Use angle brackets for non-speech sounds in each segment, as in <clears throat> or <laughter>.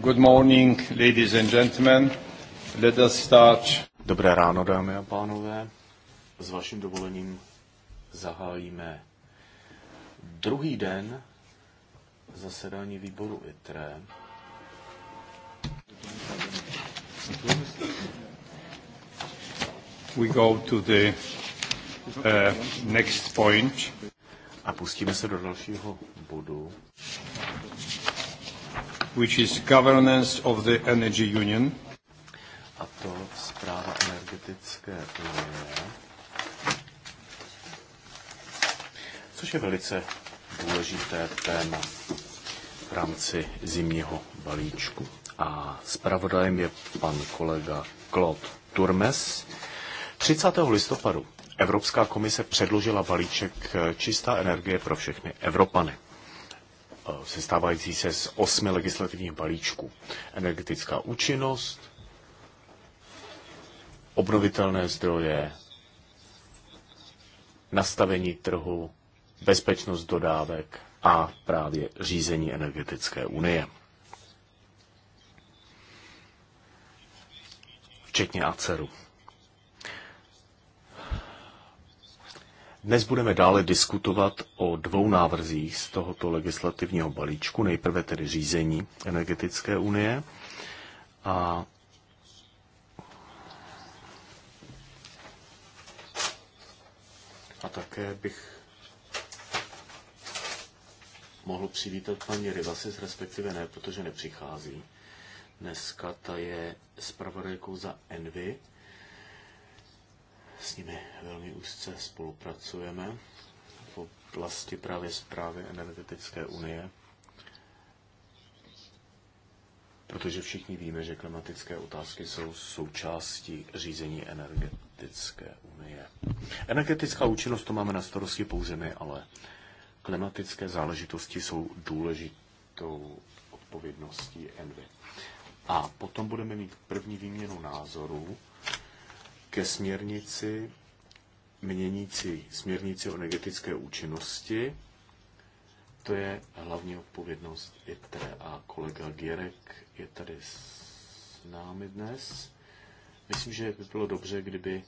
Good morning, ladies and gentlemen. Let us start. Dobré ráno, dámy a pánové. S vaším dovolením zahájíme druhý den zasedání výboru ITRE. We go to the uh, next point. A pustíme se do dalšího bodu which is governance of the energy union. A to zpráva energetické unie, což je velice důležité téma v rámci zimního balíčku. A zpravodajem je pan kolega Claude Turmes. 30. listopadu Evropská komise předložila balíček eh, Čistá energie pro všechny Evropany. Eh, sestávající se z osmi legislativních balíčků. Energetická účinnost, obnovitelné zdroje, nastavení trhu, bezpečnost dodávek a právě řízení energetické unie. Včetně ACERu. Dnes budeme dále diskutovat o dvou návrzích z tohoto legislativního balíčku, nejprve tedy řízení energetické unie a a také bych mohl přivítat paní Rivasis, respektive ne, protože nepřichází. Dneska ta je zpravodajkou za Envy s nimi velmi úzce spolupracujeme v oblasti právě zprávy energetické unie, protože všichni víme, že klimatické otázky jsou součástí řízení energetické unie. Energetická účinnost to máme na starosti pouze my, ale klimatické záležitosti jsou důležitou odpovědností Envy. A potom budeme mít první výměnu názorů ke směrnici měnící směrnici o energetické účinnosti. To je hlavní odpovědnost ITRE a kolega Gierek je tady s námi dnes. Myslím, že by bylo dobře, kdyby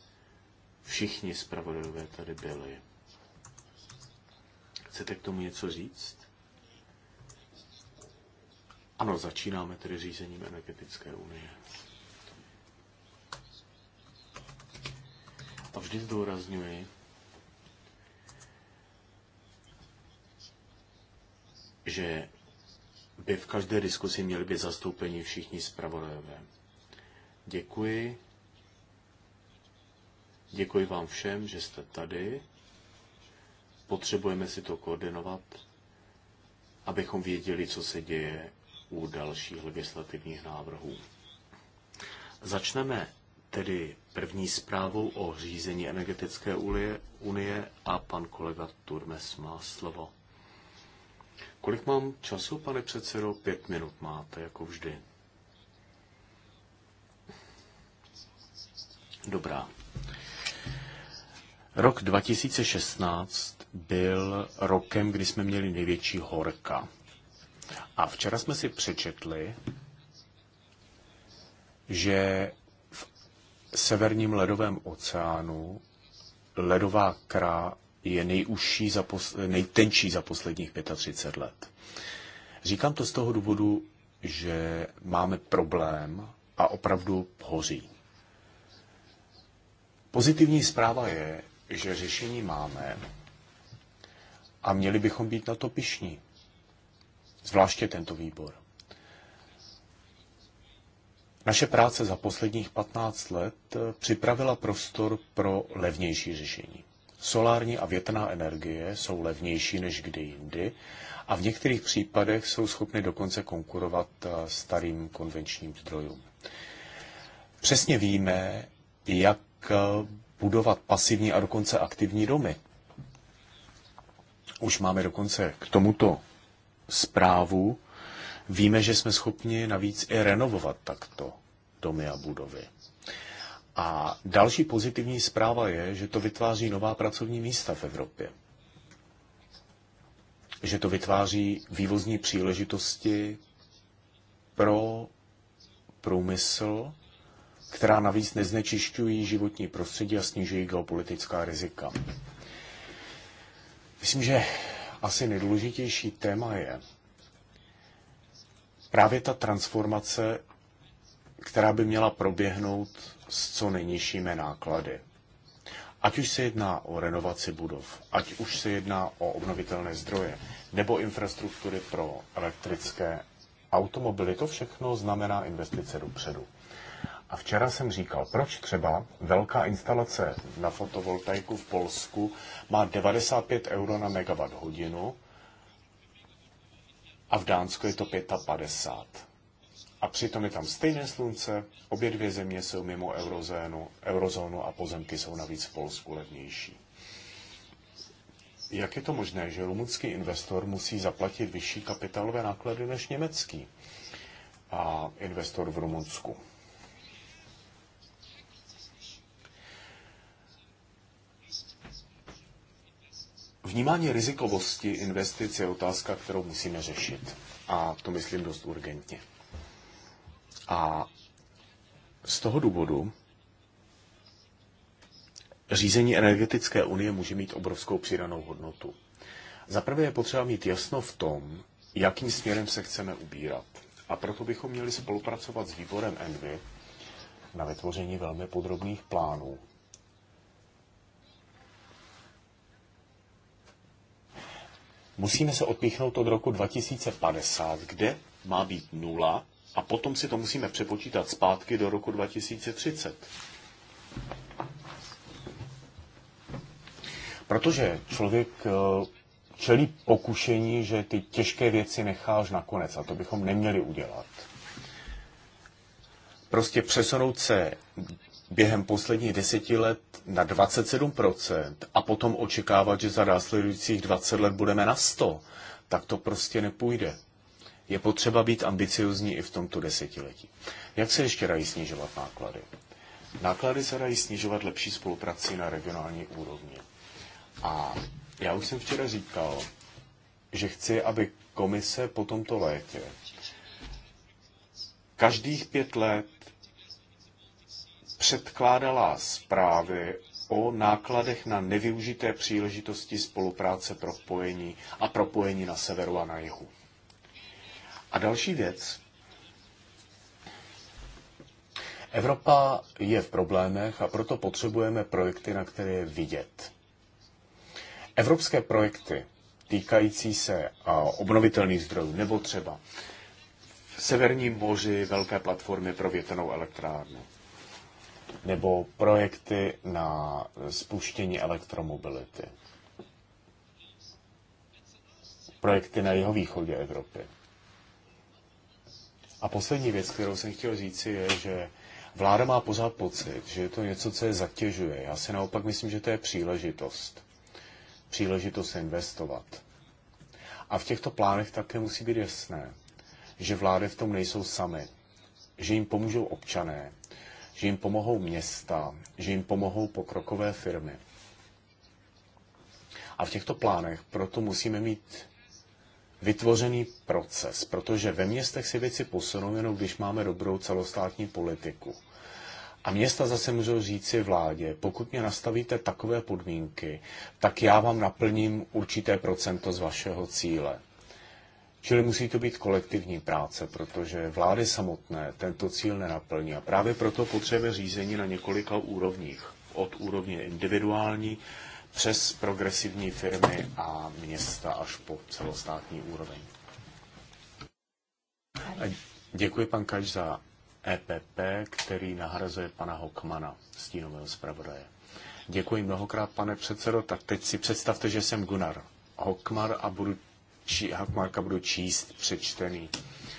všichni zpravodajové tady byli. Chcete k tomu něco říct? Ano, začínáme tedy řízením energetické unie. a vždy zdůrazňuji, že by v každé diskusi měli být zastoupeni všichni zpravodajové. Děkuji. Děkuji vám všem, že jste tady. Potřebujeme si to koordinovat, abychom věděli, co se děje u dalších legislativních návrhů. Začneme tedy první zprávou o řízení energetické unie a pan kolega Turmes má slovo. Kolik mám času, pane předsedo? Pět minut máte, jako vždy. Dobrá. Rok 2016 byl rokem, kdy jsme měli největší horka. A včera jsme si přečetli, že severním ledovém oceánu ledová krá je nejužší za posl- nejtenčí za posledních 35 let. Říkám to z toho důvodu, že máme problém a opravdu hoří. Pozitivní zpráva je, že řešení máme a měli bychom být na to pišní. Zvláště tento výbor. Naše práce za posledních 15 let eh, připravila prostor pro levnější řešení. Solární a větrná energie jsou levnější než kdy jindy a v některých případech jsou schopny dokonce konkurovat eh, starým konvenčním zdrojům. Přesně víme, jak eh, budovat pasivní a dokonce aktivní domy. Už máme dokonce k tomuto zprávu, Víme, že jsme schopni navíc i renovovat takto domy a budovy. A další pozitivní zpráva je, že to vytváří nová pracovní místa v Evropě. Že to vytváří vývozní příležitosti pro průmysl, která navíc neznečišťují životní prostředí a snižují geopolitická rizika. Myslím, že asi nejdůležitější téma je, právě ta transformace, která by měla proběhnout s co nejnižšími náklady. Ať už se jedná o renovaci budov, ať už se jedná o obnovitelné zdroje, nebo infrastruktury pro elektrické automobily, to všechno znamená investice dopředu. A včera jsem říkal, proč třeba velká instalace na fotovoltaiku v Polsku má 95 euro na megawatt hodinu, a v Dánsku je to 55. A přitom je tam stejné slunce, obě dvě země jsou mimo eurozónu, eurozónu a pozemky jsou navíc v Polsku levnější. Jak je to možné, že rumunský investor musí zaplatit vyšší kapitálové náklady než německý a investor v Rumunsku? Vnímání rizikovosti investic je otázka, kterou musíme řešit. A to myslím dost urgentně. A z toho důvodu řízení energetické unie může mít obrovskou přidanou hodnotu. Za prvé je potřeba mít jasno v tom, jakým směrem se chceme ubírat. A proto bychom měli spolupracovat s výborem Envy na vytvoření velmi podrobných plánů, Musíme se odpíchnout od roku 2050, kde má být nula a potom si to musíme přepočítat zpátky do roku 2030. Protože člověk eh, čelí pokušení, že ty těžké věci nechá až nakonec a to bychom neměli udělat. Prostě přesunout se během posledních deseti let na 27% a potom očekávat, že za následujících 20 let budeme na 100, tak to prostě nepůjde. Je potřeba být ambiciozní i v tomto desetiletí. Jak se ještě dají snižovat náklady? Náklady se dají snižovat lepší spoluprací na regionální úrovni. A já už jsem včera říkal, že chci, aby komise po tomto létě každých pět let předkládala zprávy o nákladech na nevyužité příležitosti spolupráce propojení a propojení na severu a na jihu. A další věc. Evropa je v problémech a proto potřebujeme projekty, na které je vidět. Evropské projekty týkající se obnovitelných zdrojů nebo třeba v Severním moři velké platformy pro větrnou elektrárnu nebo projekty na spuštění elektromobility. Projekty na jeho východě Evropy. A poslední věc, kterou jsem chtěl říci, je, že vláda má pořád pocit, že je to něco, co je zatěžuje. Já si naopak myslím, že to je příležitost. Příležitost investovat. A v těchto plánech také musí být jasné, že vlády v tom nejsou samy, že jim pomůžou občané, že jim pomohou města, že jim pomohou pokrokové firmy. A v těchto plánech proto musíme mít vytvořený proces, protože ve městech si věci posunou jenom, když máme dobrou celostátní politiku. A města zase můžou říci vládě, pokud mě nastavíte takové podmínky, tak já vám naplním určité procento z vašeho cíle. Čili musí to být kolektivní práce, protože vlády samotné tento cíl nenaplní. A právě proto potřebuje řízení na několika úrovních. Od úrovně individuální přes progresivní firmy a města až po celostátní úroveň. A děkuji pan Kač za EPP, který nahrazuje pana Hokmana, stínového zpravodaje. Děkuji mnohokrát, pane předsedo. Tak teď si představte, že jsem Gunnar Hokmar a budu či, Hakmarka budu číst přečtený,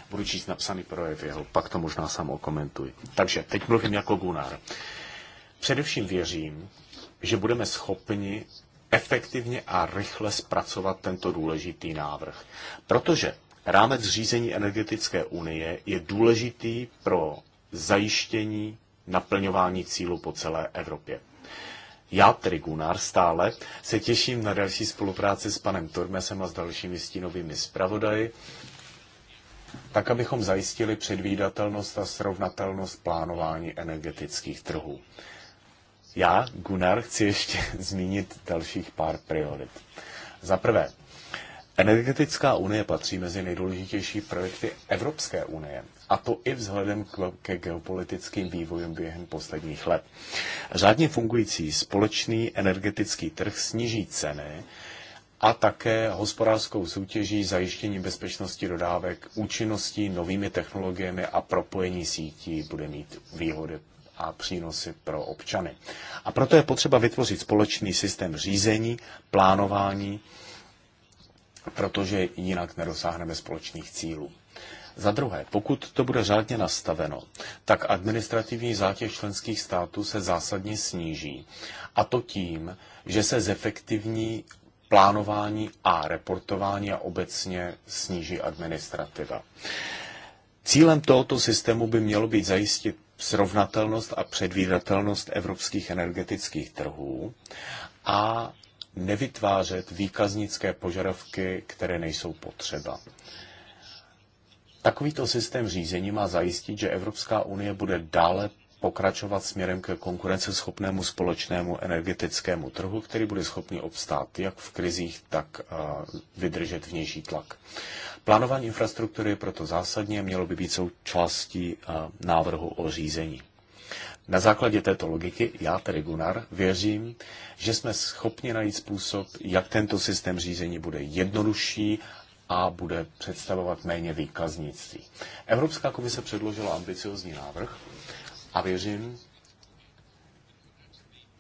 budu číst napsaný projev jeho, pak to možná sám okomentuji. Takže teď mluvím jako Gunnar. Především věřím, že budeme schopni efektivně a rychle zpracovat tento důležitý návrh. Protože rámec řízení energetické unie je důležitý pro zajištění naplňování cílu po celé Evropě. Já, tedy Gunnar, stále se těším na další spolupráci s panem Tormesem a s dalšími stínovými zpravodaji, tak abychom zajistili předvídatelnost a srovnatelnost plánování energetických trhů. Já, Gunnar, chci ještě <laughs> zmínit dalších pár priorit. Za prvé, energetická unie patří mezi nejdůležitější projekty Evropské unie a to i vzhledem k, ke geopolitickým vývojům během posledních let. Řádně fungující společný energetický trh sníží ceny a také hospodářskou soutěží zajištění bezpečnosti dodávek, účinností, novými technologiemi a propojení sítí bude mít výhody a přínosy pro občany. A proto je potřeba vytvořit společný systém řízení, plánování, protože jinak nedosáhneme společných cílů. Za druhé, pokud to bude řádně nastaveno, tak administrativní zátěž členských států se zásadně sníží. A to tím, že se zefektivní plánování a reportování a obecně sníží administrativa. Cílem tohoto systému by mělo být zajistit srovnatelnost a předvídatelnost evropských energetických trhů a nevytvářet výkaznické požadavky, které nejsou potřeba. Takovýto systém řízení má zajistit, že Evropská unie bude dále pokračovat směrem ke konkurenceschopnému společnému energetickému trhu, který bude schopný obstát jak v krizích, tak eh, vydržet vnější tlak. Plánování infrastruktury je proto zásadně mělo by být součástí eh, návrhu o řízení. Na základě této logiky, já tedy Gunnar, věřím, že jsme schopni najít způsob, jak tento systém řízení bude jednodušší a bude představovat méně výkaznictví. Evropská komise předložila ambiciozní návrh a věřím,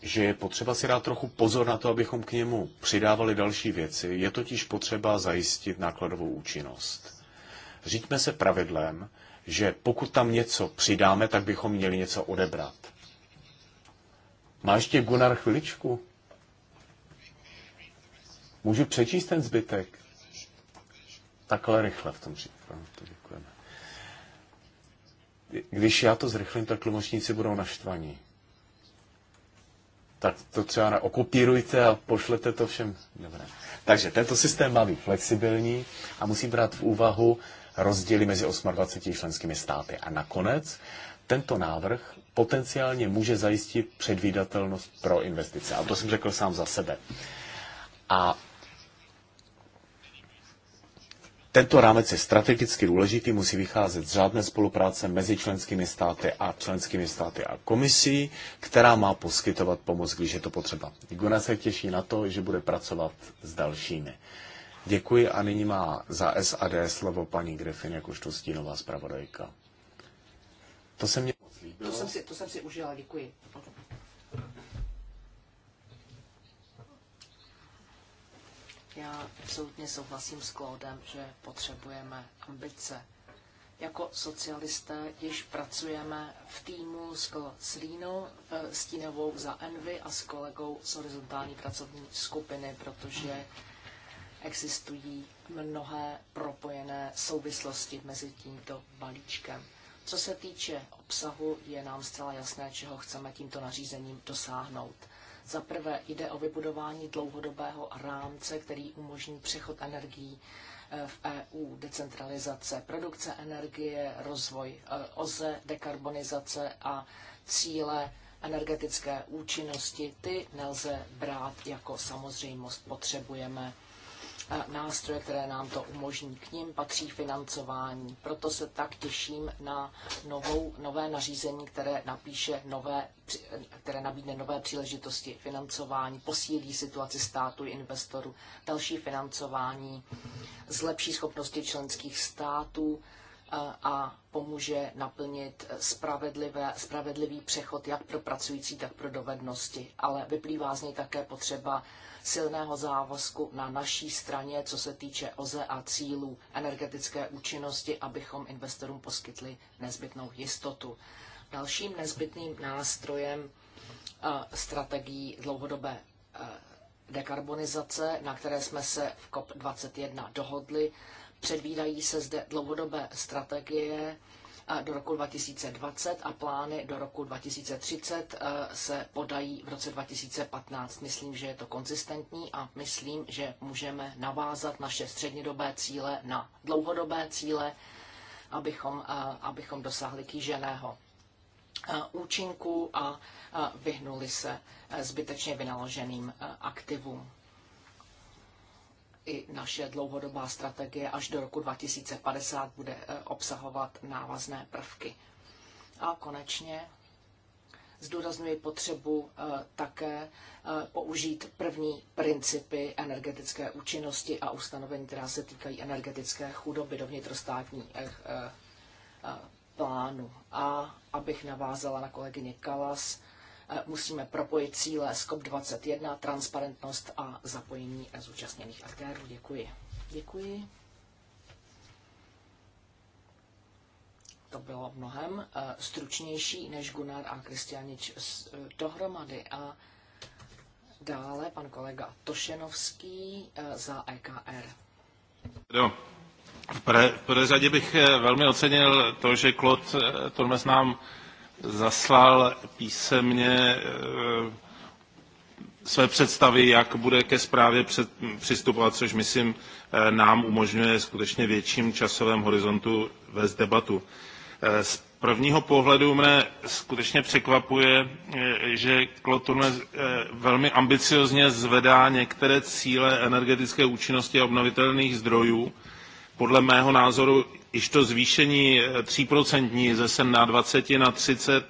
že je potřeba si dát trochu pozor na to, abychom k němu přidávali další věci. Je totiž potřeba zajistit nákladovou účinnost. Říďme se pravidlem, že pokud tam něco přidáme, tak bychom měli něco odebrat. Má ještě Gunnar chviličku? Můžu přečíst ten zbytek? takhle rychle v tom případě. To děkujeme. Když já to zrychlím, tak tlumočníci budou naštvaní. Tak to třeba okopírujte a pošlete to všem. Dobré. Takže tento systém má být flexibilní a musí brát v úvahu rozdíly mezi 28 členskými státy. A nakonec tento návrh potenciálně může zajistit předvídatelnost pro investice. A to jsem řekl sám za sebe. A tento rámec je strategicky důležitý, musí vycházet z řádné spolupráce mezi členskými státy a členskými státy a komisí, která má poskytovat pomoc, když je to potřeba. Igona se těší na to, že bude pracovat s dalšími. Děkuji a nyní má za SAD slovo paní Griffin jakožto stínová zpravodajka. To se mě moc líbilo. To jsem si, to jsem si užila, děkuji. Já absolutně souhlasím s Klódem, že potřebujeme ambice. Jako socialisté již pracujeme v týmu s Slínou, eh, Stínovou za Envy a s kolegou z horizontální pracovní skupiny, protože existují mnohé propojené souvislosti mezi tímto balíčkem. Co se týče obsahu, je nám zcela jasné, čeho chceme tímto nařízením dosáhnout. Za prvé jde o vybudování dlouhodobého rámce, který umožní přechod energií eh, v EU, decentralizace produkce energie, rozvoj eh, OZE, dekarbonizace a cíle energetické účinnosti, ty nelze brát jako samozřejmost. Potřebujeme nástroje, které nám to umožní. K ním patří financování. Proto se tak těším na novou, nové nařízení, které napíše nové, které nabídne nové příležitosti financování, posílí situaci státu i investorů, další financování, zlepší schopnosti členských států, eh, a pomůže naplnit spravedlivé, spravedlivý přechod jak pro pracující, tak pro dovednosti. Ale vyplývá z něj také potřeba silného závazku na naší straně, co se týče OZE a cílů energetické účinnosti, abychom investorům poskytli nezbytnou jistotu. Dalším nezbytným nástrojem eh, strategií dlouhodobé eh, dekarbonizace, na které jsme se v COP21 dohodli. Předvídají se zde dlouhodobé strategie, do roku 2020 a plány do roku 2030 eh, se podají v roce 2015. Myslím, že je to konzistentní a myslím, že můžeme navázat naše střednědobé cíle na dlouhodobé cíle, abychom, eh, abychom dosáhli kýženého eh, účinku a vyhnuli se zbytečně vynaloženým aktivům i naše dlouhodobá strategie až do roku 2050 bude eh, obsahovat návazné prvky. A konečně zdůraznuji potřebu eh, také eh, použít první principy energetické účinnosti a ustanovení, která se týkají energetické chudoby do vnitrostátních plánu. A abych navázala na kolegyně Kalas, Eh, musíme propojit cíle z COP21, transparentnost a zapojení zúčastněných aktérů. Děkuji. Děkuji. To bylo mnohem eh, stručnější než Gunnar a Kristianič eh, dohromady. A dále pan kolega Tošenovský za EKR. Jo. No, v prvé řadě bych velmi ocenil to, že Klot Turmes nám zaslal písemně e, své představy, jak bude ke zprávě před, přistupovat, což myslím e, nám umožňuje skutečně větším časovém horizontu vést debatu. E, z prvního pohledu mne skutečně překvapuje, že Kloturne velmi ambiciozně zvedá některé cíle energetické účinnosti a obnovitelných zdrojů. Podle mého názoru již to zvýšení 3% eh, ze 7 na 20 na 30 eh,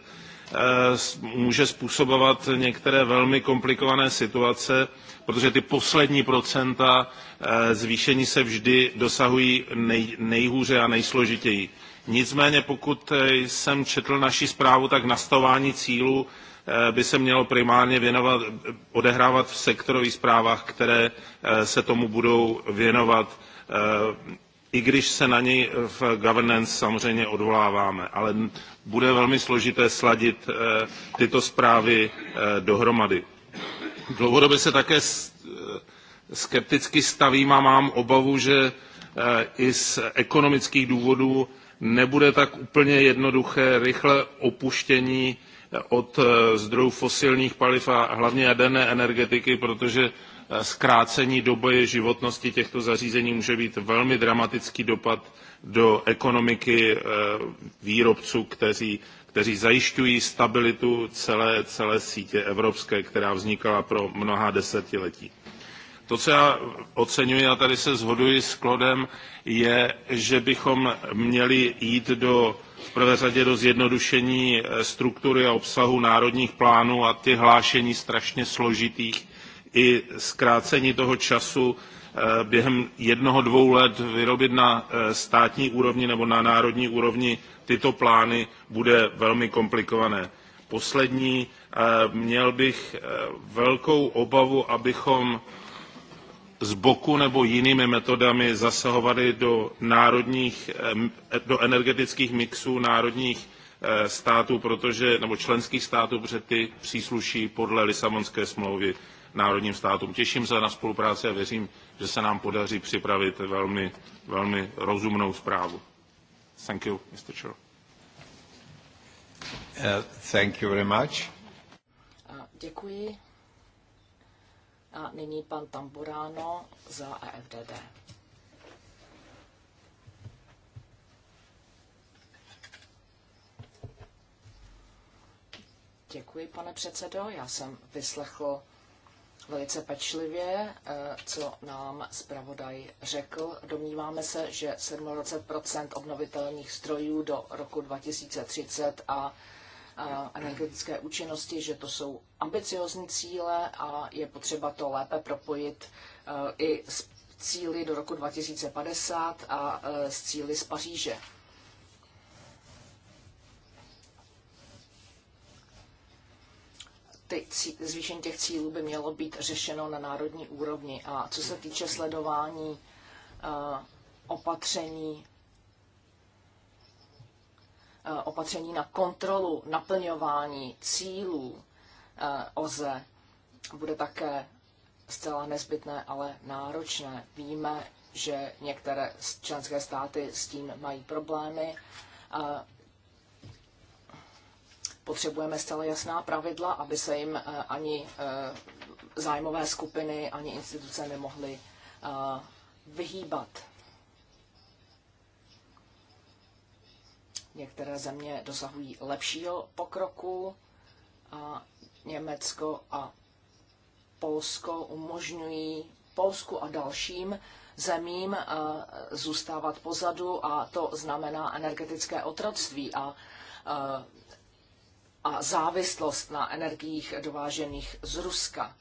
může způsobovat některé velmi komplikované situace, protože ty poslední procenta eh, zvýšení se vždy dosahují nej, nejhůře a nejsložitěji. Nicméně pokud jsem četl naši zprávu, tak nastavování cílů by se mělo primárně věnovat, odehrávat v sektorových zprávách, které se tomu budou věnovat i když se na něj v governance samozřejmě odvoláváme. Ale bude velmi složité sladit eh, tyto zprávy eh, dohromady. Dlouhodobě se také eh, skepticky stavím a mám obavu, že i z ekonomických důvodů nebude tak úplně jednoduché rychle opuštění od zdrojů fosilních paliv a hlavně jaderné energetiky, protože zkrácení doby životnosti těchto zařízení může být velmi dramatický dopad do ekonomiky eh, výrobců, kteří, kteří zajišťují stabilitu celé, celé sítě evropské, která vznikala pro mnoha desetiletí. To, co já oceňuji, a tady se shoduji s Klodem, je, že bychom měli jít do, v prvé řadě do zjednodušení eh, struktury a obsahu národních plánů a těch hlášení strašně složitých, i zkrácení toho času eh, během jednoho, dvou let vyrobit na eh, státní úrovni nebo na národní úrovni tyto plány bude velmi komplikované. Poslední, eh, měl bych velkou obavu, abychom z boku nebo jinými metodami zasahovali do, národních, do energetických mixů národních států, protože, nebo členských států, protože ty přísluší podle Lisabonské smlouvy národním státům. Těším se na spolupráci a věřím, že se nám podaří připravit velmi, velmi rozumnou zprávu. Thank you, Mr. Chair. Uh, thank you very much. děkuji. A nyní pan Tamburáno za EFDD. Děkuji, pane předsedo. Já jsem vyslechl velice pečlivě, eh, co nám zpravodaj řekl. Domníváme se, že 27 obnovitelných strojů do roku 2030 a eh, energetické účinnosti, že to jsou ambiciozní cíle a je potřeba to lépe propojit eh, i s cíly do roku 2050 a s cíly z Paříže. ty cí, zvýšení těch cílů by mělo být řešeno na národní úrovni. A co se týče sledování eh, opatření, eh, opatření na kontrolu naplňování cílů eh, OZE, bude také zcela nezbytné, ale náročné. Víme, že některé členské státy s tím mají problémy potřebujeme zcela jasná pravidla, aby se jim eh, ani eh, zájmové skupiny, ani instituce nemohly eh, vyhýbat. Některé země dosahují lepšího pokroku a Německo a Polsko umožňují Polsku a dalším zemím zůstávat pozadu a to znamená energetické otroctví a a závislost na energiích dovážených z Ruska.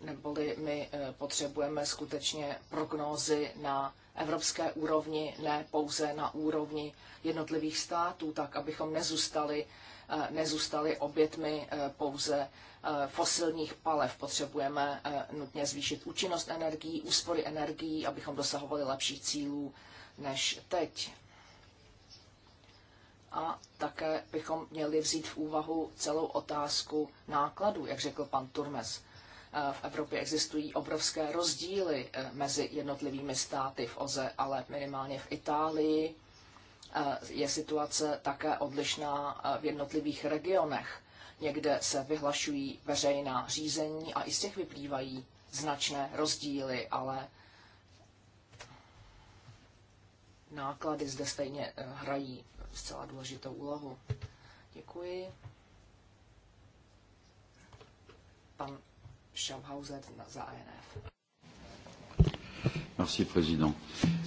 Neboli my eh, potřebujeme skutečně prognózy na evropské úrovni, ne pouze na úrovni jednotlivých států, tak abychom nezůstali, eh, nezůstali obětmi eh, pouze fosilních palev. Potřebujeme nutně zvýšit účinnost energií, úspory energií, abychom dosahovali lepších cílů než teď a také bychom měli vzít v úvahu celou otázku nákladů, jak řekl pan Turmes. Eh, v Evropě existují obrovské rozdíly eh, mezi jednotlivými státy v OZE, ale minimálně v Itálii eh, je situace také odlišná v jednotlivých regionech. Někde se vyhlašují veřejná řízení a i z těch vyplývají značné rozdíly, ale náklady zde stejně hrají zcela důležitou úlohu. Děkuji. Pan Schaffhauser za ANF. Merci, président.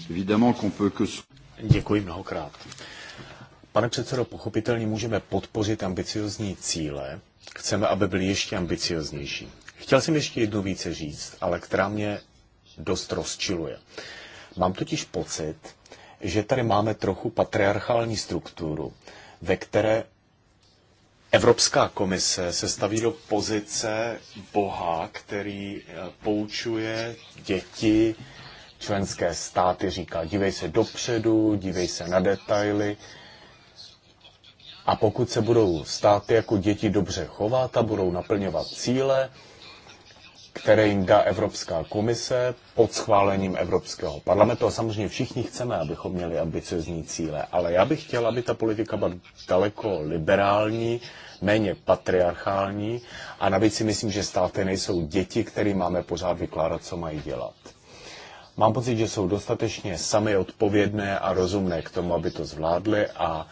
Évidemment qu'on peut que... Děkuji mnohokrát. Pane předsedo, pochopitelně můžeme podpořit ambiciozní cíle. Chceme, aby byly ještě ambicioznější. Chtěl jsem ještě jednu více říct, ale která mě dost rozčiluje. Mám totiž pocit, že tady máme trochu patriarchální strukturu, ve které Evropská komise se staví do pozice Boha, který eh, poučuje děti, členské státy, říká, dívej se dopředu, dívej se na detaily. A pokud se budou státy jako děti dobře chovat a budou naplňovat cíle, které jim dá Evropská komise pod schválením Evropského parlamentu. A samozřejmě všichni chceme, abychom měli ambiciozní cíle, ale já bych chtěl, aby ta politika byla daleko liberální, méně patriarchální a navíc si myslím, že státy nejsou děti, které máme pořád vykládat, co mají dělat. Mám pocit, že jsou dostatečně sami odpovědné a rozumné k tomu, aby to zvládli a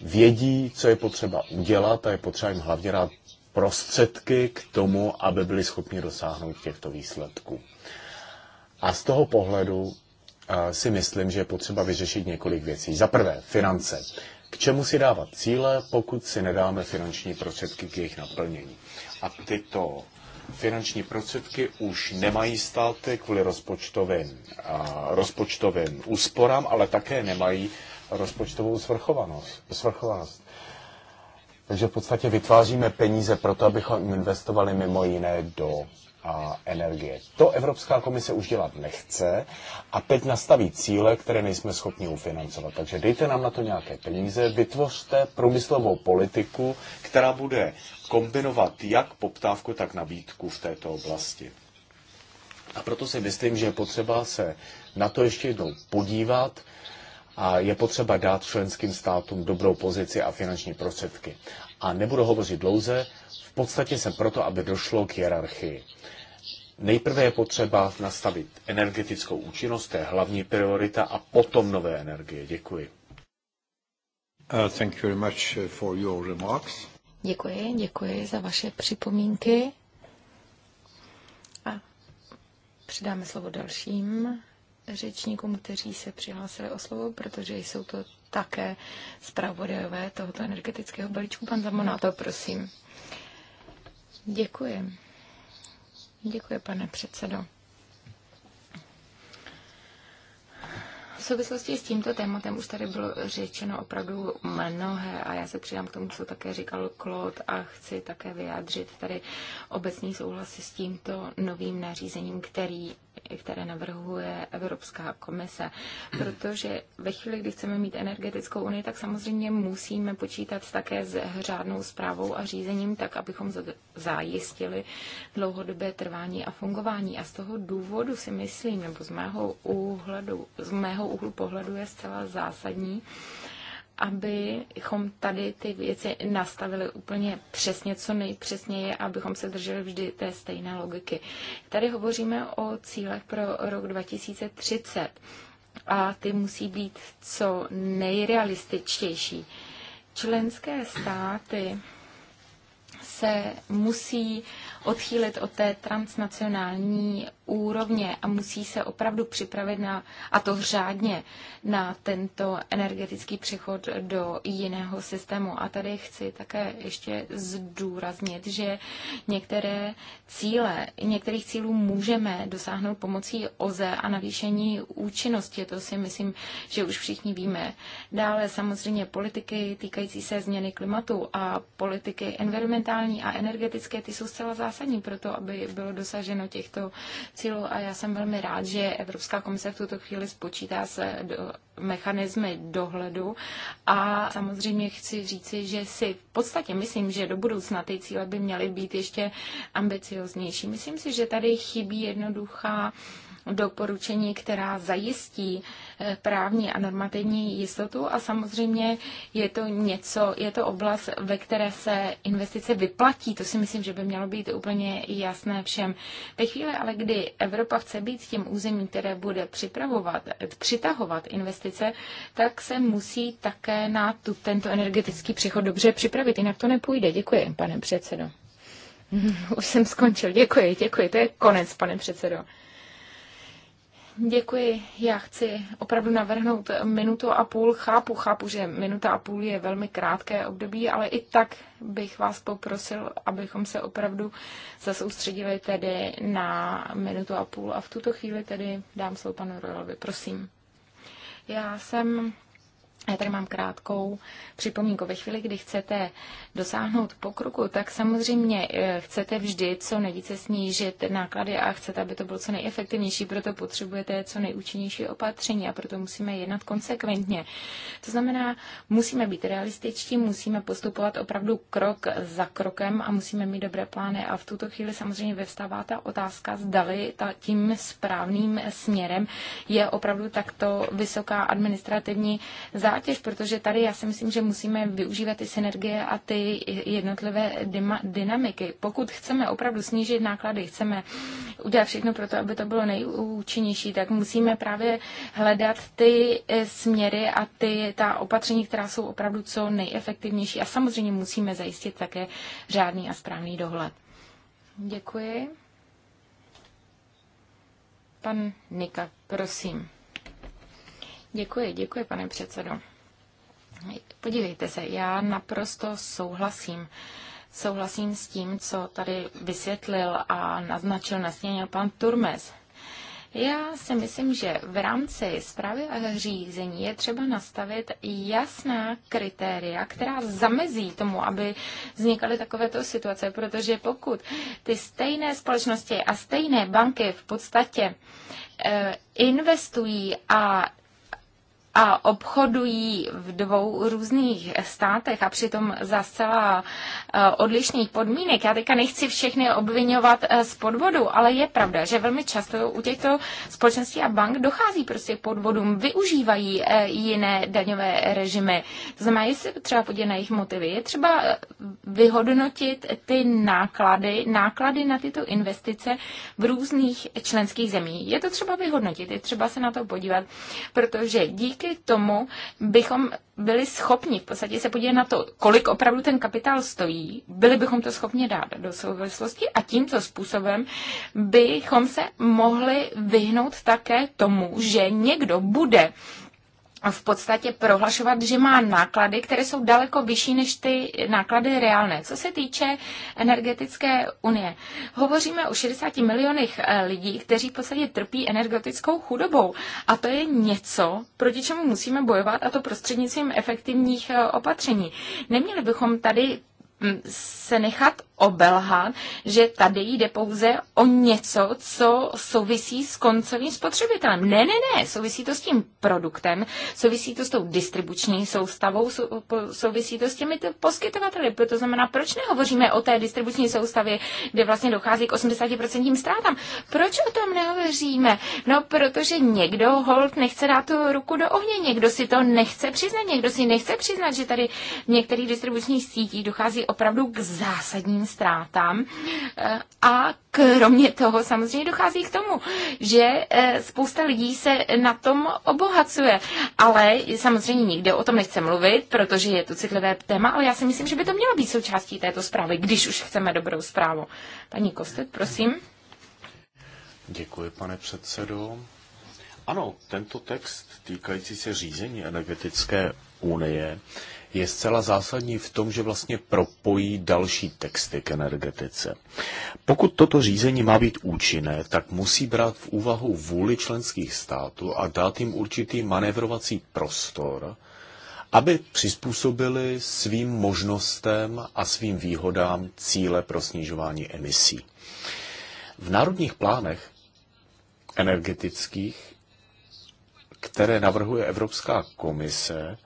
vědí, co je potřeba udělat a je potřeba jim hlavně rád prostředky k tomu, aby byli schopni dosáhnout těchto výsledků. A z toho pohledu eh, si myslím, že je potřeba vyřešit několik věcí. Za prvé, finance. K čemu si dávat cíle, pokud si nedáme finanční prostředky k jejich naplnění? A tyto finanční prostředky už nemají státy kvůli rozpočtovým, eh, rozpočtovým úsporám, ale také nemají rozpočtovou svrchovanost. svrchovanost. Takže v podstatě vytváříme peníze pro to, abychom investovali mimo jiné do a energie. To Evropská komise už dělat nechce a teď nastaví cíle, které nejsme schopni ufinancovat. Takže dejte nám na to nějaké peníze, vytvořte průmyslovou politiku, která bude kombinovat jak poptávku, tak nabídku v této oblasti. A proto si myslím, že je potřeba se na to ještě jednou podívat, a je potřeba dát členským státům dobrou pozici a finanční prostředky. A nebudu hovořit dlouze, v podstatě jsem proto, aby došlo k hierarchii. Nejprve je potřeba nastavit energetickou účinnost, to je hlavní priorita, a potom nové energie. Děkuji. Uh, thank you very much for your remarks. Děkuji, děkuji za vaše připomínky. A přidáme slovo dalším řečníkům, kteří se přihlásili o slovo, protože jsou to také zpravodajové tohoto energetického balíčku. Pan to prosím. Děkuji. Děkuji, pane předsedo. V souvislosti s tímto tématem už tady bylo řečeno opravdu mnohé a já se přidám k tomu, co také říkal Claude a chci také vyjádřit tady obecný souhlas s tímto novým nařízením, který které navrhuje Evropská komise. Protože ve chvíli, kdy chceme mít energetickou unii, tak samozřejmě musíme počítat také s řádnou zprávou a řízením, tak abychom zajistili dlouhodobé trvání a fungování. A z toho důvodu si myslím, nebo z mého úhledu, z mého úhlu pohledu je zcela zásadní, abychom tady ty věci nastavili úplně přesně, co nejpřesněji, abychom se drželi vždy té stejné logiky. Tady hovoříme o cílech pro rok 2030 a ty musí být co nejrealističtější. Členské státy se musí odchýlit od té transnacionální úrovně a musí se opravdu připravit na, a to řádně, na tento energetický přechod do jiného systému. A tady chci také ještě zdůraznit, že některé cíle, některých cílů můžeme dosáhnout pomocí OZE a navýšení účinnosti. To si myslím, že už všichni víme. Dále samozřejmě politiky týkající se změny klimatu a politiky environmentální a energetické, ty jsou zcela zásadní pro to, aby bylo dosaženo těchto cílů a já jsem velmi rád, že Evropská komise v tuto chvíli spočítá se do, mechanizmy dohledu a samozřejmě chci říci, že si v podstatě myslím, že do budoucna ty cíle by měly být ještě ambicioznější. Myslím si, že tady chybí jednoduchá doporučení, která zajistí eh, právní a normativní jistotu a samozřejmě je to něco, je to oblast, ve které se investice vyplatí. To si myslím, že by mělo být úplně jasné všem. Ve chvíli ale, kdy Evropa chce být tím územím, které bude připravovat, eh, přitahovat investice, tak se musí také na tu, tento energetický přechod dobře připravit, jinak to nepůjde. Děkuji, pane předsedo. <laughs> Už jsem skončil. Děkuji, děkuji. To je konec, pane předsedo. Děkuji. Já chci opravdu navrhnout minutu a půl. Chápu, chápu, že minuta a půl je velmi krátké období, ale i tak bych vás poprosil, abychom se opravdu zasoustředili tedy na minutu a půl. A v tuto chvíli tedy dám slovo panu Rojlovi. Prosím. Já jsem já tady mám krátkou připomínku. Ve chvíli, kdy chcete dosáhnout pokroku, tak samozřejmě eh, chcete vždy co nejvíce snížit náklady a chcete, aby to bylo co nejefektivnější, proto potřebujete co nejúčinnější opatření a proto musíme jednat konsekventně. To znamená, musíme být realističtí, musíme postupovat opravdu krok za krokem a musíme mít dobré plány a v tuto chvíli samozřejmě vyvstává ta otázka, zdali ta tím správným směrem je opravdu takto vysoká administrativní za zátěž, protože tady já si myslím, že musíme využívat ty synergie a ty jednotlivé dynamiky. Pokud chceme opravdu snížit náklady, chceme udělat všechno pro to, aby to bylo nejúčinnější, tak musíme právě hledat ty eh, směry a ty, ta opatření, která jsou opravdu co nejefektivnější. A samozřejmě musíme zajistit také řádný a správný dohled. Děkuji. Pan Nika, prosím. Děkuji, děkuji, pane předsedo. Podívejte se, já naprosto souhlasím. Souhlasím s tím, co tady vysvětlil a naznačil, nasněnil pan Turmes. Já si myslím, že v rámci zprávy a řízení je třeba nastavit jasná kritéria, která zamezí tomu, aby vznikaly takovéto situace, protože pokud ty stejné společnosti a stejné banky v podstatě eh, investují a a obchodují v dvou různých státech a přitom za zcela eh, odlišných podmínek. Já teďka nechci všechny obvinovat eh, z podvodu, ale je pravda, že velmi často u těchto společností a bank dochází prostě k podvodům, využívají eh, jiné daňové režimy. To znamená, jestli se třeba podívat na jejich motivy. Je třeba vyhodnotit ty náklady, náklady na tyto investice v různých členských zemích. Je to třeba vyhodnotit, je třeba se na to podívat, protože díky díky tomu bychom byli schopni v podstatě se podívat na to, kolik opravdu ten kapitál stojí, byli bychom to schopni dát do souvislosti a tímto způsobem bychom se mohli vyhnout také tomu, že někdo bude v podstatě prohlašovat, že má náklady, které jsou daleko vyšší než ty náklady reálné. Co se týče energetické unie, hovoříme o 60 milionech eh, lidí, kteří v podstatě trpí energetickou chudobou. A to je něco, proti čemu musíme bojovat, a to prostřednictvím efektivních eh, opatření. Neměli bychom tady mm, se nechat obelhán, že tady jde pouze o něco, co souvisí s koncovým spotřebitelem. Ne, ne, ne, souvisí to s tím produktem, souvisí to s tou distribuční soustavou, souvisí to s těmi poskytovateli. Proto znamená, proč nehovoříme o té distribuční soustavě, kde vlastně dochází k 80% ztrátám? Proč o tom nehovoříme? No, protože někdo hold nechce dát tu ruku do ohně, někdo si to nechce přiznat, někdo si nechce přiznat, že tady v některých distribučních sítích dochází opravdu k zásadním ztrátám. Eh, a kromě toho samozřejmě dochází k tomu, že eh, spousta lidí se na tom obohacuje. Ale samozřejmě nikdo o tom nechce mluvit, protože je to citlivé téma, ale já si myslím, že by to mělo být součástí této zprávy, když už chceme dobrou zprávu. Paní Kostet, prosím. Děkuji, pane předsedo. Ano, tento text týkající se řízení energetické unie je zcela zásadní v tom, že vlastně propojí další texty k energetice. Pokud toto řízení má být účinné, tak musí brát v úvahu vůli členských států a dát jim určitý manévrovací prostor, aby přizpůsobili svým možnostem a svým výhodám cíle pro snižování emisí. V národních plánech energetických, které navrhuje Evropská komise,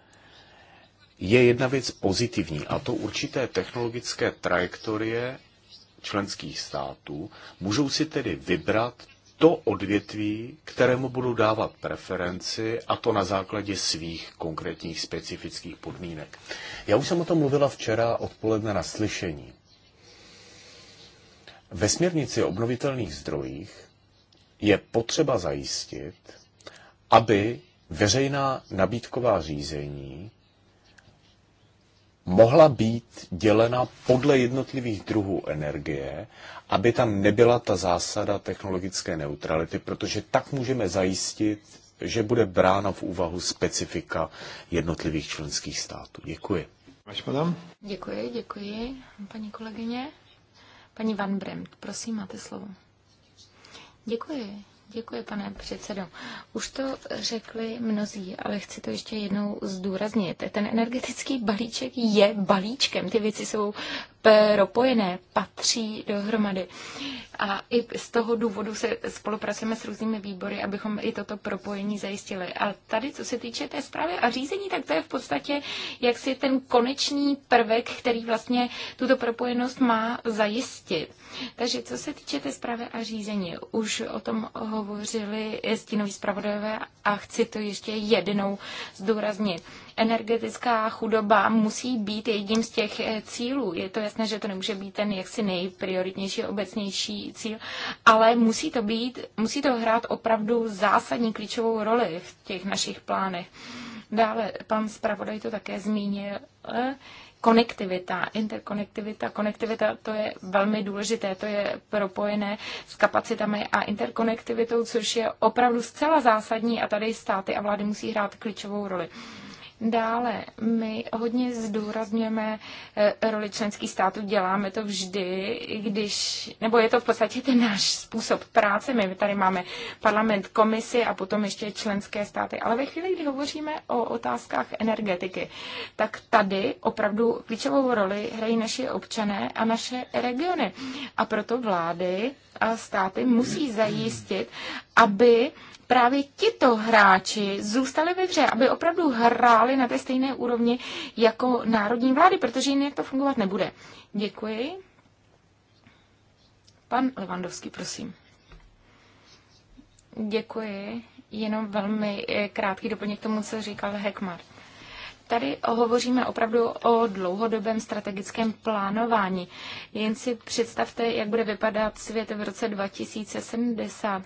je jedna věc pozitivní, a to určité technologické trajektorie členských států. Můžou si tedy vybrat to odvětví, kterému budou dávat preferenci, a to na základě svých konkrétních specifických podmínek. Já už jsem o tom mluvila včera odpoledne na slyšení. Ve směrnici o obnovitelných zdrojích je potřeba zajistit, aby veřejná nabídková řízení mohla být dělena podle jednotlivých druhů energie, aby tam nebyla ta zásada technologické neutrality, protože tak můžeme zajistit, že bude brána v úvahu specifika jednotlivých členských států. Děkuji. Děkuji, děkuji, paní kolegyně. Paní Van Bremt, prosím, máte slovo. Děkuji, Děkuji, pane předsedo. Už to řekli mnozí, ale chci to ještě jednou zdůraznit. Ten energetický balíček je balíčkem. Ty věci jsou propojené, patří dohromady. A i z toho důvodu se spolupracujeme s různými výbory, abychom i toto propojení zajistili. A tady, co se týče té zprávy a řízení, tak to je v podstatě jaksi ten konečný prvek, který vlastně tuto propojenost má zajistit. Takže co se týče té zprávy a řízení, už o tom hovořili stínoví zpravodajové a chci to ještě jednou zdůraznit energetická chudoba musí být jedním z těch eh, cílů. Je to jasné jasné, že to nemůže být ten jaksi nejprioritnější, obecnější cíl, ale musí to, být, musí to hrát opravdu zásadní klíčovou roli v těch našich plánech. Dále pan zpravodaj to také zmínil. Eh, konektivita, interkonektivita, konektivita, to je velmi důležité, to je propojené s kapacitami a interkonektivitou, což je opravdu zcela zásadní a tady státy a vlády musí hrát klíčovou roli. Dále my hodně zdůrazňujeme eh, roli členských států, děláme to vždy, když, nebo je to v podstatě ten náš způsob práce. My tady máme parlament, komisi a potom ještě členské státy. Ale ve chvíli, kdy hovoříme o otázkách energetiky, tak tady opravdu klíčovou roli hrají naši občané a naše regiony. A proto vlády a státy musí zajistit, aby právě tito hráči zůstali ve hře, aby opravdu hráli na té stejné úrovni jako národní vlády, protože jinak to fungovat nebude. Děkuji. Pan Levandovský, prosím. Děkuji. Jenom velmi eh, krátký doplněk k tomu, co říkal Hekmar tady hovoříme opravdu o dlouhodobém strategickém plánování. Jen si představte, jak bude vypadat svět v roce 2070.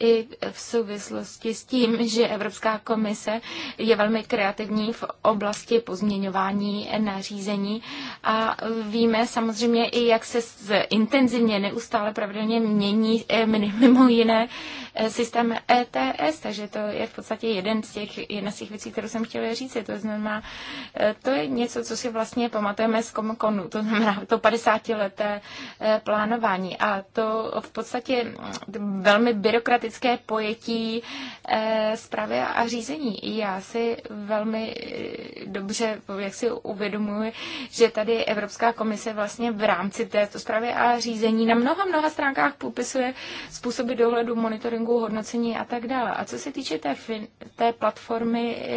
I v souvislosti s tím, že Evropská komise je velmi kreativní v oblasti pozměňování nařízení a víme samozřejmě i, jak se intenzivně, neustále pravidelně mění eh, mimo jiné eh, systém ETS, takže to je v podstatě jeden z těch, jedna z těch věcí, kterou jsem chtěla říct. To znamená, to je něco, co si vlastně pamatujeme z Komkonu, to znamená to 50-leté eh, plánování a to v podstatě mm, velmi byrokratické pojetí eh, zprávy a řízení. Já si velmi eh, dobře, jak si uvědomuji, že tady Evropská komise vlastně v rámci této zprávy a řízení na mnoha, mnoha stránkách popisuje způsoby dohledu, monitoringu, hodnocení a tak dále. A co se týče té, fin- té platformy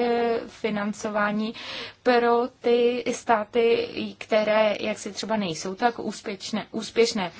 financování, pro ty státy, které jak si třeba nejsou tak úspěšné. úspěšné.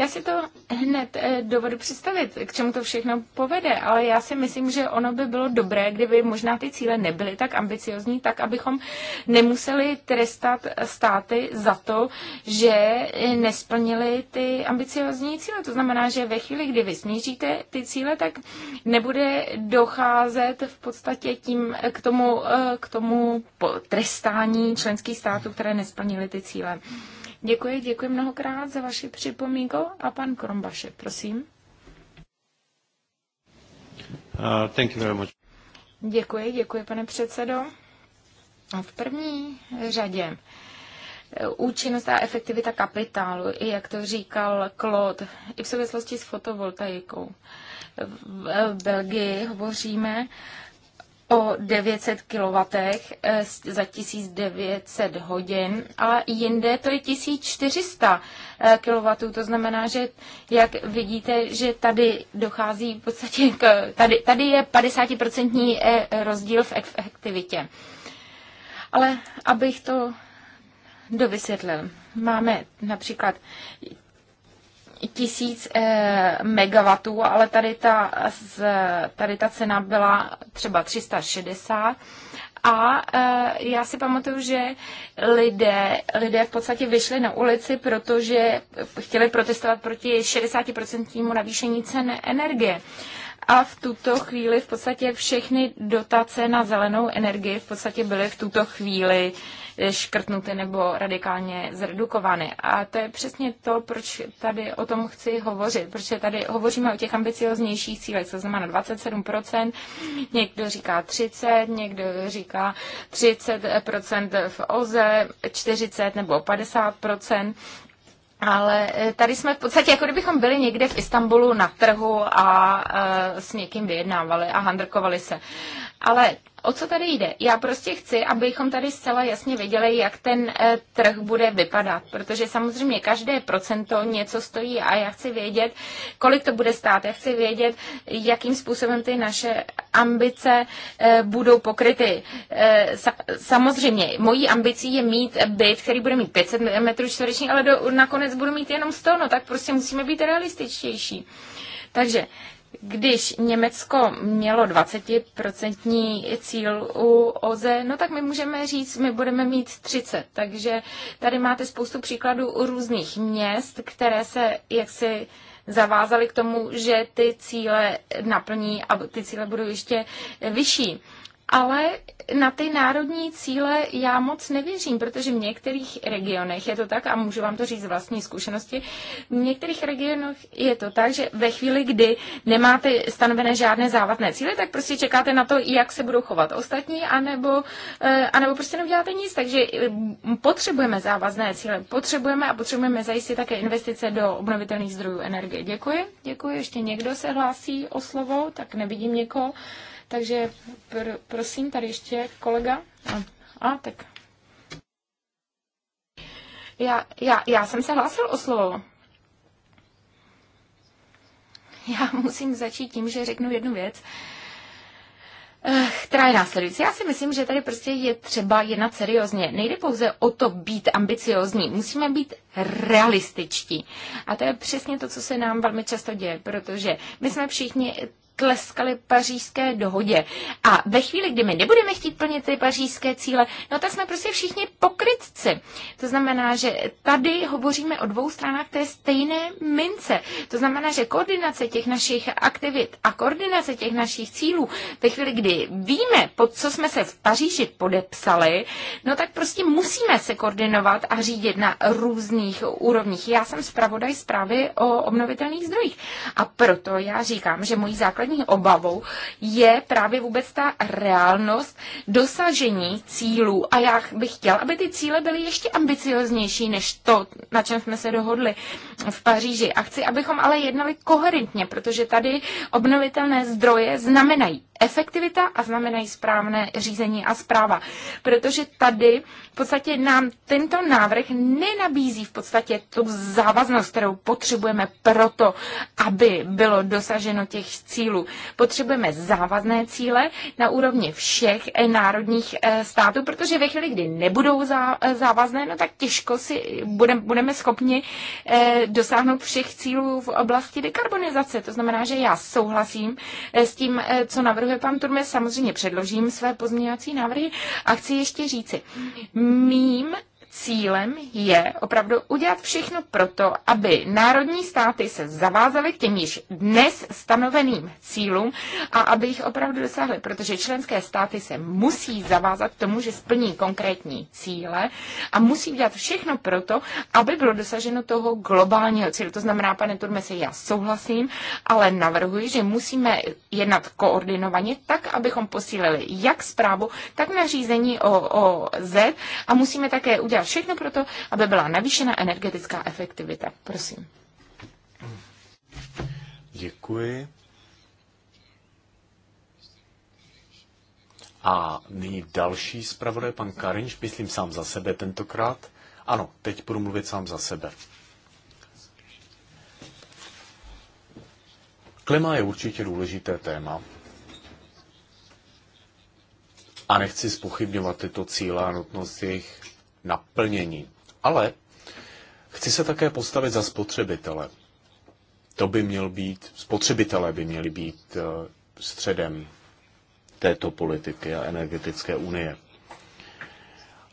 Já si to hned eh, dovedu představit, k čemu to všechno povede, ale já si myslím, že ono by bylo dobré, kdyby možná ty cíle nebyly tak ambiciozní, tak abychom nemuseli trestat státy za to, že eh, nesplnili ty ambiciozní cíle. To znamená, že ve chvíli, kdy vy snížíte ty cíle, tak nebude docházet v podstatě tím eh, k tomu, k tomu trestání členských států, které nesplnili ty cíle. Děkuji, děkuji mnohokrát za vaši připomínku a pan Krombaše, prosím. Uh, thank you very much. Děkuji, děkuji, pane předsedo. V první řadě uh, účinnost a efektivita kapitálu, i jak to říkal Claude, i v souvislosti s fotovoltaikou. V Belgii hovoříme o 900 kW eh, za 1900 hodin, ale jinde to je 1400 eh, kW. To znamená, že jak vidíte, že tady dochází v podstatě k, tady, tady je 50% eh, rozdíl v efektivitě. Ale abych to dovysvětlil. Máme například tisíc eh, megawatů, ale tady ta, tady ta cena byla třeba 360 a e, já si pamatuju, že lidé, lidé v podstatě vyšli na ulici, protože chtěli protestovat proti 60% navýšení cen energie. A v tuto chvíli v podstatě všechny dotace na zelenou energii v podstatě byly v tuto chvíli škrtnuty nebo radikálně zredukovány. A to je přesně to, proč tady o tom chci hovořit, protože tady hovoříme o těch ambicioznějších cílech, to znamená 27%, někdo říká 30, někdo říká 30% v OZE, 40 nebo 50%. Ale e, tady jsme v podstatě, jako kdybychom byli někde v Istanbulu na trhu a a e, s někým vyjednávali a handrkovali se. Ale o co tady jde? Já prostě chci, abychom tady zcela jasně věděli, jak ten eh, trh bude vypadat, protože samozřejmě každé procento něco stojí a já chci vědět, kolik to bude stát, já chci vědět, jakým způsobem ty naše ambice eh, budou pokryty. Eh, samozřejmě, mojí ambicí je mít byt, který bude mít 500 metrů čtvereční, ale do, nakonec budu mít jenom 100, no tak prostě musíme být realističtější. Takže když Německo mělo 20% cíl u OZE, no tak my můžeme říct, my budeme mít 30. Takže tady máte spoustu příkladů u různých měst, které se jaksi zavázali k tomu, že ty cíle naplní a ty cíle budou ještě vyšší ale na ty národní cíle já moc nevěřím, protože v některých regionech je to tak, a můžu vám to říct z vlastní zkušenosti, v některých regionech je to tak, že ve chvíli, kdy nemáte stanovené žádné závazné cíle, tak prostě čekáte na to, jak se budou chovat ostatní, anebo, eh, anebo prostě neuděláte nic. Takže eh, potřebujeme závazné cíle, potřebujeme a potřebujeme zajistit také investice do obnovitelných zdrojů energie. Děkuji, děkuji. Ještě někdo se hlásí o slovo, tak nevidím někoho. Takže pr- prosím, tady ještě kolega. A, a tak. Já, já, já jsem se hlásil o slovo. <laughs> Já musím začít tím, že řeknu jednu věc, eh, která je následující. Já si myslím, že tady prostě je třeba jednat seriózně. Nejde pouze o to být ambiciozní, musíme být realističtí. A to je přesně to, co se nám velmi často děje, protože my jsme všichni tleskali pařížské dohodě. A ve chvíli, kdy my nebudeme chtít plnit ty pařížské cíle, no tak jsme prostě všichni pokrytci. To znamená, že tady hovoříme o dvou stranách té stejné mince. To znamená, že koordinace těch našich aktivit a koordinace těch našich cílů, ve chvíli, kdy víme, pod co jsme se v Paříži podepsali, no tak prostě musíme se koordinovat a řídit na různých úrovních. Já jsem zpravodaj zprávy o obnovitelných zdrojích. A proto já říkám, že můj základní základní obavou je právě vůbec ta reálnost dosažení cílů. A já bych chtěl, aby ty cíle byly ještě ambicioznější než to, na čem jsme se dohodli v Paříži. A chci, abychom ale jednali koherentně, protože tady obnovitelné zdroje znamenají efektivita a znamenají správné řízení a zpráva. Protože tady v podstatě nám tento návrh nenabízí v podstatě tu závaznost, kterou potřebujeme proto, aby bylo dosaženo těch cílů cílů. Potřebujeme závazné cíle na úrovni všech eh, národních eh, států, protože ve chvíli, kdy nebudou eh, závazné, no tak těžko si budeme, budeme schopni dosáhnout všech cílů v oblasti dekarbonizace. To znamená, že já souhlasím s tím, co navrhuje pan Turmes. Samozřejmě předložím své pozměňovací návrhy a chci ještě říci, mým Cílem je opravdu udělat všechno proto, aby národní státy se zavázaly k těm již dnes stanoveným cílům a aby jich opravdu dosáhly, protože členské státy se musí zavázat k tomu, že splní konkrétní cíle a musí udělat všechno proto, aby bylo dosaženo toho globálního cílu. To znamená, pane Turmese, já souhlasím, ale navrhuji, že musíme jednat koordinovaně tak, abychom posílili jak zprávu, tak nařízení o, o Z a musíme také udělat udělat všechno pro to, aby byla navýšena energetická efektivita. Prosím. Děkuji. A nyní další zpravodaj, pan Karinč, myslím sám za sebe tentokrát. Ano, teď budu mluvit sám za sebe. Klima je určitě důležité téma. A nechci spochybňovat tyto cíle a nutnost jejich naplnění. Ale chci se také postavit za spotřebitele. To by měl být, spotřebitele by měli být eh, středem této politiky a energetické unie.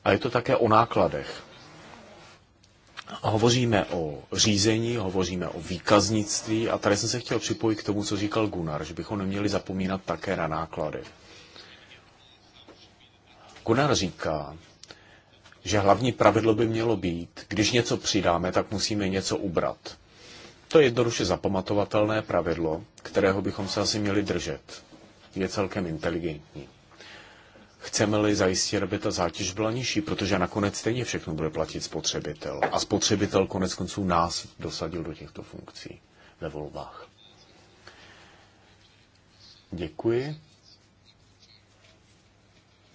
A je to také o nákladech. Hovoříme o řízení, hovoříme o výkaznictví a tady jsem se chtěl připojit k tomu, co říkal Gunnar, že bychom neměli zapomínat také na náklady. Gunnar říká, že hlavní pravidlo by mělo být, když něco přidáme, tak musíme něco ubrat. To je jednoduše zapamatovatelné pravidlo, kterého bychom se asi měli držet. Je celkem inteligentní. Chceme-li zajistit, aby ta zátěž byla nižší, protože nakonec stejně všechno bude platit spotřebitel. A spotřebitel konec konců nás dosadil do těchto funkcí ve volbách. Děkuji.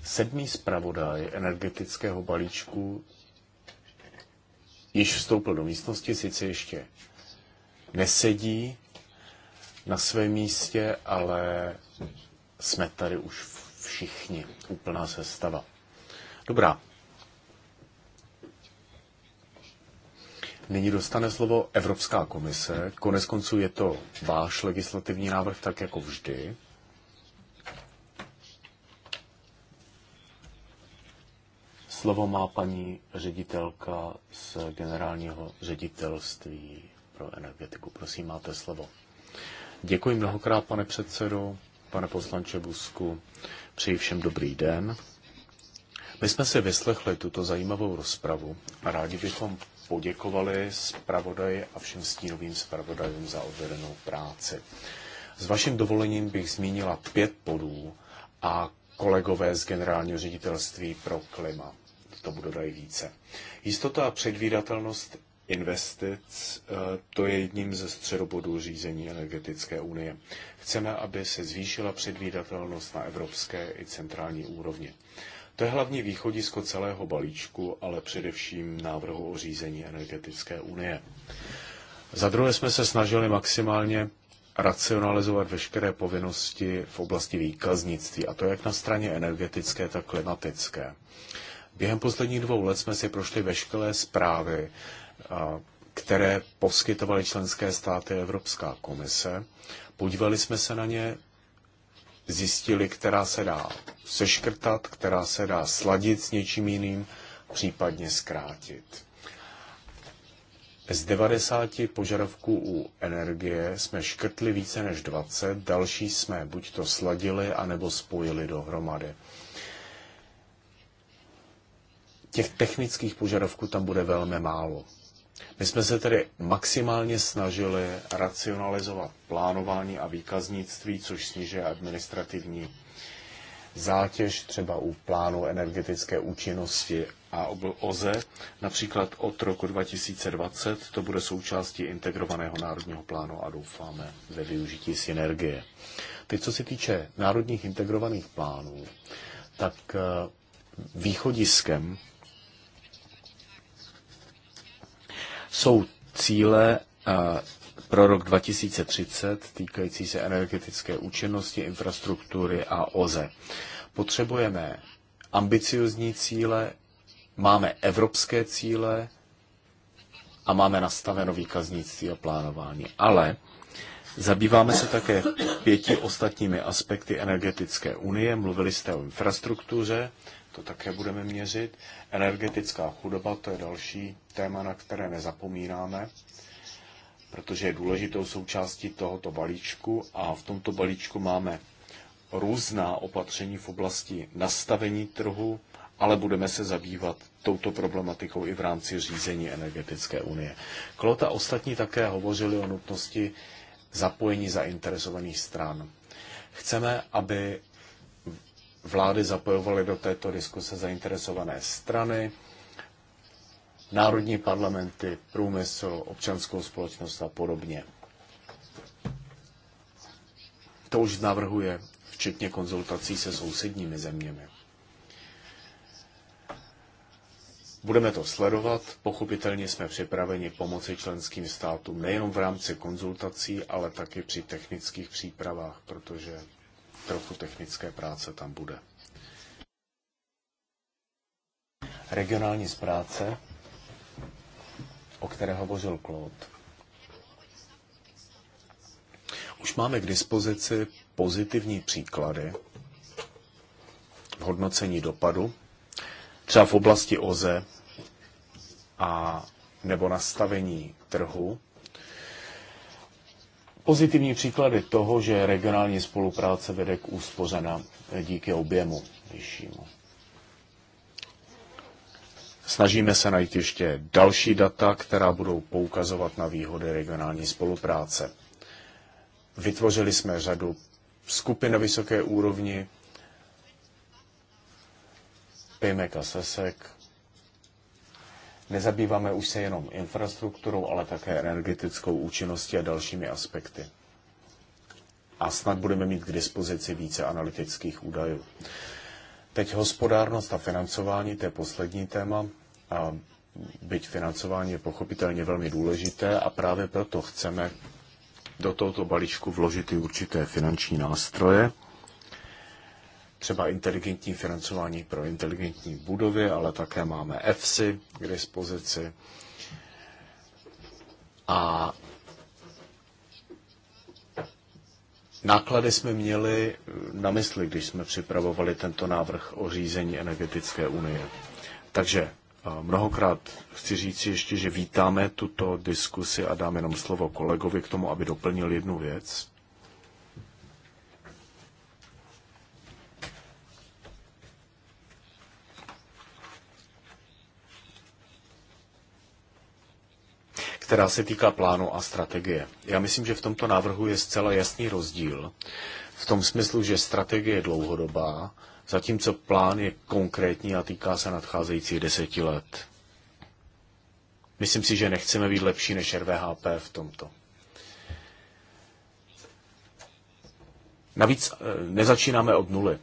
Sedmý zpravodaj energetického balíčku již vstoupil do místnosti, sice ještě nesedí na svém místě, ale jsme tady už všichni, úplná sestava. Dobrá. Nyní dostane slovo Evropská komise. Konec konců je to váš legislativní návrh, tak jako vždy. Slovo má paní ředitelka z generálního ředitelství pro energetiku. Prosím, máte slovo. Děkuji mnohokrát, pane předsedo, pane poslanče Busku. Přeji všem dobrý den. My jsme si vyslechli tuto zajímavou rozpravu a rádi bychom poděkovali zpravodaji a všem stínovým zpravodajům za odvedenou práci. S vaším dovolením bych zmínila pět bodů a kolegové z Generálního ředitelství pro klima tomu dodají více. Jistota a předvídatelnost investic, eh, to je jedním ze středobodů řízení energetické unie. Chceme, aby se zvýšila předvídatelnost na evropské i centrální úrovni. To je hlavní východisko celého balíčku, ale především návrhu o řízení energetické unie. Za druhé jsme se snažili maximálně racionalizovat veškeré povinnosti v oblasti výkaznictví, a to jak na straně energetické, tak klimatické. Během posledních dvou let jsme si prošli veškeré zprávy, které poskytovaly členské státy Evropská komise. Podívali jsme se na ně, zjistili, která se dá seškrtat, která se dá sladit s něčím jiným, případně zkrátit. Z 90 požadavků u energie jsme škrtli více než 20, další jsme buď to sladili, anebo spojili dohromady. těch technických požadavků tam bude velmi málo. My jsme se tedy maximálně snažili racionalizovat plánování a výkaznictví, což snižuje administrativní zátěž třeba u plánu energetické účinnosti a OZE. Například od roku 2020 to bude součástí integrovaného národního plánu a doufáme ve využití synergie. Teď, co se týče národních integrovaných plánů, tak eh, východiskem jsou cíle eh, pro rok 2030 týkající se energetické účinnosti, infrastruktury a OZE. Potřebujeme ambiciozní cíle, máme evropské cíle a máme nastaveno výkaznictví a plánování. Ale Zabýváme se také pěti ostatními aspekty energetické unie. Mluvili jste o infrastruktuře, to také budeme měřit. Energetická chudoba, to je další téma, na které nezapomínáme, protože je důležitou součástí tohoto balíčku a v tomto balíčku máme různá opatření v oblasti nastavení trhu, ale budeme se zabývat touto problematikou i v rámci řízení energetické unie. Klota ostatní také hovořili o nutnosti zapojení zainteresovaných stran. Chceme, aby vlády zapojovaly do této diskuse zainteresované strany, národní parlamenty, průmysl, občanskou společnost a podobně. To už navrhuje včetně konzultací se sousedními zeměmi. Budeme to sledovat, pochopitelně jsme připraveni pomoci členským státům nejenom v rámci konzultací, ale taky při technických přípravách, protože trochu technické práce tam bude. Regionální zpráce, o které hovořil Claude. Už máme k dispozici pozitivní příklady v hodnocení dopadu, třeba v oblasti OZE a nebo nastavení trhu pozitivní příklady toho, že regionální spolupráce vede k úspoře na díky objemu vyššímu. Snažíme se najít ještě další data, která budou poukazovat na výhody regionální spolupráce. Vytvořili jsme řadu skupin na vysoké úrovni, Pimek a Sesek, nezabýváme už se jenom infrastrukturou, ale také energetickou účinností a dalšími aspekty. A snad budeme mít k dispozici více analytických údajů. Teď hospodárnost a financování, to je poslední téma. A byť financování je pochopitelně velmi důležité a právě proto chceme do tohoto balíčku vložit i určité finanční nástroje, třeba inteligentní financování pro inteligentní budovy, ale také máme EFSI k dispozici. A náklady jsme měli na mysli, když jsme připravovali tento návrh o řízení energetické unie. Takže eh, mnohokrát chci říct ještě, že vítáme tuto diskusi a dám jenom slovo kolegovi k tomu, aby doplnil jednu věc. která se týká plánu a strategie. Já myslím, že v tomto návrhu je zcela jasný rozdíl v tom smyslu, že strategie je dlouhodobá, zatímco plán je konkrétní a týká se nadcházejících deseti let. Myslím si, že nechceme být lepší než RVHP v tomto. Navíc eh, nezačínáme od nuly.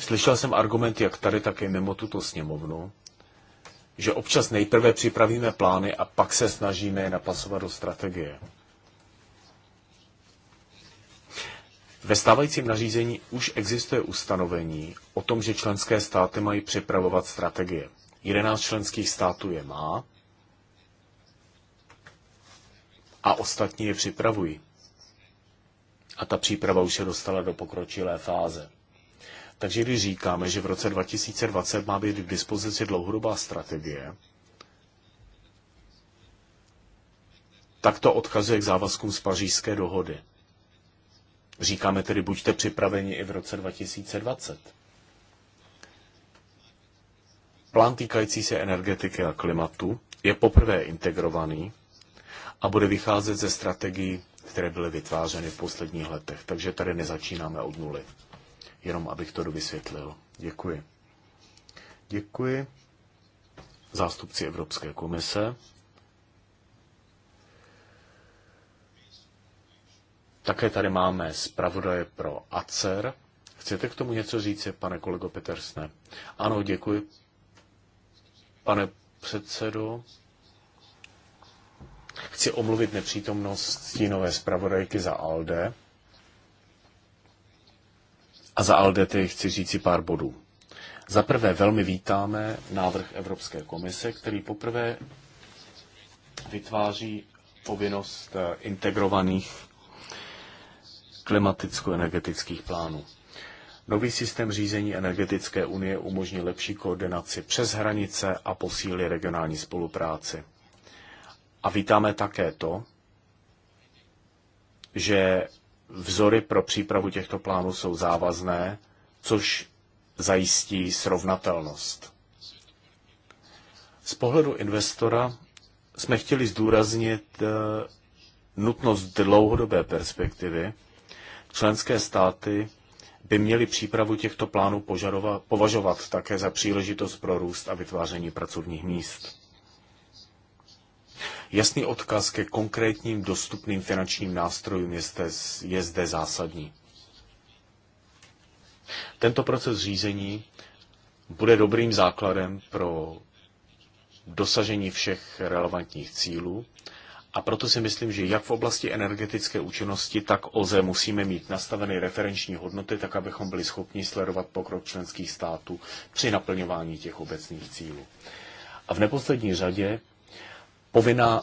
Slyšel jsem argument jak tady, tak i mimo tuto sněmovnu, že občas nejprve připravíme plány a pak se snažíme je napasovat do strategie. Ve stávajícím nařízení už existuje ustanovení o tom, že členské státy mají připravovat strategie. 11 členských států je má a ostatní je připravují. A ta příprava už se dostala do pokročilé fáze. Takže když říkáme, že v roce 2020 má být k dispozici dlouhodobá strategie, tak to odkazuje k závazkům z pařížské dohody. Říkáme tedy, buďte připraveni i v roce 2020. Plán týkající se energetiky a klimatu je poprvé integrovaný a bude vycházet ze strategií, které byly vytvářeny v posledních letech. Takže tady nezačínáme od nuly jenom abych to dovysvětlil. Děkuji. Děkuji zástupci Evropské komise. Také tady máme zpravodaje pro ACER. Chcete k tomu něco říct, pane kolego Petersne? Ano, děkuji, pane předsedo. Chci omluvit nepřítomnost stínové zpravodajky za ALDE a za Aldety chci říci pár bodů. Za prvé velmi vítáme návrh Evropské komise, který poprvé vytváří povinnost eh, integrovaných klimaticko-energetických plánů. Nový systém řízení energetické unie umožní lepší koordinaci přes hranice a posílí regionální spolupráci. A vítáme také to, že Vzory pro přípravu těchto plánů jsou závazné, což zajistí srovnatelnost. Z pohledu investora jsme chtěli zdůraznit eh, nutnost dlouhodobé perspektivy. Členské státy by měly přípravu těchto plánů považovat také za příležitost pro růst a vytváření pracovních míst. Jasný odkaz ke konkrétním dostupným finančním nástrojům je zde, je zde zásadní. Tento proces řízení bude dobrým základem pro dosažení všech relevantních cílů a proto si myslím, že jak v oblasti energetické účinnosti, tak OZE musíme mít nastaveny referenční hodnoty, tak abychom byli schopni sledovat pokrok členských států při naplňování těch obecných cílů. A v neposlední řadě Povinná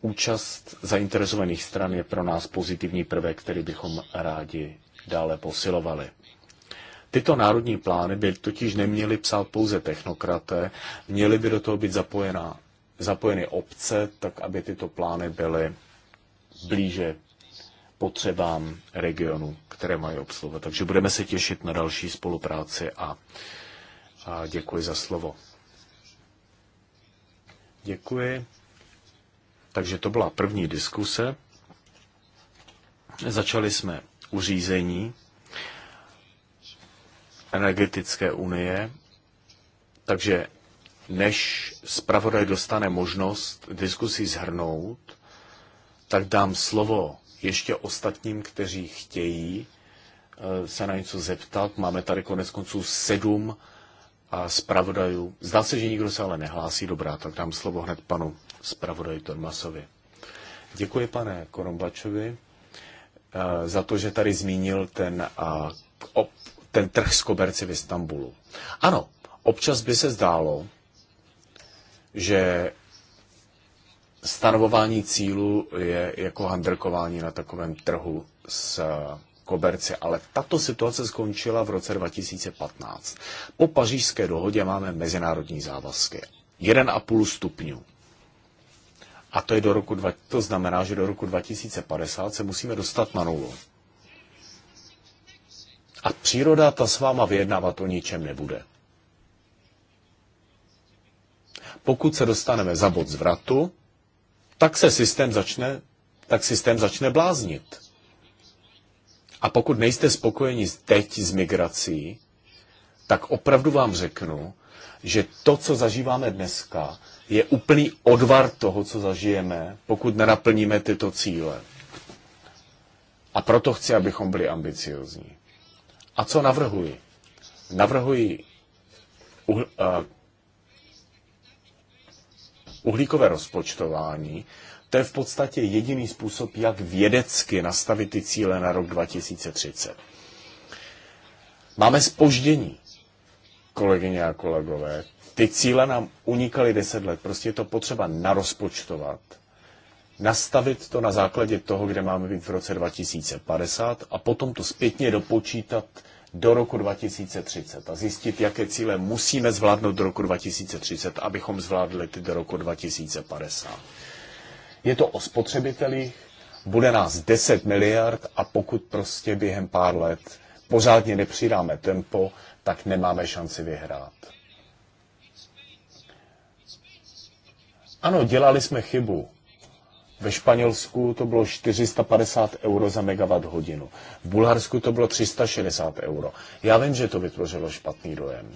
účast zainteresovaných stran je pro nás pozitivní prvek, který bychom rádi dále posilovali. Tyto národní plány by totiž neměly psát pouze technokraté, měly by do toho být zapojená, zapojeny obce, tak aby tyto plány byly blíže potřebám regionu, které mají obsluhovat. Takže budeme se těšit na další spolupráci a, a děkuji za slovo. Děkuji. Takže to byla první diskuse. Začali jsme uřízení energetické unie, takže než zpravodaj dostane možnost diskusi zhrnout, tak dám slovo ještě ostatním, kteří chtějí eh, se na něco zeptat. Máme tady konec konců sedm zpravodajů. Zdá se, že nikdo se ale nehlásí. Dobrá, tak dám slovo hned panu zpravodaji Tormasovi. Děkuji pane Korombačovi eh, za to, že tady zmínil ten, eh, ten trh s koberci v Istanbulu. Ano, občas by se zdálo, že stanovování cílu je jako handrkování na takovém trhu s koberci, ale tato situace skončila v roce 2015. Po pařížské dohodě máme mezinárodní závazky. 1,5 stupňů. A to, je do roku, to znamená, že do roku 2050 se musíme dostat na nulu. A příroda ta s váma vyjednávat o ničem nebude. Pokud se dostaneme za bod zvratu, tak se systém začne, tak systém začne bláznit. A pokud nejste spokojeni teď s migrací, tak opravdu vám řeknu, že to, co zažíváme dneska, je úplný odvar toho, co zažijeme, pokud nenaplníme tyto cíle. A proto chci, abychom byli ambiciozní. A co navrhuji? Navrhuji uh, uhlíkové rozpočtování, to je v podstatě jediný způsob, jak vědecky nastavit ty cíle na rok 2030. Máme spoždění, kolegyně a kolegové. Ty cíle nám unikaly deset let. Prostě je to potřeba narozpočtovat, nastavit to na základě toho, kde máme být v roce 2050 a potom to zpětně dopočítat do roku 2030 a zjistit, jaké cíle musíme zvládnout do roku 2030, abychom zvládli ty do roku 2050. Je to o spotřebitelích, bude nás 10 miliard a pokud prostě během pár let pořádně nepřidáme tempo, tak nemáme šanci vyhrát. Ano, dělali jsme chybu. Ve Španělsku to bylo 450 euro za megawatt hodinu. V Bulharsku to bylo 360 euro. Já vím, že to vytvořilo špatný dojem.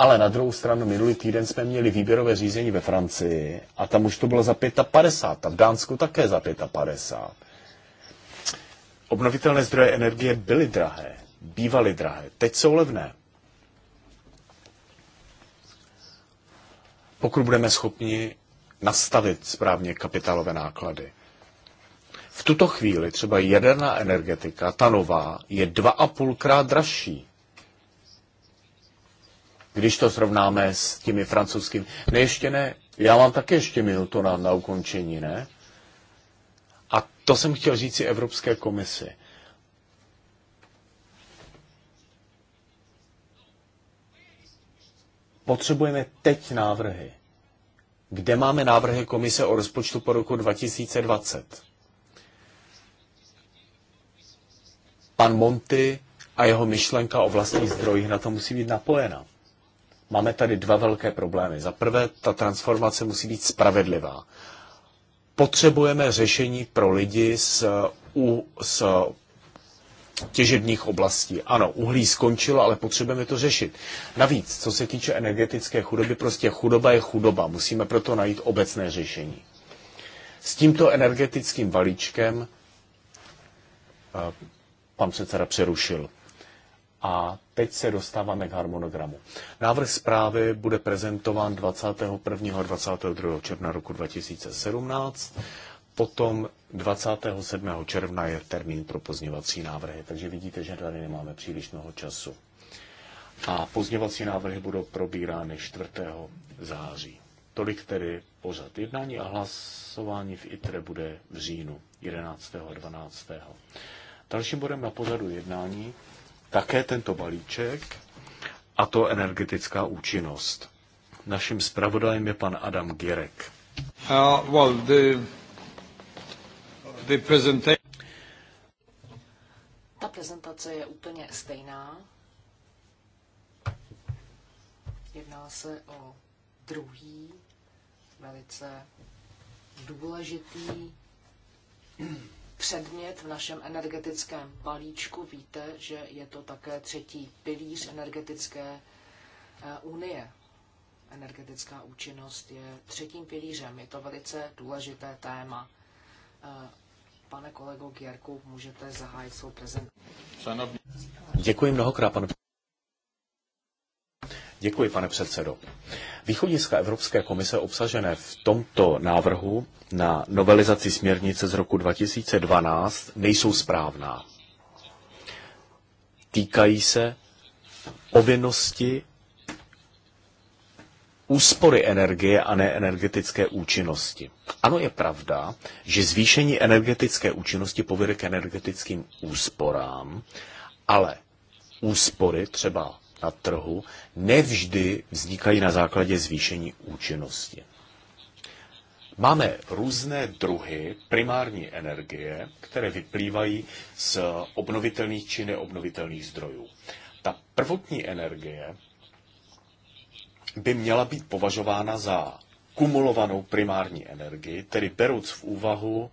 Ale na druhou stranu, minulý týden jsme měli výběrové řízení ve Francii a tam už to bylo za 55, a v Dánsku také za 55. Obnovitelné zdroje energie byly drahé, bývaly drahé, teď jsou levné. Pokud budeme schopni nastavit správně kapitálové náklady. V tuto chvíli třeba jaderná energetika, ta nová, je dva a půlkrát dražší když to srovnáme s těmi francouzskými. Ne, ještě ne. Já mám také ještě minutu na, na ukončení, ne? A to jsem chtěl říct si Evropské komisi. Potřebujeme teď návrhy. Kde máme návrhy komise o rozpočtu po roku 2020? Pan Monty a jeho myšlenka o vlastních zdrojích na to musí být napojena. Máme tady dva velké problémy. Za prvé, ta transformace musí být spravedlivá. Potřebujeme řešení pro lidi z, u, s těžebních oblastí. Ano, uhlí skončilo, ale potřebujeme to řešit. Navíc, co se týče energetické chudoby, prostě chudoba je chudoba. Musíme proto najít obecné řešení. S tímto energetickým valíčkem eh, pan předseda přerušil. A teď se dostáváme k harmonogramu. Návrh zprávy bude prezentován 21. a 22. června roku 2017. Potom 27. června je termín pro pozněvací návrhy, takže vidíte, že tady nemáme příliš mnoho času. A pozněvací návrhy budou probírány 4. září. Tolik tedy pořad jednání a hlasování v ITRE bude v říjnu 11. a 12. Dalším bodem na pořadu jednání také tento balíček, a to energetická účinnost. Naším zpravodajem je pan Adam Girek. Uh, well, the, the presentation... Ta prezentace je úplně stejná. Jedná se o druhý velice důležitý předmět v našem energetickém balíčku. Víte, že je to také třetí pilíř energetické eh, unie. Energetická účinnost je třetím pilířem. Je to velice důležité téma. Eh, pane kolego Gierku, můžete zahájit svou prezentaci. Děkuji mnohokrát, pane Děkuji, pane předsedo. Východiska Evropské komise obsažené v tomto návrhu na novelizaci směrnice z roku 2012 nejsou správná. Týkají se povinnosti úspory energie a ne energetické účinnosti. Ano, je pravda, že zvýšení energetické účinnosti povede k energetickým úsporám, ale úspory třeba na trhu nevždy vznikají na základě zvýšení účinnosti. Máme různé druhy primární energie, které vyplývají z obnovitelných či neobnovitelných zdrojů. Ta prvotní energie by měla být považována za kumulovanou primární energii, tedy beruc v úvahu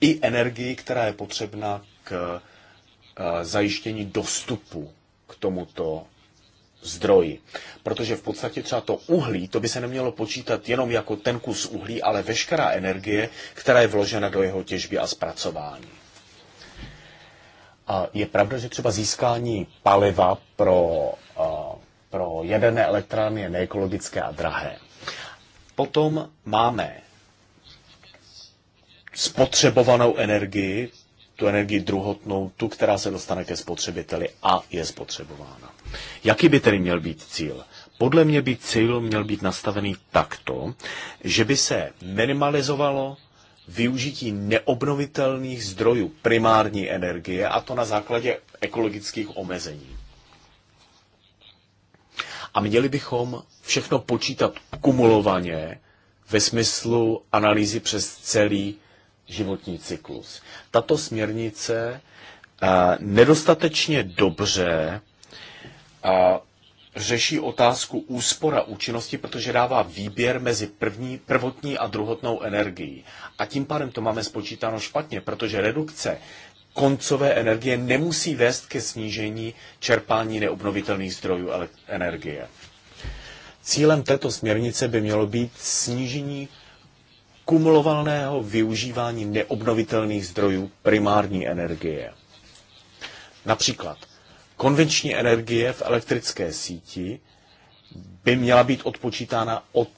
i energii, která je potřebná k eh, zajištění dostupu tomuto zdroji. Protože v podstatě třeba to uhlí, to by se nemělo počítat jenom jako ten kus uhlí, ale veškerá energie, která je vložena do jeho těžby a zpracování. A je pravda, že třeba získání paliva pro, pro jaderné elektrárny je neekologické a drahé. Potom máme spotřebovanou energii tu energii druhotnou, tu, která se dostane ke spotřebiteli a je spotřebována. Jaký by tedy měl být cíl? Podle mě by cíl měl být nastavený takto, že by se minimalizovalo využití neobnovitelných zdrojů primární energie, a to na základě ekologických omezení. A měli bychom všechno počítat kumulovaně ve smyslu analýzy přes celý životní cyklus. Tato směrnice eh, nedostatečně dobře eh, řeší otázku úspora účinnosti, protože dává výběr mezi první, prvotní a druhotnou energií. A tím pádem to máme spočítáno špatně, protože redukce koncové energie nemusí vést ke snížení čerpání neobnovitelných zdrojů energie. Cílem této směrnice by mělo být snížení kumulovaného využívání neobnovitelných zdrojů primární energie. Například konvenční energie v elektrické síti by měla být odpočítána od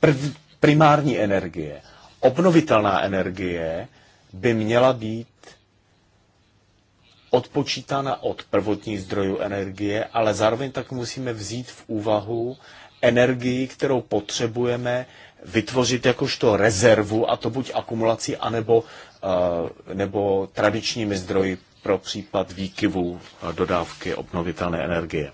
prv, primární energie. Obnovitelná energie by měla být odpočítána od prvotní zdrojů energie, ale zároveň tak musíme vzít v úvahu energii, kterou potřebujeme vytvořit jakožto rezervu, a to buď akumulací, anebo eh, nebo tradičními zdroji pro případ výkyvu dodávky obnovitelné energie.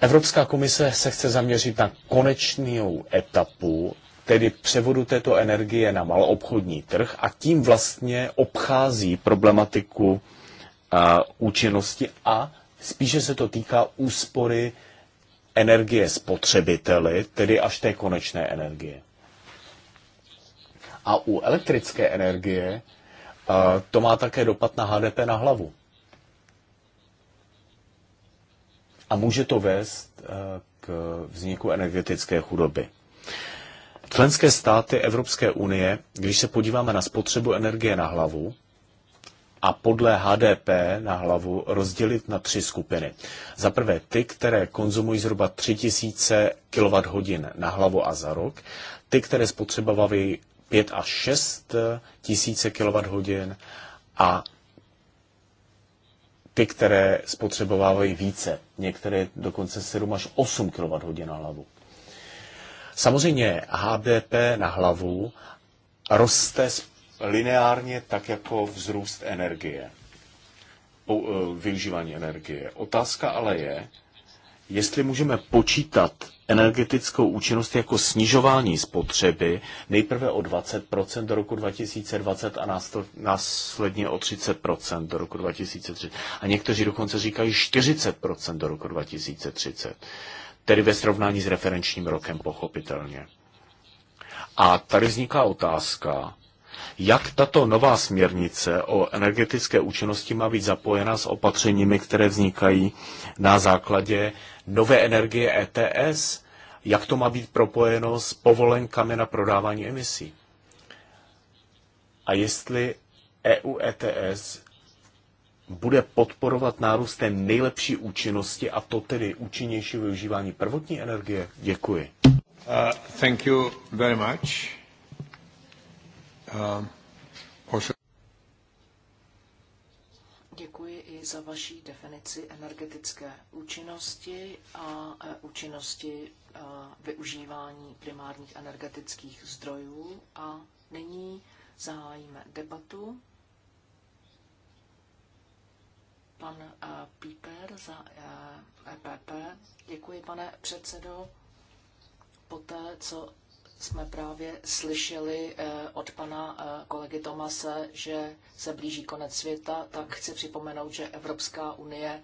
Evropská komise se chce zaměřit na konečnou etapu, tedy převodu této energie na maloobchodní trh a tím vlastně obchází problematiku a, eh, účinnosti a spíše se to týká úspory energie spotřebiteli, tedy až té konečné energie. A u elektrické energie eh, to má také dopad na HDP na hlavu. A může to vést eh, k vzniku energetické chudoby. Členské státy Evropské unie, když se podíváme na spotřebu energie na hlavu, a podle HDP na hlavu rozdělit na tři skupiny. Za prvé ty, které konzumují zhruba 3000 kWh na hlavu a za rok, ty, které spotřebovaly 5 až 6 tisíce kWh a ty, které spotřebovávají více, některé dokonce 7 až 8 kWh na hlavu. Samozřejmě HDP na hlavu roste s lineárně tak jako vzrůst energie, e, využívání energie. Otázka ale je, jestli můžeme počítat energetickou účinnost jako snižování spotřeby nejprve o 20% do roku 2020 a následně o 30% do roku 2030. A někteří dokonce říkají 40% do roku 2030. Tedy ve srovnání s referenčním rokem, pochopitelně. A tady vzniká otázka, jak tato nová směrnice o energetické účinnosti má být zapojena s opatřeními, které vznikají na základě nové energie ETS, jak to má být propojeno s povolenkami na prodávání emisí. A jestli EU ETS bude podporovat nárůst té nejlepší účinnosti a to tedy účinnější využívání prvotní energie? Děkuji. Uh, thank you very much. Děkuji i za vaší definici energetické účinnosti a e, účinnosti e, využívání primárních energetických zdrojů. A nyní zahájíme debatu. Pan e, Píper za EPP. Děkuji, pane předsedo. Poté, co jsme právě slyšeli eh, od pana eh, kolegy Tomase, že se blíží konec světa, tak chci připomenout, že Evropská unie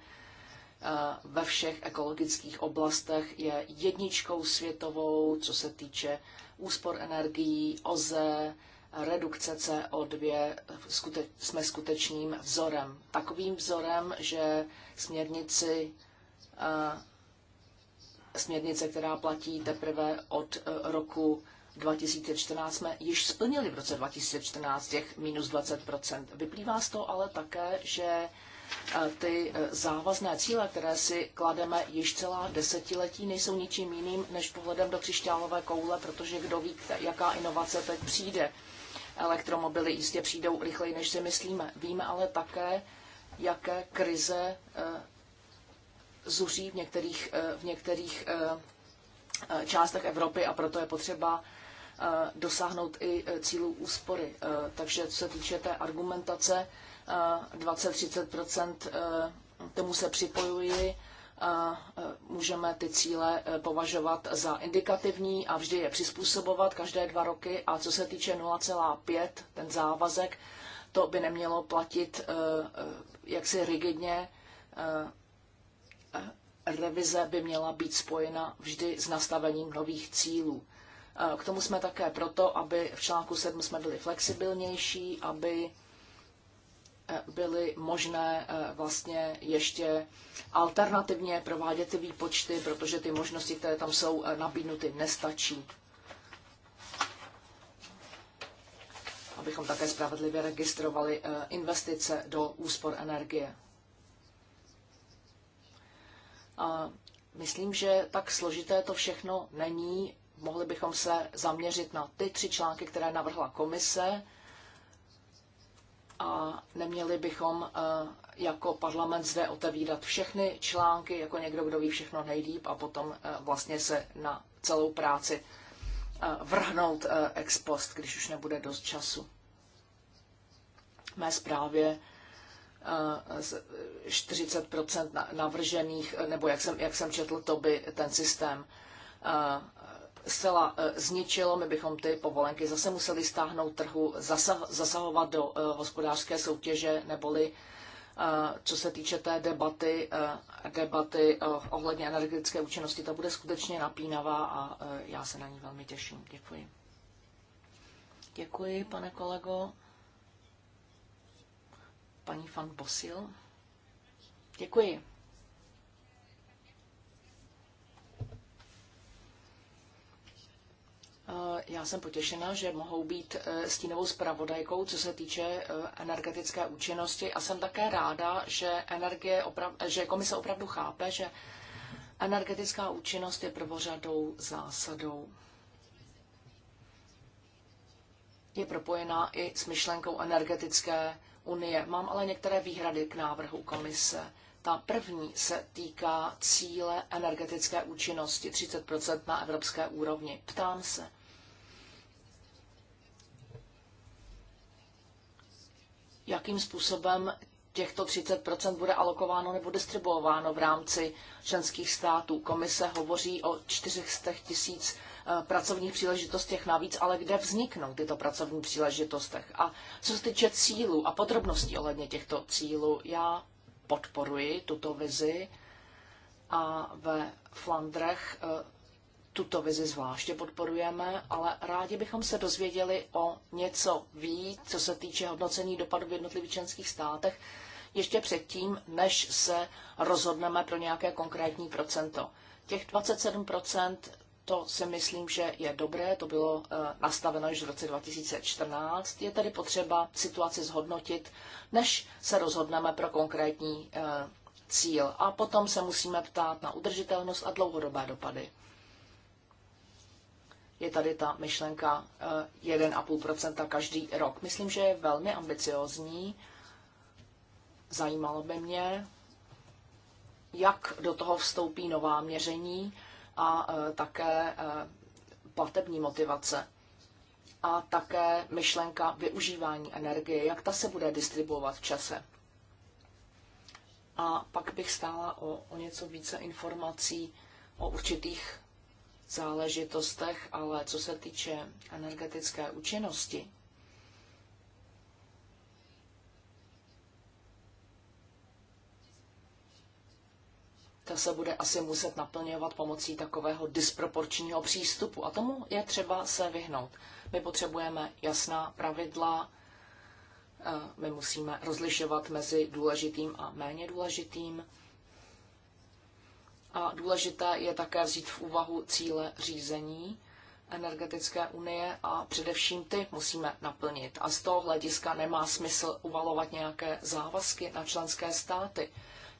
eh, ve všech ekologických oblastech je jedničkou světovou, co se týče úspor energií, OZE, redukce CO2 jsme skutečným vzorem. Takovým vzorem, že směrnici směrnice, která platí teprve od eh, roku 2014 jsme již splnili v roce 2014 těch minus 20 Vyplývá z toho ale také, že eh, ty eh, závazné cíle, které si klademe již celá desetiletí, nejsou ničím jiným než pohledem do křišťálové koule, protože kdo ví, jaká inovace teď přijde. Elektromobily jistě přijdou rychleji, než si myslíme. Víme ale také, jaké krize zuří v některých, eh, v některých eh, eh, částech Evropy a proto je potřeba dosáhnout i cílů úspory. Takže co se týče té argumentace 20-30 tomu se připojuji. Můžeme ty cíle považovat za indikativní a vždy je přizpůsobovat každé dva roky. A co se týče 0,5, ten závazek, to by nemělo platit jaksi rigidně Eh, revize by měla být spojena vždy s nastavením nových cílů. Eh, k tomu jsme také proto, aby v článku 7 jsme byli flexibilnější, aby eh, byly možné vlastně ještě alternativně provádět ty výpočty, protože ty možnosti, které tam jsou nabídnuty, nestačí. Abychom také spravedlivě registrovali investice do úspor energie. A myslím, že tak složité to všechno není. Mohli bychom se zaměřit na ty tři články, které navrhla komise a neměli bychom eh, jako parlament zde otevírat všechny články, jako někdo, kdo ví všechno nejlíp a potom eh, vlastně se na celou práci eh, vrhnout ex post, když už nebude dost času. V mé zprávě 40 navržených, nebo jak jsem, jak jsem četl, to by ten systém eh, zcela eh, zničilo, my bychom ty povolenky zase museli stáhnout trhu, zasahovat do eh, hospodářské soutěže, neboli co se týče té debaty, debaty ohledně energetické účinnosti, to bude skutečně napínavá a já se na ní velmi těším. Děkuji. Děkuji, pane kolego paní Fan Bosil. Děkuji. Eh, já jsem potěšena, že mohou být eh, stínovou zpravodajkou, co se týče eh, energetické účinnosti a jsem také ráda, že, energie oprav- že komise opravdu chápe, že energetická účinnost je prvořadou zásadou. Je propojená i s myšlenkou energetické unie. Mám ale některé výhrady k návrhu komise. Ta první se týká cíle energetické účinnosti 30 na evropské úrovni. Ptám se. Jakým způsobem těchto 30 bude alokováno nebo distribuováno v rámci členských států? Komise hovoří o 400 tisíc Eh, pracovních příležitostech navíc, ale kde vzniknou tyto pracovní příležitostech. A co se týče cílů a podrobností ohledně těchto cílů, já podporuji tuto vizi a ve Flandrech eh, tuto vizi zvláště podporujeme, ale rádi bychom se dozvěděli o něco víc, co se týče hodnocení dopadu v jednotlivých členských státech, ještě předtím, než se rozhodneme pro nějaké konkrétní procento. Těch 27% to si myslím, že je dobré, to bylo eh, nastaveno již v roce 2014. Je tedy potřeba situaci zhodnotit, než se rozhodneme pro konkrétní eh, cíl. A potom se musíme ptát na udržitelnost a dlouhodobé dopady. Je tady ta myšlenka 1,5 eh, každý rok. Myslím, že je velmi ambiciozní. Zajímalo by mě, jak do toho vstoupí nová měření a e, také e, platební motivace a také myšlenka využívání energie, jak ta se bude distribuovat v čase. A pak bych stála o, o něco více informací o určitých záležitostech, ale co se týče energetické účinnosti, ta se bude asi muset naplňovat pomocí takového disproporčního přístupu. A tomu je třeba se vyhnout. My potřebujeme jasná pravidla, eh, my musíme rozlišovat mezi důležitým a méně důležitým. A důležité je také vzít v úvahu cíle řízení energetické unie a především ty musíme naplnit. A z toho hlediska nemá smysl uvalovat nějaké závazky na členské státy.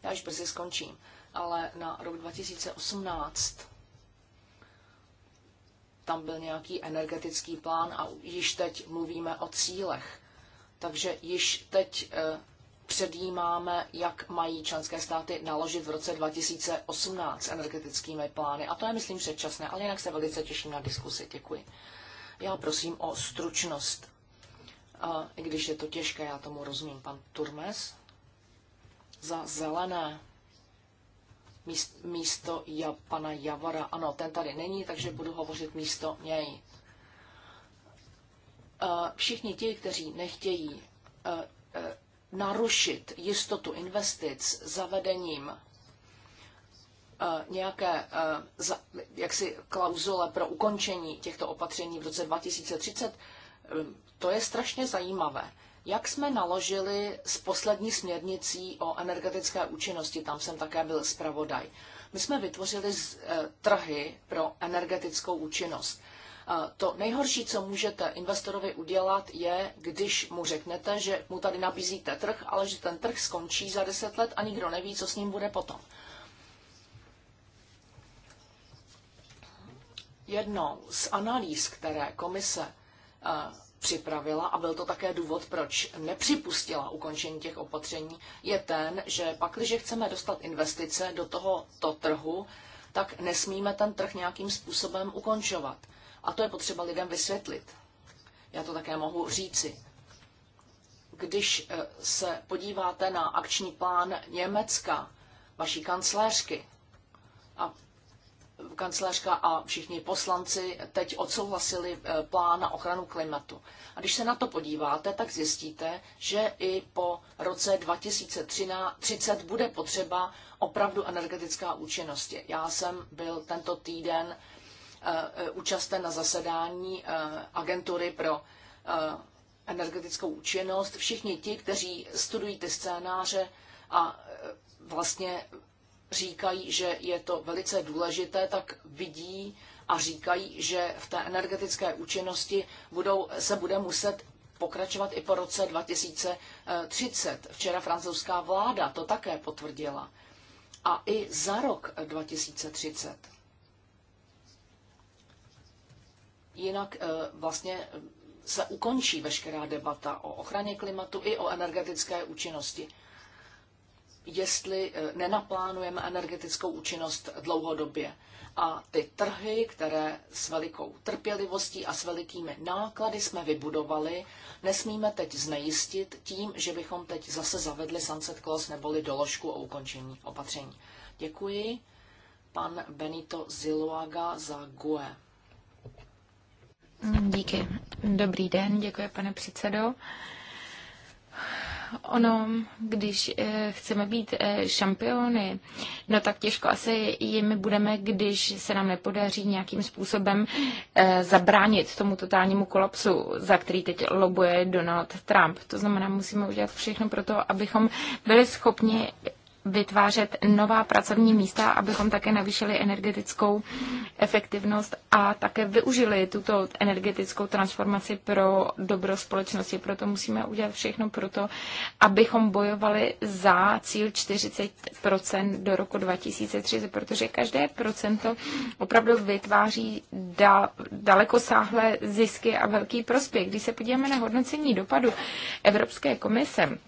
Já už brzy skončím ale na rok 2018 tam byl nějaký energetický plán a již teď mluvíme o cílech. Takže již teď eh, předjímáme, jak mají členské státy naložit v roce 2018 energetickými plány. A to je, myslím, předčasné, ale jinak se velice těším na diskusi. Děkuji. Já prosím o stručnost. Eh, I když je to těžké, já tomu rozumím. Pan Turmes za zelené míst, místo ja, pana Javara. Ano, ten tady není, takže budu hovořit místo něj. Eh, všichni ti, kteří nechtějí eh, eh, narušit jistotu investic zavedením nějaké jaksi klauzule pro ukončení těchto opatření v roce 2030, to je strašně zajímavé. Jak jsme naložili s poslední směrnicí o energetické účinnosti, tam jsem také byl zpravodaj. My jsme vytvořili eh, trhy pro energetickou účinnost. Eh, to nejhorší, co můžete investorovi udělat, je, když mu řeknete, že mu tady nabízíte trh, ale že ten trh skončí za deset let a nikdo neví, co s ním bude potom. Jednou z analýz, které komise eh, připravila a byl to také důvod, proč nepřipustila ukončení těch opatření, je ten, že pak, když chceme dostat investice do tohoto trhu, tak nesmíme ten trh nějakým způsobem ukončovat. A to je potřeba lidem vysvětlit. Já to také mohu říci. Když eh, se podíváte na akční plán Německa, vaší kancléřky, a kancelářka a všichni poslanci teď odsouhlasili eh, plán na ochranu klimatu. A když se na to podíváte, tak zjistíte, že i po roce 2030 bude potřeba opravdu energetická účinnost. Já jsem byl tento týden eh, eh, účasten na zasedání agentury pro energetickou účinnost. Všichni ti, kteří studují ty scénáře a vlastně říkají, že je to velice důležité, tak vidí a říkají, že v té energetické účinnosti budou, se bude muset pokračovat i po roce 2030. Včera francouzská vláda to také potvrdila. A i za rok 2030. Jinak eh, vlastně eh, se ukončí veškerá debata o ochraně klimatu i o energetické účinnosti jestli eh, nenaplánujeme energetickou účinnost dlouhodobě. A ty trhy, které s velikou trpělivostí a s velikými náklady jsme vybudovali, nesmíme teď znejistit tím, že bychom teď zase zavedli sunset clause neboli doložku o ukončení opatření. Děkuji. Pan Benito Ziluaga za GUE. Díky. Dobrý den, děkuji pane předsedo ono, když eh, chceme být eh, šampiony, no tak těžko asi jimi budeme, když se nám nepodaří nějakým způsobem eh, zabránit tomu totálnímu kolapsu, za který teď lobuje Donald Trump. To znamená, musíme udělat všechno pro to, abychom byli schopni vytvářet nová pracovní místa, abychom také navýšili energetickou efektivnost a také využili tuto energetickou transformaci pro dobro společnosti. Proto musíme udělat všechno pro to, abychom bojovali za cíl 40% do roku 2030, protože každé procento opravdu vytváří da, dalekosáhlé zisky a velký prospěch. Když se podíváme na hodnocení dopadu Evropské komise,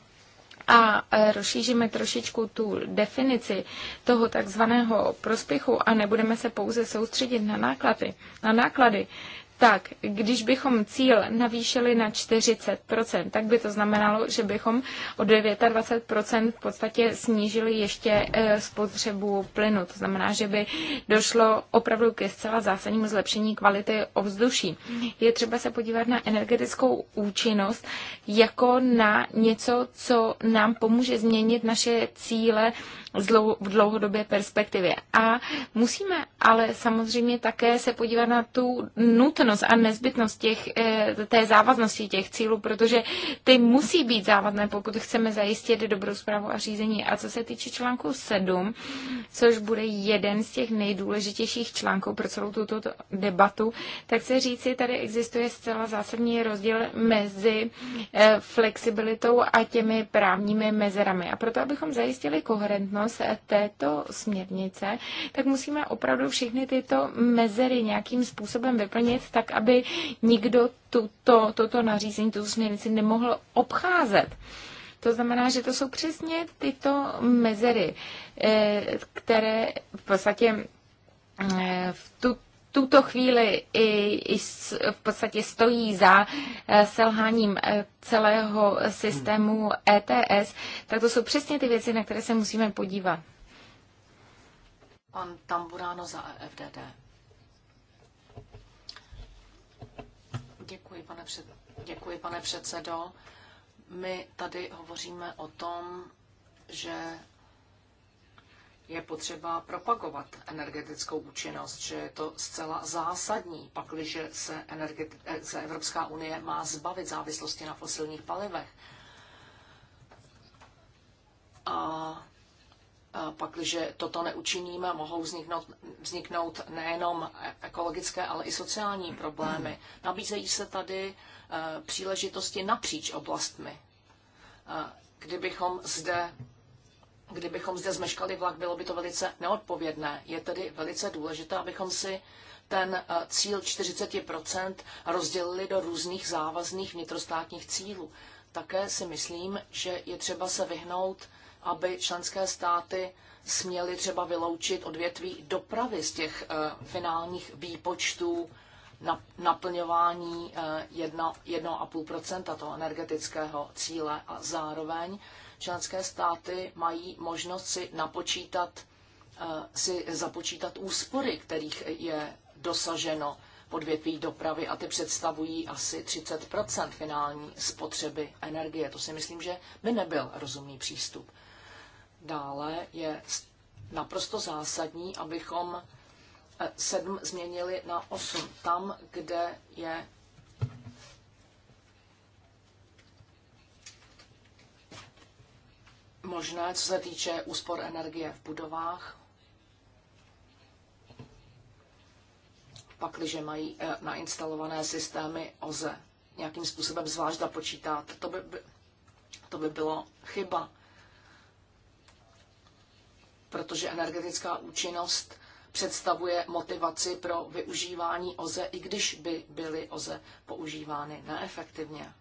a e, rozšíříme trošičku tu definici toho takzvaného prospěchu a nebudeme se pouze soustředit na náklady, na náklady tak když bychom cíl navýšili na 40%, tak by to znamenalo, že bychom o 29% v podstatě snížili ještě e, spotřebu plynu. To znamená, že by došlo opravdu ke zcela zásadnímu zlepšení kvality ovzduší. Je třeba se podívat na energetickou účinnost jako na něco, co nám pomůže změnit naše cíle v dlouhodobé perspektivě. A musíme ale samozřejmě také se podívat na tu nutnost a nezbytnost těch, eh, té závaznosti těch cílů, protože ty musí být závazné, pokud chceme zajistit dobrou zprávu a řízení. A co se týče článku 7, což bude jeden z těch nejdůležitějších článků pro celou tuto debatu, tak se říci, tady existuje zcela zásadní rozdíl mezi eh, flexibilitou a těmi právními mezerami. A proto, abychom zajistili koherentnost, platnost této směrnice, tak musíme opravdu všechny tyto mezery nějakým způsobem vyplnit, tak aby nikdo tuto, toto nařízení, tuto směrnici nemohl obcházet. To znamená, že to jsou přesně tyto mezery, eh, které v podstatě eh, v tuto tuto chvíli i, i v podstatě stojí za eh, selháním eh, celého systému ETS, tak to jsou přesně ty věci, na které se musíme podívat. Pan Tamburáno za EFDD. Děkuji, pane, před, děkuji, pane předsedo. My tady hovoříme o tom, že je potřeba propagovat energetickou účinnost, že je to zcela zásadní, pakliže se, eh, se Evropská unie má zbavit závislosti na fosilních palivech. A pakliže toto neučiníme, mohou vzniknout, vzniknout nejenom ekologické, ale i sociální problémy. Nabízejí se tady eh, příležitosti napříč oblastmi. Eh, kdybychom zde Kdybychom zde zmeškali vlak, bylo by to velice neodpovědné. Je tedy velice důležité, abychom si ten eh, cíl 40 rozdělili do různých závazných vnitrostátních cílů. Také si myslím, že je třeba se vyhnout, aby členské státy směly třeba vyloučit odvětví dopravy z těch eh, finálních výpočtů naplňování 1,5 eh, toho energetického cíle a zároveň členské státy mají možnost si napočítat, eh, si započítat úspory, kterých je dosaženo podvětví dopravy a ty představují asi 30 finální spotřeby energie. To si myslím, že by nebyl rozumný přístup. Dále je naprosto zásadní, abychom 7 eh, změnili na 8. Tam, kde je možné, co se týče úspor energie v budovách, pak, když mají eh, nainstalované systémy OZE nějakým způsobem zvlášť započítat. To by, to by bylo chyba, protože energetická účinnost představuje motivaci pro využívání OZE, i když by byly OZE používány neefektivně.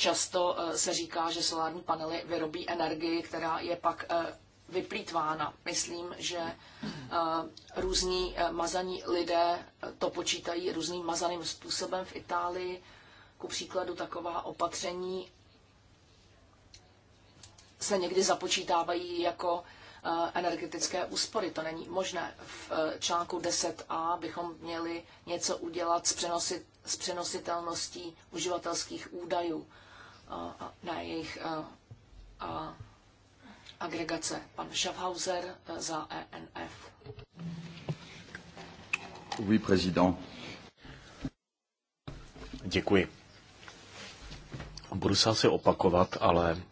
Často eh, se říká, že solární panely vyrobí energii, která je pak eh, vyplýtvána. Myslím, že eh, různí mazaní lidé to počítají různým mazaným způsobem v Itálii. Ku příkladu taková opatření se někdy započítávají jako energetické úspory. To není možné. V článku 10a bychom měli něco udělat s, přenosit, s přenositelností uživatelských údajů na jejich agregace. Pan Schaffhauser e, za ENF. Oui, président. Děkuji. Budu se asi opakovat, ale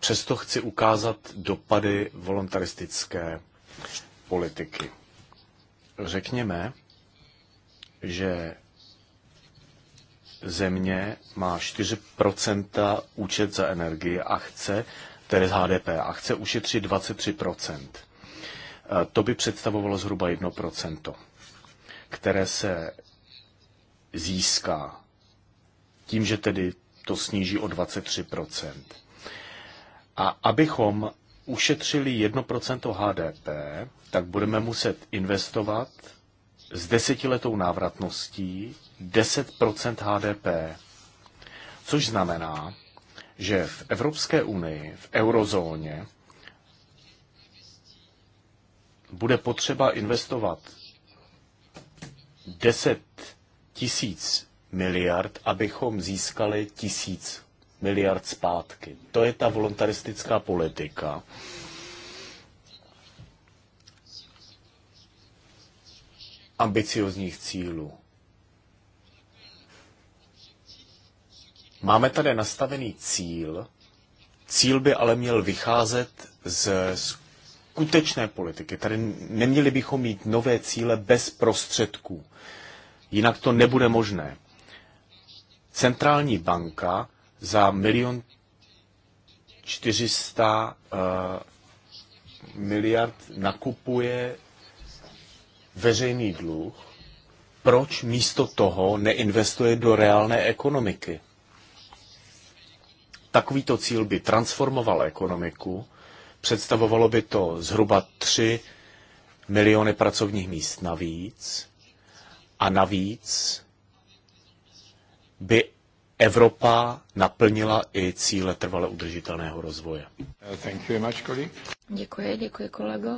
přesto chci ukázat dopady voluntaristické politiky. Řekněme, že země má 4% účet za energii a chce, tedy z HDP, a chce ušetřit 23%. Eh, to by představovalo zhruba 1%, které se získá tím, že tedy to sníží o 23%. A abychom ušetřili 1% HDP, tak budeme muset investovat s desetiletou návratností 10% HDP, což znamená, že v Evropské unii, v eurozóně, bude potřeba investovat 10 tisíc miliard, abychom získali tisíc miliard zpátky. To je ta voluntaristická politika, ambiciozních cílů. Máme tady nastavený cíl, cíl by ale měl vycházet z skutečné politiky. Tady neměli bychom mít nové cíle bez prostředků. Jinak to nebude možné. Centrální banka za milion 400 uh, eh, miliard nakupuje veřejný dluh, proč místo toho neinvestuje do reálné ekonomiky? Takovýto cíl by transformoval ekonomiku, představovalo by to zhruba 3 miliony pracovních míst navíc a navíc by Evropa naplnila i cíle trvale udržitelného rozvoje. Děkuji, děkuji kolego.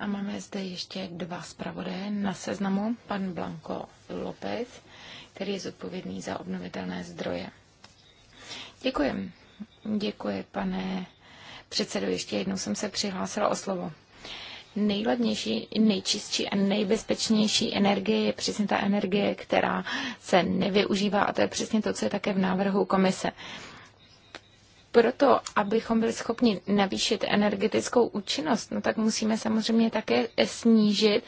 A máme zde ještě dva zpravodaje na seznamu. Pan Blanco López, který je zodpovědný za obnovitelné zdroje. Děkuji. Děkuji, pane předsedo. Ještě jednou jsem se přihlásila o slovo Nejladnější, nejčistší a nejbezpečnější energie je přesně ta energie, která se nevyužívá a to je přesně to, co je také v návrhu komise proto, abychom byli schopni navýšit energetickou účinnost, no tak musíme samozřejmě také snížit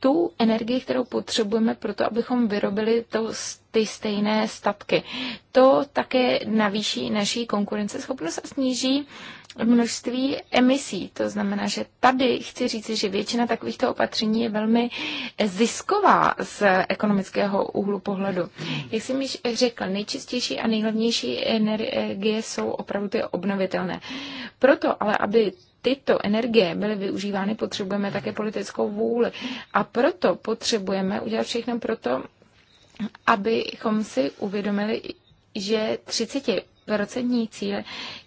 tu energii, kterou potřebujeme proto, abychom vyrobili to, ty stejné statky. To také navýší naší konkurenceschopnost a sníží množství emisí. To znamená, že tady chci říct, že většina takovýchto opatření je velmi zisková z ekonomického úhlu pohledu. Jak jsem již řekl, nejčistější a nejlevnější energie jsou opravdu ty obnovitelné. Proto ale, aby tyto energie byly využívány, potřebujeme také politickou vůli. A proto potřebujeme udělat všechno proto, abychom si uvědomili, že 30% cíl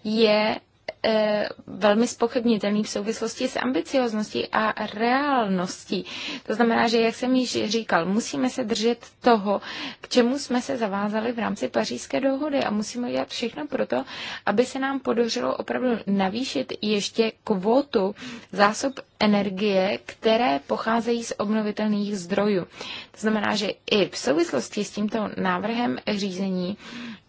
je Eh, velmi spochybnitelný v souvislosti s ambiciozností a reálností. To znamená, že, jak jsem již říkal, musíme se držet toho, k čemu jsme se zavázali v rámci pařížské dohody a musíme dělat všechno pro to, aby se nám podařilo opravdu navýšit ještě kvotu zásob energie, které pocházejí z obnovitelných zdrojů. To znamená, že i v souvislosti s tímto návrhem řízení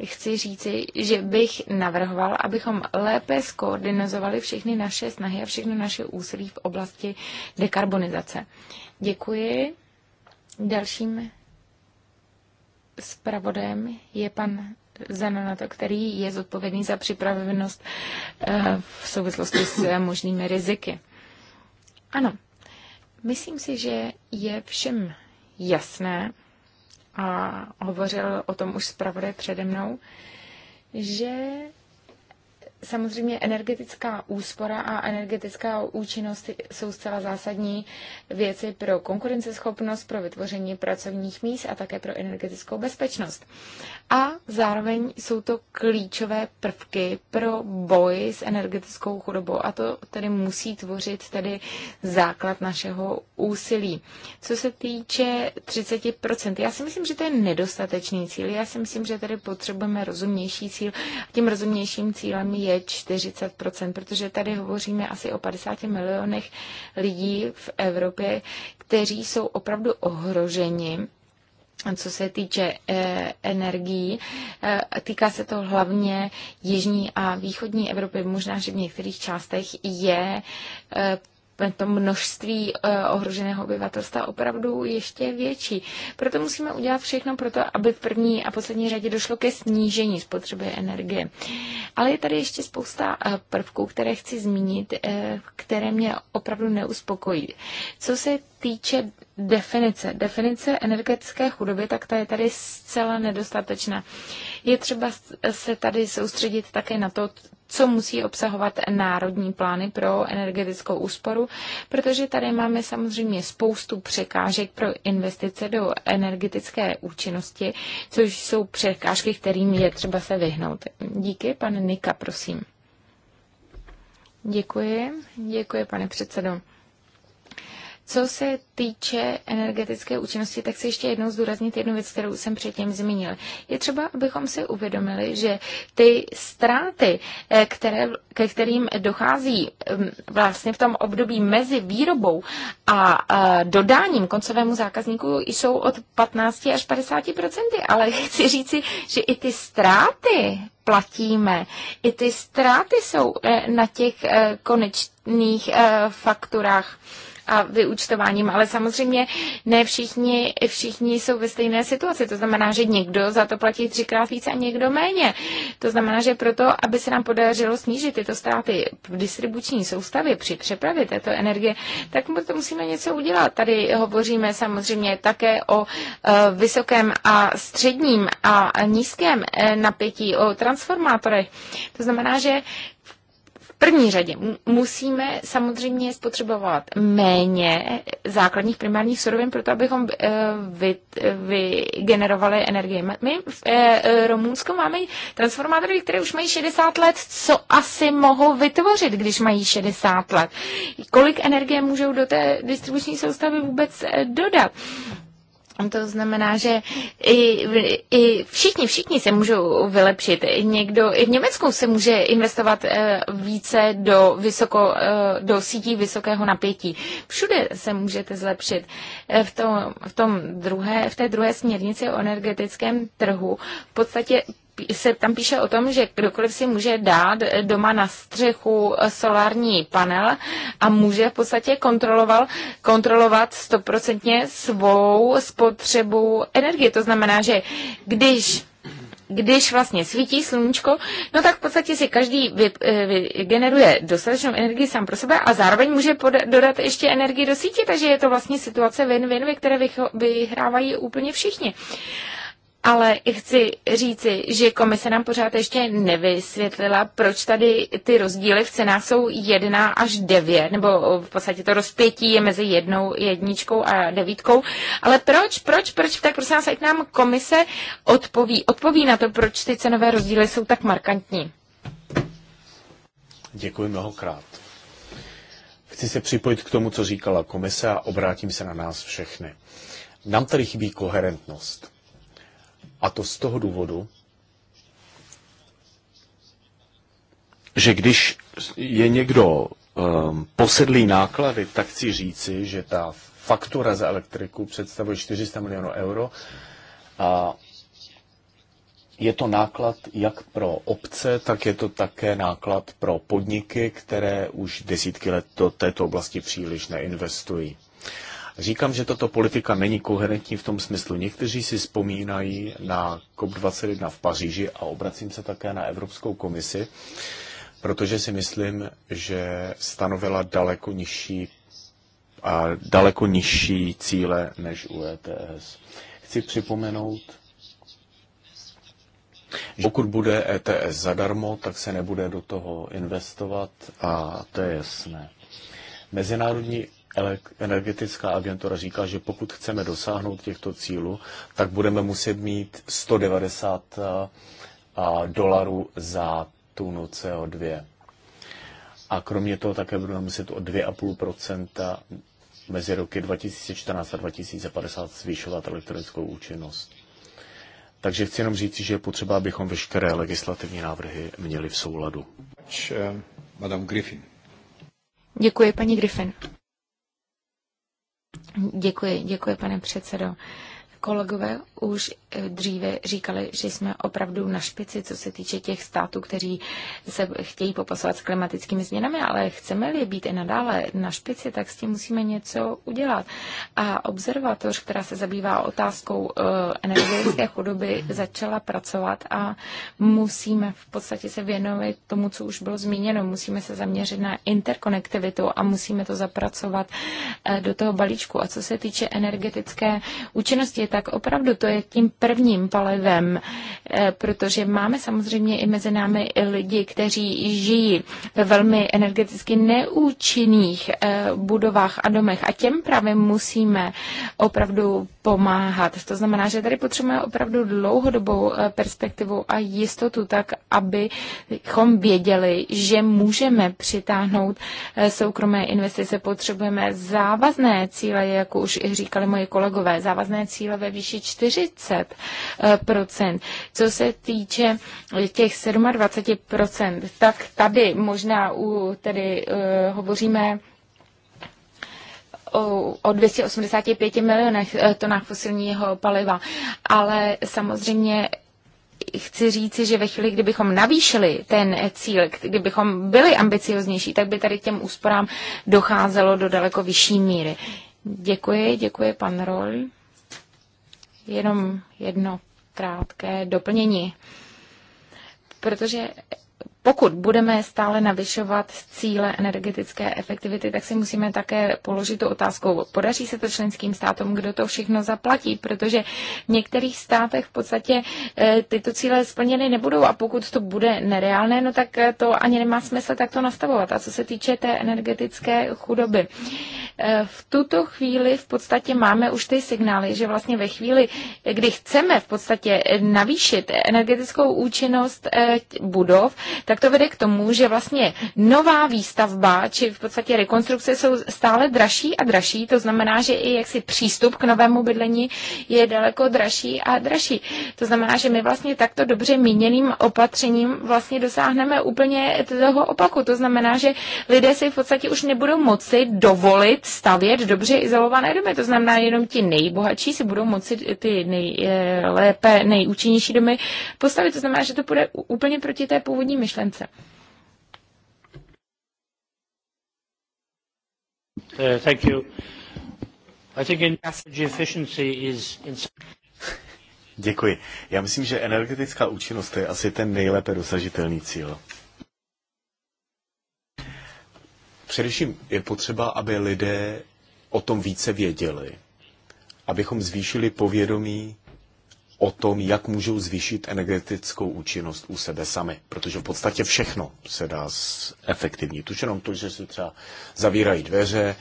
chci říci, že bych navrhoval, abychom lépe skoordinovali všechny naše snahy a všechny naše úsilí v oblasti dekarbonizace. Děkuji. Dalším zpravodem je pan Zanonato, který je zodpovědný za připravenost eh, v souvislosti s možnými riziky. Ano, myslím si, že je všem jasné, a hovořil o tom už zpravodaj přede mnou, že Samozřejmě energetická úspora a energetická účinnost jsou zcela zásadní věci pro konkurenceschopnost, pro vytvoření pracovních míst a také pro energetickou bezpečnost. A zároveň jsou to klíčové prvky pro boj s energetickou chudobou a to tedy musí tvořit tedy základ našeho úsilí. Co se týče 30%, já si myslím, že to je nedostatečný cíl. Já si myslím, že tady potřebujeme rozumnější cíl. Tím rozumnějším cílem je je 40%, protože tady hovoříme asi o 50 milionech lidí v Evropě, kteří jsou opravdu ohroženi co se týče eh, energií. Eh, týká se to hlavně jižní a východní Evropy. Možná, že v některých částech je eh, to množství eh, ohroženého obyvatelstva opravdu ještě větší. Proto musíme udělat všechno pro to, aby v první a poslední řadě došlo ke snížení spotřeby energie. Ale je tady ještě spousta eh, prvků, které chci zmínit, eh, které mě opravdu neuspokojí. Co se týče definice, definice energetické chudoby, tak ta je tady zcela nedostatečná. Je třeba se tady soustředit také na to, co musí obsahovat národní plány pro energetickou úsporu, protože tady máme samozřejmě spoustu překážek pro investice do energetické účinnosti, což jsou překážky, kterým je třeba se vyhnout. Díky, pane Nika, prosím. Děkuji, děkuji, pane předsedo. Co se týče energetické účinnosti, tak se ještě jednou zdůraznit jednu věc, kterou jsem předtím zmínil. Je třeba, abychom si uvědomili, že ty ztráty, eh, které, ke kterým dochází mm, vlastně v tom období mezi výrobou a eh, dodáním koncovému zákazníku, jsou od 15 až 50 ale chci říci, že i ty ztráty platíme. I ty ztráty jsou eh, na těch konečných fakturách a vyúčtováním, ale samozřejmě ne všichni, všichni jsou ve stejné situaci. To znamená, že někdo za to platí třikrát více a někdo méně. To znamená, že proto, aby se nám podařilo snížit tyto ztráty v distribuční soustavě při přepravě této energie, tak to musíme něco udělat. Tady hovoříme samozřejmě také o eh, vysokém a středním a nízkém eh, napětí, o transformátorech. To znamená, že první řadě musíme samozřejmě spotřebovat méně základních primárních surovin, proto abychom eh, vygenerovali energii. My v eh, Rumunsku máme transformátory, které už mají 60 let. Co asi mohou vytvořit, když mají 60 let? Kolik energie můžou do té distribuční soustavy vůbec eh, dodat? To znamená, že i, i všichni, všichni se můžou vylepšit. Někdo, i v Německu se může investovat eh, více do, vysoko, eh, do sítí vysokého napětí. Všude se můžete zlepšit. Eh, v, tom, v, tom druhé, v té druhé směrnici o energetickém trhu v podstatě se tam píše o tom, že kdokoliv si může dát doma na střechu solární panel a může v podstatě kontroloval, kontrolovat stoprocentně svou spotřebu energie. To znamená, že když když vlastně svítí sluníčko, no tak v podstatě si každý vy, eh, vy, generuje dostatečnou energii sám pro sebe a zároveň může poda, dodat ještě energii do sítě, takže je to vlastně situace win-win, ve které vych, vyhrávají úplně všichni ale chci říci, že komise nám pořád ještě nevysvětlila, proč tady ty rozdíly v cenách jsou 1 až 9, nebo v podstatě to rozpětí je mezi jednou, jedničkou a devítkou. Ale proč, proč, proč, tak prosím vás, ať nám komise odpoví, odpoví na to, proč ty cenové rozdíly jsou tak markantní. Děkuji mnohokrát. Chci se připojit k tomu, co říkala komise a obrátím se na nás všechny. Nám tady chybí koherentnost. A to z toho důvodu, že když je někdo um, posedlý náklady, tak chci říci, že ta faktura za elektriku představuje 400 milionů euro a je to náklad jak pro obce, tak je to také náklad pro podniky, které už desítky let do této oblasti příliš neinvestují. Říkám, že tato politika není koherentní v tom smyslu. Někteří si vzpomínají na COP21 v Paříži a obracím se také na Evropskou komisi, protože si myslím, že stanovila daleko nižší a daleko nižší cíle než u ETS. Chci připomenout, že pokud bude ETS zadarmo, tak se nebude do toho investovat a to je jasné. Mezinárodní energetická agentura říká, že pokud chceme dosáhnout těchto cílů, tak budeme muset mít 190 eh, dolarů za tunu CO2. A kromě toho také budeme muset o 2,5 mezi roky 2014 a 2050 zvyšovat elektronickou účinnost. Takže chci jenom říct, že je potřeba, abychom veškeré legislativní návrhy měli v souladu. Eh, Madame Griffin. Děkuji, paní Griffin. Děkuji, děkuji, pane předsedo. Kolegové, už eh, dříve říkali, že jsme opravdu na špici, co se týče těch států, kteří se chtějí popasovat s klimatickými změnami, ale chceme-li být i nadále na špici, tak s tím musíme něco udělat. A observatoř, která se zabývá otázkou eh, energetické chudoby, začala pracovat a musíme v podstatě se věnovat tomu, co už bylo zmíněno. Musíme se zaměřit na interkonektivitu a musíme to zapracovat eh, do toho balíčku. A co se týče energetické účinnosti, tak opravdu to je tím prvním palivem, eh, protože máme samozřejmě i mezi námi lidi, kteří žijí ve velmi energeticky neúčinných eh, budovách a domech a těm právě musíme opravdu pomáhat. To znamená, že tady potřebujeme opravdu dlouhodobou eh, perspektivu a jistotu tak, abychom věděli, že můžeme přitáhnout soukromé investice. Potřebujeme závazné cíle, jak už říkali moji kolegové, závazné cíle ve výši 4 30 eh, Co se týče eh, těch 27 tak tady možná u, tedy uh, hovoříme o, 285 milionech tonách fosilního paliva. Ale samozřejmě chci říci, že ve chvíli, kdybychom navýšili ten cíl, kdybychom byli ambicioznější, tak by tady k těm úsporám docházelo do daleko vyšší míry. Děkuji, děkuji pan Rol jenom jedno krátké doplnění, protože pokud budeme stále navyšovat cíle energetické efektivity, tak si musíme také položit tu otázku, podaří se to členským státům, kdo to všechno zaplatí, protože v některých státech v podstatě eh, tyto cíle splněny nebudou a pokud to bude nereálné, no tak eh, to ani nemá smysl takto nastavovat. A co se týče té energetické chudoby, eh, v tuto chvíli v podstatě máme už ty signály, že vlastně ve chvíli, kdy chceme v podstatě navýšit energetickou účinnost budov, tak to vede k tomu, že vlastně nová výstavba, či v podstatě rekonstrukce jsou stále dražší a dražší, to znamená, že i jaksi přístup k novému bydlení je daleko dražší a dražší. To znamená, že my vlastně takto dobře míněným opatřením vlastně dosáhneme úplně toho opaku. To znamená, že lidé si v podstatě už nebudou moci dovolit stavět dobře izolované domy. To znamená, jenom ti nejbohatší si budou moci ty nejlépe, nejúčinnější domy postavit. To znamená, že to bude úplně proti té původní myšlence licence. Uh, thank you. I think energy efficiency is in... Děkuji. Já myslím, že energetická účinnost je asi ten nejlépe dosažitelný cíl. Především je potřeba, aby lidé o tom více věděli, abychom zvýšili povědomí o tom, jak můžou zvýšit energetickou účinnost u sebe sami. Protože v podstatě všechno se dá zefektivnit. Už jenom to, že se třeba zavírají dveře,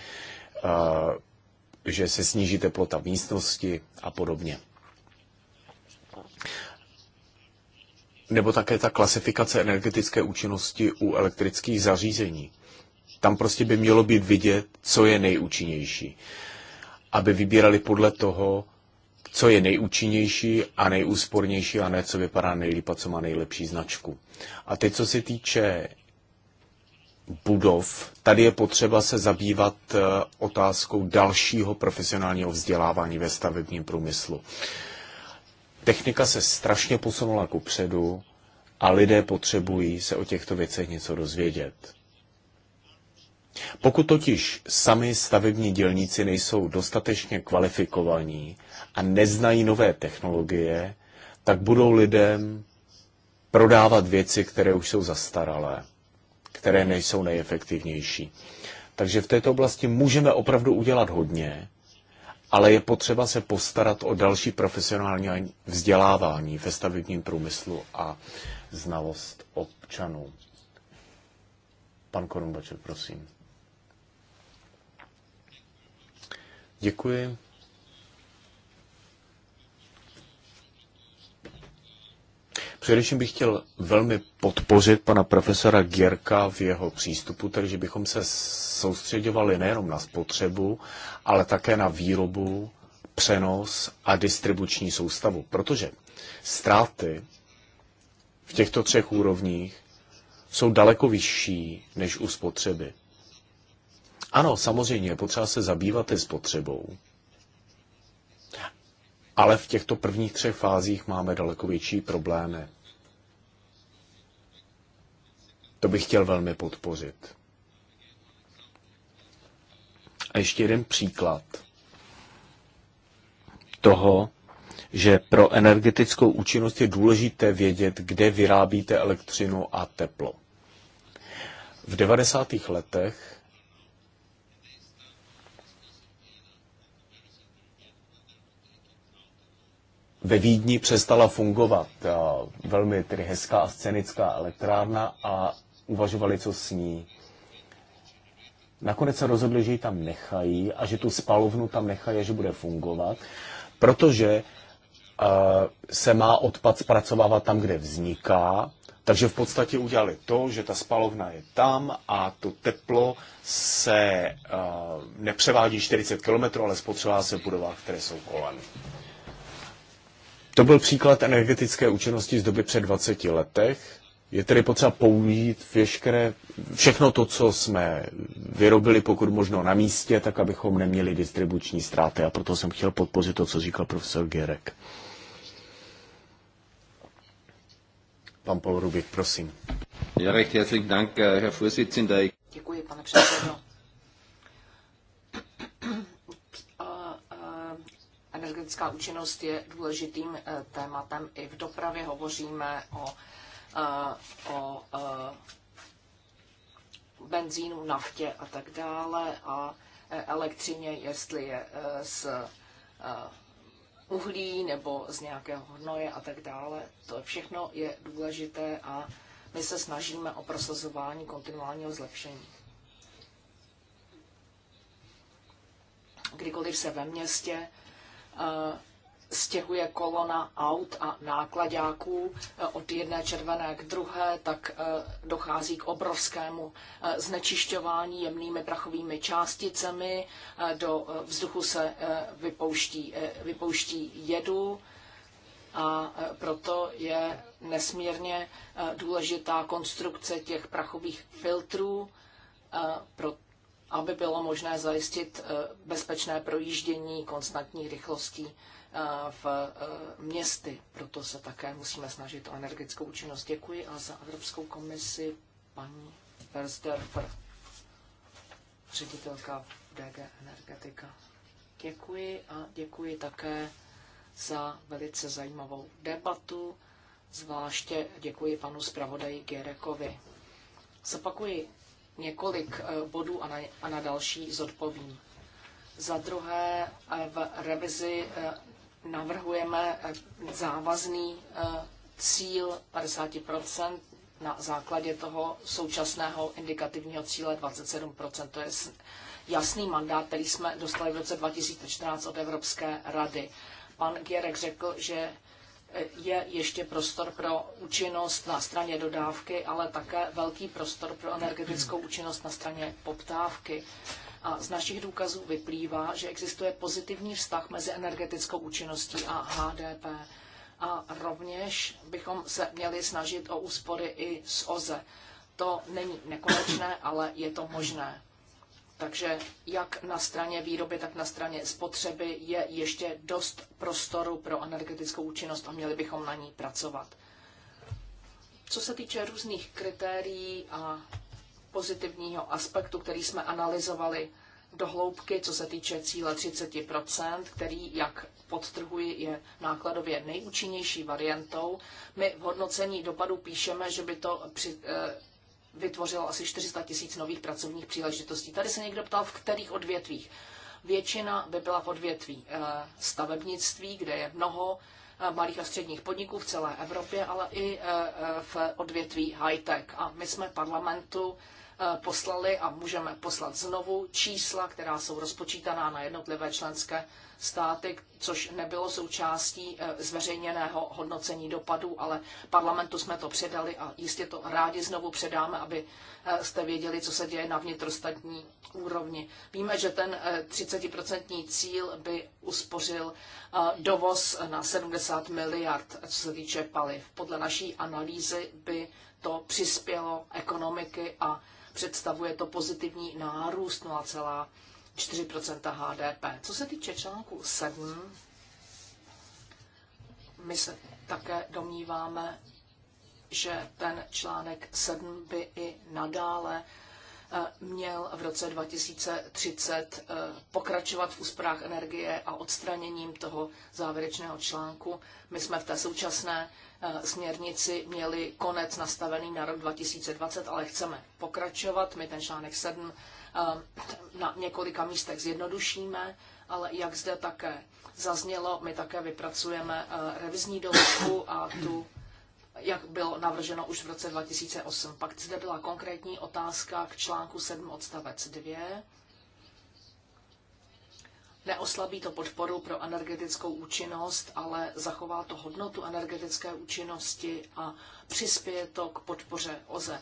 že se sníží teplota v místnosti a podobně. Nebo také ta klasifikace energetické účinnosti u elektrických zařízení. Tam prostě by mělo být vidět, co je nejúčinnější. Aby vybírali podle toho, co je nejúčinnější a nejúspornější a ne co vypadá nejlíp a co má nejlepší značku. A teď, co se týče budov, tady je potřeba se zabývat eh, otázkou dalšího profesionálního vzdělávání ve stavebním průmyslu. Technika se strašně posunula ku předu a lidé potřebují se o těchto věcech něco dozvědět. Pokud totiž sami stavební dělníci nejsou dostatečně kvalifikovaní, a neznají nové technologie, tak budou lidem prodávat věci, které už jsou zastaralé, které nejsou nejefektivnější. Takže v této oblasti můžeme opravdu udělat hodně, ale je potřeba se postarat o další profesionální vzdělávání ve stavebním průmyslu a znalost občanů. Pan Korumbaček, prosím. Děkuji. Především bych chtěl velmi podpořit pana profesora Gierka v jeho přístupu, takže bychom se soustředovali nejenom na spotřebu, ale také na výrobu, přenos a distribuční soustavu, protože ztráty v těchto třech úrovních jsou daleko vyšší než u spotřeby. Ano, samozřejmě potřeba se zabývat i spotřebou, ale v těchto prvních třech fázích máme daleko větší problémy. To bych chtěl velmi podpořit. A ještě jeden příklad toho, že pro energetickou účinnost je důležité vědět, kde vyrábíte elektřinu a teplo. V 90. letech ve Vídni přestala fungovat velmi tedy hezká a scénická elektrárna a uvažovali, co s ní. Nakonec se rozhodli, že ji tam nechají a že tu spalovnu tam nechají, že bude fungovat, protože e, se má odpad zpracovávat tam, kde vzniká. Takže v podstatě udělali to, že ta spalovna je tam a to teplo se e, nepřevádí 40 km, ale spotřebá se v budovách, které jsou kolem. To byl příklad energetické účinnosti z doby před 20 letech. Je tedy potřeba použít všechno, všechno to, co jsme vyrobili, pokud možno na místě, tak abychom neměli distribuční ztráty. A proto jsem chtěl podpořit to, co říkal profesor Gerek. Pan Paul Rubik, prosím. Děkuji, pane předsedo. energetická účinnost je důležitým eh, tématem. I v dopravě hovoříme o, eh, o, eh, benzínu, naftě a tak dále a elektřině, jestli je z uhlí nebo z nějakého hnoje a tak dále. To všechno je důležité a my se snažíme o prosazování kontinuálního zlepšení. Kdykoliv se ve městě Eh, stěhuje kolona aut a nákladáků eh, od jedné červené k druhé, tak eh, dochází k obrovskému znečišťování jemnými prachovými částicemi. Do vzduchu se vypouští, vypouští jedu a proto je nesmírně důležitá konstrukce těch prachových filtrů, pro aby bylo možné zajistit eh, bezpečné projíždění konstantní rychlostí eh, v eh, městy. Proto se také musíme snažit o energetickou účinnost. Děkuji a za Evropskou komisi paní Versdorfer, ředitelka DG Energetika. Děkuji a děkuji také za velice zajímavou debatu. Zvláště děkuji panu zpravodaji Gerekovi. Zopakuji několik eh, bodů a na, a na další zodpovím. Za druhé, eh, v revizi eh, navrhujeme závazný cíl 50 na základě toho současného indikativního cíle 27 To je jasný mandát, který jsme dostali v roce 2014 od Evropské rady. Pan Gierek řekl, že je ještě prostor pro účinnost na straně dodávky, ale také velký prostor pro energetickou účinnost na straně poptávky. A z našich důkazů vyplývá, že existuje pozitivní vztah mezi energetickou účinností a HDP. A rovněž bychom se měli snažit o úspory i z OZE. To není nekonečné, ale je to možné. Takže jak na straně výroby, tak na straně spotřeby je ještě dost prostoru pro energetickou účinnost a měli bychom na ní pracovat. Co se týče různých kritérií a pozitivního aspektu, který jsme analyzovali do hloubky, co se týče cíle 30 který, jak podtrhuji, je nákladově nejúčinnější variantou, my v hodnocení dopadu píšeme, že by to při, eh, vytvořilo asi 400 tisíc nových pracovních příležitostí. Tady se někdo ptal, v kterých odvětvích. Většina by byla v odvětví eh, stavebnictví, kde je mnoho eh, malých a středních podniků v celé Evropě, ale i eh, v odvětví high-tech. A my jsme parlamentu Eh, poslali a můžeme poslat znovu čísla, která jsou rozpočítaná na jednotlivé členské státy, což nebylo součástí eh, zveřejněného hodnocení dopadů, ale parlamentu jsme to předali a jistě to rádi znovu předáme, aby eh, jste věděli, co se děje na vnitrostatní úrovni. Víme, že ten 30% cíl by uspořil dovoz na 70 miliard, co se týče paliv. Podle naší analýzy by to přispělo ekonomiky a představuje to pozitivní nárůst 0,4 HDP. Co se týče článku 7, my se také domníváme, že ten článek 7 by i nadále měl v roce 2030 eh, pokračovat v úsporách energie a odstraněním toho závěrečného článku. My jsme v té současné eh, směrnici měli konec nastavený na rok 2020, ale chceme pokračovat. My ten článek 7 eh, na několika místech zjednodušíme, ale jak zde také zaznělo, my také vypracujeme revizní doložku a tu jak bylo navrženo už v roce 2008. Pak zde byla konkrétní otázka k článku 7 odstavec 2. Neoslabí to podporu pro energetickou účinnost, ale zachová to hodnotu energetické účinnosti a přispěje to k podpoře OZE.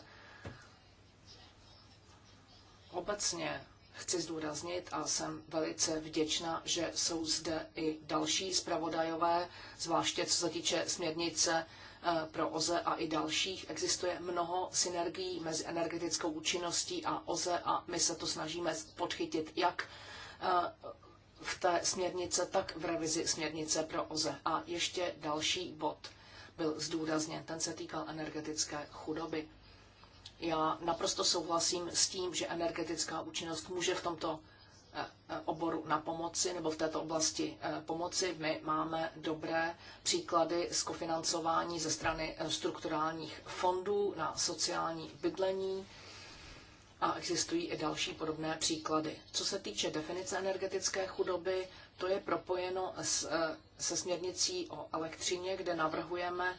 Obecně chci zdůraznit a jsem velice vděčná, že jsou zde i další zpravodajové, zvláště co se týče směrnice Eh, pro OZE a i dalších. Existuje mnoho synergií mezi energetickou účinností a OZE a my se to snažíme podchytit jak eh, v té směrnice, tak v revizi směrnice pro OZE. A ještě další bod byl zdůrazněn, ten se týkal energetické chudoby. Já naprosto souhlasím s tím, že energetická účinnost může v tomto Eh, eh, oboru na pomoci nebo v této oblasti eh, pomoci. My máme dobré příklady z kofinancování ze strany strukturálních fondů na sociální bydlení a existují i další podobné příklady. Co se týče definice energetické chudoby, to je propojeno s, se směrnicí o elektřině, kde navrhujeme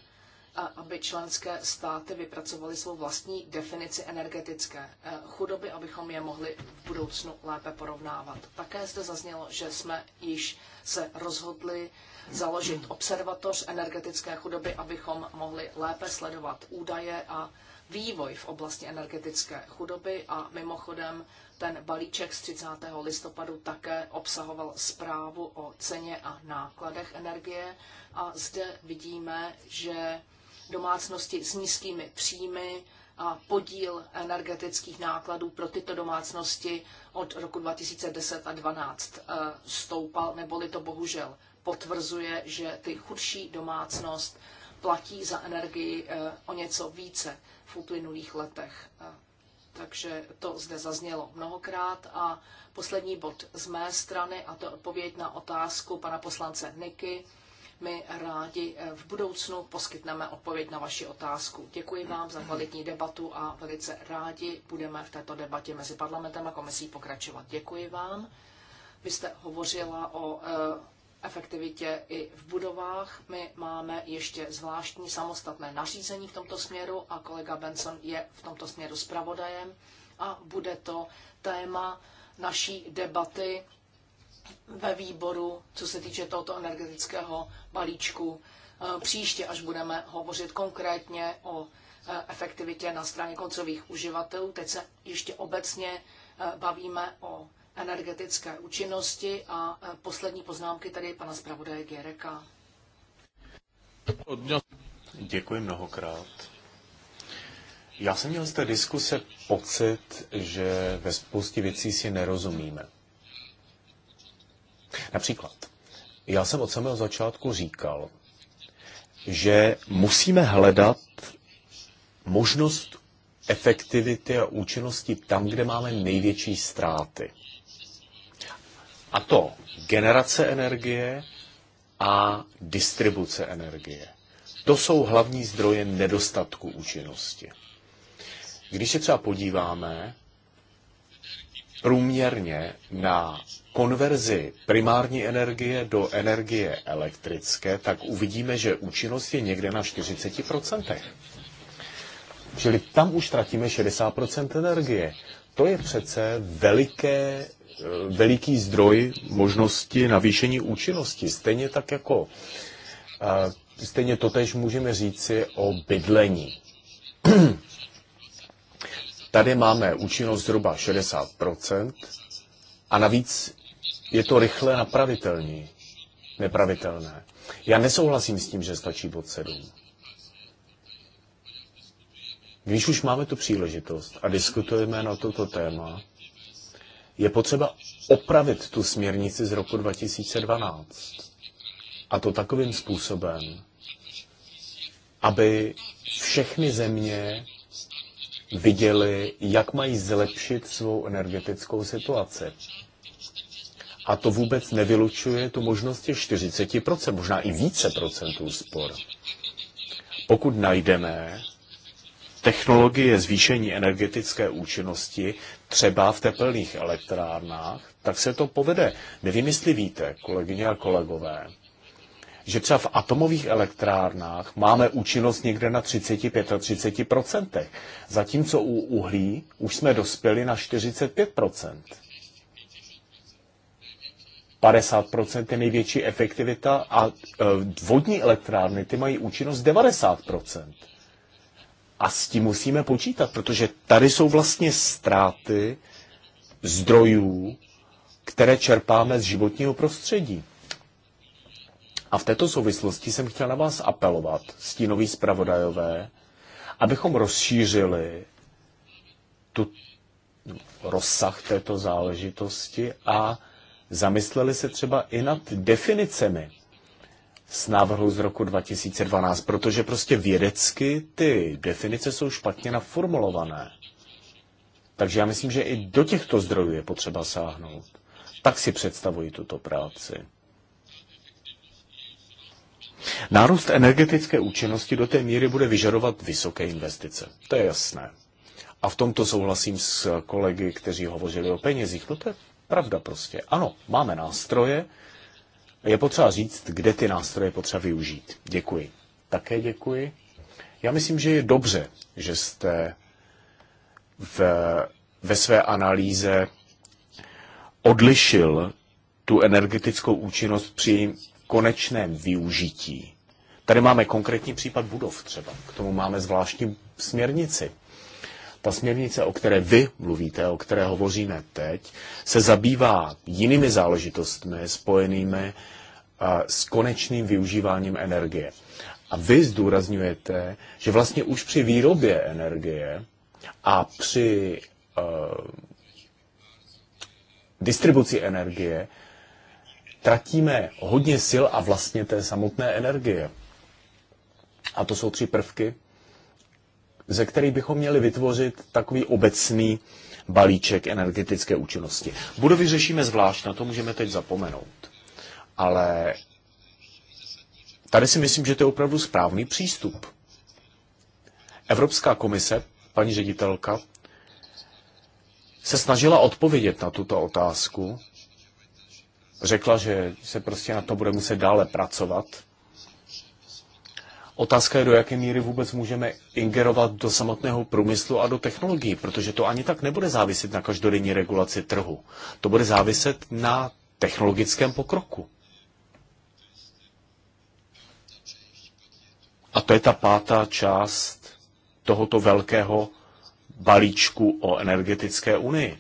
aby členské státy vypracovaly svou vlastní definici energetické eh, chudoby, abychom je mohli v budoucnu lépe porovnávat. Také zde zaznělo, že jsme již se rozhodli založit observatoř energetické chudoby, abychom mohli lépe sledovat údaje a vývoj v oblasti energetické chudoby a mimochodem ten balíček z 30. listopadu také obsahoval zprávu o ceně a nákladech energie a zde vidíme, že domácnosti s nízkými příjmy a podíl energetických nákladů pro tyto domácnosti od roku 2010 a 2012 eh, stoupal, neboli to bohužel potvrzuje, že ty chudší domácnost platí za energii eh, o něco více v uplynulých letech. Eh, takže to zde zaznělo mnohokrát. A poslední bod z mé strany, a to odpověď na otázku pana poslance Niky my rádi eh, v budoucnu poskytneme odpověď na vaši otázku. Děkuji vám za kvalitní debatu a velice rádi budeme v této debatě mezi parlamentem a komisí pokračovat. Děkuji vám. Vy jste hovořila o eh, efektivitě i v budovách. My máme ještě zvláštní samostatné nařízení v tomto směru a kolega Benson je v tomto směru zpravodajem a bude to téma naší debaty ve výboru, co se týče tohoto energetického balíčku eh, příště, až budeme hovořit konkrétně o eh, efektivitě na straně koncových uživatelů. Teď se ještě obecně eh, bavíme o energetické účinnosti a poslední poznámky tady pana zpravodaje Gereka. Děkuji mnohokrát. Já jsem měl z té diskuse pocit, že ve spoustě věcí si nerozumíme. Například, já jsem od samého začátku říkal, že musíme hledat možnost efektivity a účinnosti tam, kde máme největší ztráty. A to generace energie a distribuce energie. To jsou hlavní zdroje nedostatku účinnosti. Když se třeba podíváme průměrně na konverzi primární energie do energie elektrické, tak uvidíme, že účinnost je někde na 40%. Čili tam už tratíme 60% energie. To je přece veliké, eh, veliký zdroj možnosti navýšení účinnosti. Stejně tak jako eh, stejně totež můžeme říci o bydlení. <clears throat> Tady máme účinnost zhruba 60%, a navíc je to rychle napravitelný, nepravitelné. Já nesouhlasím s tím, že stačí bod 7. Když už máme tu příležitost a diskutujeme na toto téma, je potřeba opravit tu směrnici z roku 2012. A to takovým způsobem, aby všechny země viděly, jak mají zlepšit svou energetickou situaci. A to vůbec nevylučuje tu možnost těch 40%, možná i více procent úspor. Pokud najdeme technologie zvýšení energetické účinnosti, třeba v tepelných elektrárnách, tak se to povede. Nevím, jestli víte, kolegyně a kolegové, že třeba v atomových elektrárnách máme účinnost někde na 35-30%, zatímco u uhlí už jsme dospěli na 45%. 50% je největší efektivita a e, vodní elektrárny ty mají účinnost 90%. A s tím musíme počítat, protože tady jsou vlastně ztráty zdrojů, které čerpáme z životního prostředí. A v této souvislosti jsem chtěl na vás apelovat, stínoví zpravodajové, abychom rozšířili tu no, rozsah této záležitosti a zamysleli se třeba i nad definicemi z návrhu z roku 2012, protože prostě vědecky ty definice jsou špatně naformulované. Takže já myslím, že i do těchto zdrojů je potřeba sáhnout. Tak si představuji tuto práci. Nárůst energetické účinnosti do té míry bude vyžadovat vysoké investice. To je jasné. A v tomto souhlasím s kolegy, kteří hovořili o penězích. No to je Pravda prostě. Ano, máme nástroje. Je potřeba říct, kde ty nástroje potřeba využít. Děkuji. Také děkuji. Já myslím, že je dobře, že jste v, ve své analýze odlišil tu energetickou účinnost při konečném využití. Tady máme konkrétní případ budov třeba. K tomu máme zvláštní směrnici. Ta směrnice, o které vy mluvíte, o které hovoříme teď, se zabývá jinými záležitostmi spojenými eh, s konečným využíváním energie. A vy zdůrazňujete, že vlastně už při výrobě energie a při uh, distribuci energie tratíme hodně sil a vlastně té samotné energie. A to jsou tři prvky, ze kterých bychom měli vytvořit takový obecný balíček energetické účinnosti. Budovy řešíme zvlášť, na to můžeme teď zapomenout. Ale tady si myslím, že to je opravdu správný přístup. Evropská komise, paní ředitelka, se snažila odpovědět na tuto otázku. Řekla, že se prostě na to bude muset dále pracovat, Otázka je, do jaké míry vůbec můžeme ingerovat do samotného průmyslu a do technologií, protože to ani tak nebude záviset na každodenní regulaci trhu. To bude záviset na technologickém pokroku. A to je ta pátá část tohoto velkého balíčku o energetické unii.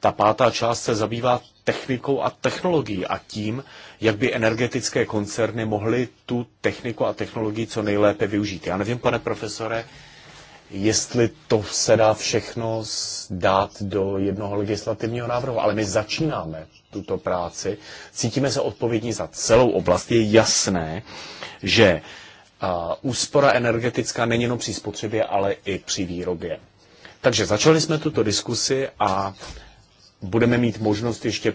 Ta pátá část se zabývá technikou a technologií a tím, jak by energetické koncerny mohly tu techniku a technologii co nejlépe využít. Já nevím, pane profesore, jestli to se dá všechno dát do jednoho legislativního návrhu, ale my začínáme tuto práci, cítíme se odpovědní za celou oblast. Je jasné, že úspora energetická není jenom při spotřebě, ale i při výrobě. Takže začali jsme tuto diskusi a budeme mít možnost ještě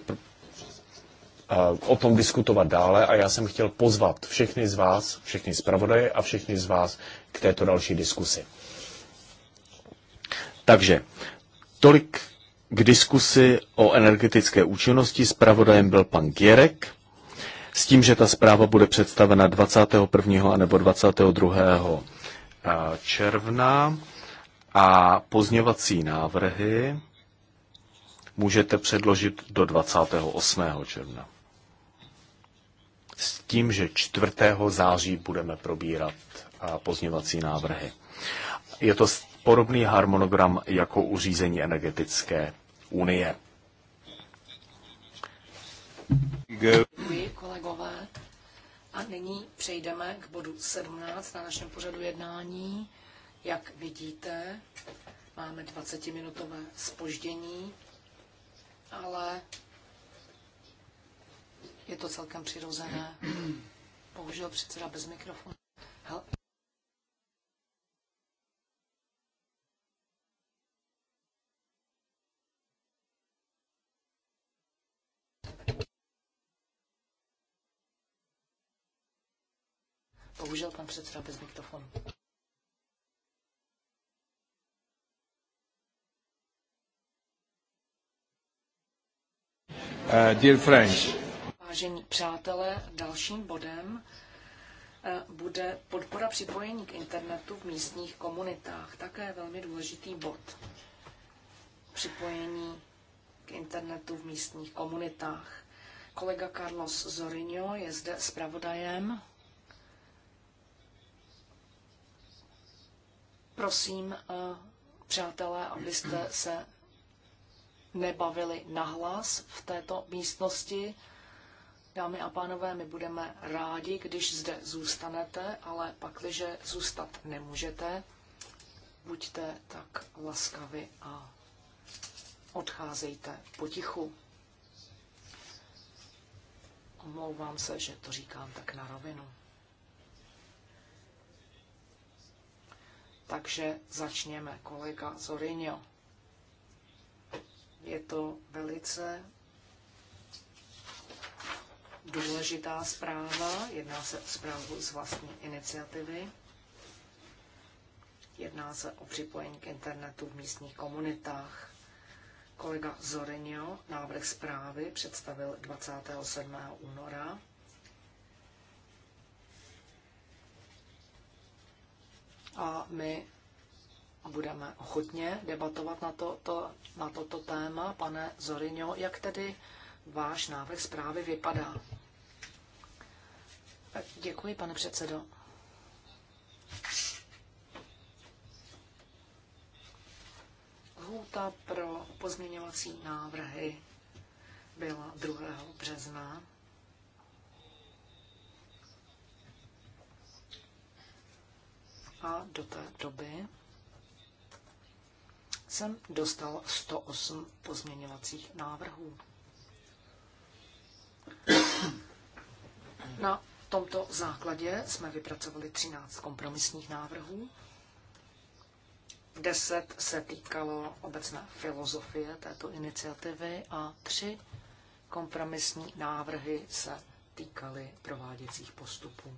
o tom diskutovat dále a já jsem chtěl pozvat všechny z vás, všechny zpravodaje a všechny z vás k této další diskusi. Takže tolik k diskusi o energetické účinnosti. Zpravodajem byl pan Gierek s tím, že ta zpráva bude představena 21. nebo 22. června a pozněvací návrhy můžete předložit do 28. června. S tím, že 4. září budeme probírat pozněvací návrhy. Je to podobný harmonogram jako uřízení energetické unie. Děkuji, kolegové. A nyní přejdeme k bodu 17 na našem pořadu jednání. Jak vidíte, máme 20-minutové spoždění ale je to celkem přirozené. Bohužel předseda bez mikrofonu. Hel- Bohužel pan předseda bez mikrofonu. Eh, dear friends. Vážení přátelé, dalším bodem eh, bude podpora připojení k internetu v místních komunitách. Také velmi důležitý bod. Připojení k internetu v místních komunitách. Kolega Carlos Zorinho je zde zpravodajem. Prosím, eh, přátelé, abyste se nebavili nahlas v této místnosti. Dámy a pánové, my budeme rádi, když zde zůstanete, ale pakliže zůstat nemůžete, buďte tak laskavi a odcházejte potichu. Omlouvám se, že to říkám tak na rovinu. Takže začněme, kolega Zorinio. Je to velice důležitá zpráva. Jedná se o zprávu z vlastní iniciativy. Jedná se o připojení k internetu v místních komunitách. Kolega Zorinio návrh zprávy představil 27. února. A my budeme ochotně debatovat na, to, to, na toto téma. Pane Zoriňo, jak tedy váš návrh zprávy vypadá? Děkuji, pane předsedo. Lhůta pro pozměňovací návrhy byla 2. března. A do té doby jsem dostal 108 pozměňovacích návrhů. Na tomto základě jsme vypracovali 13 kompromisních návrhů. 10 se týkalo obecné filozofie této iniciativy a 3 kompromisní návrhy se týkaly prováděcích postupů.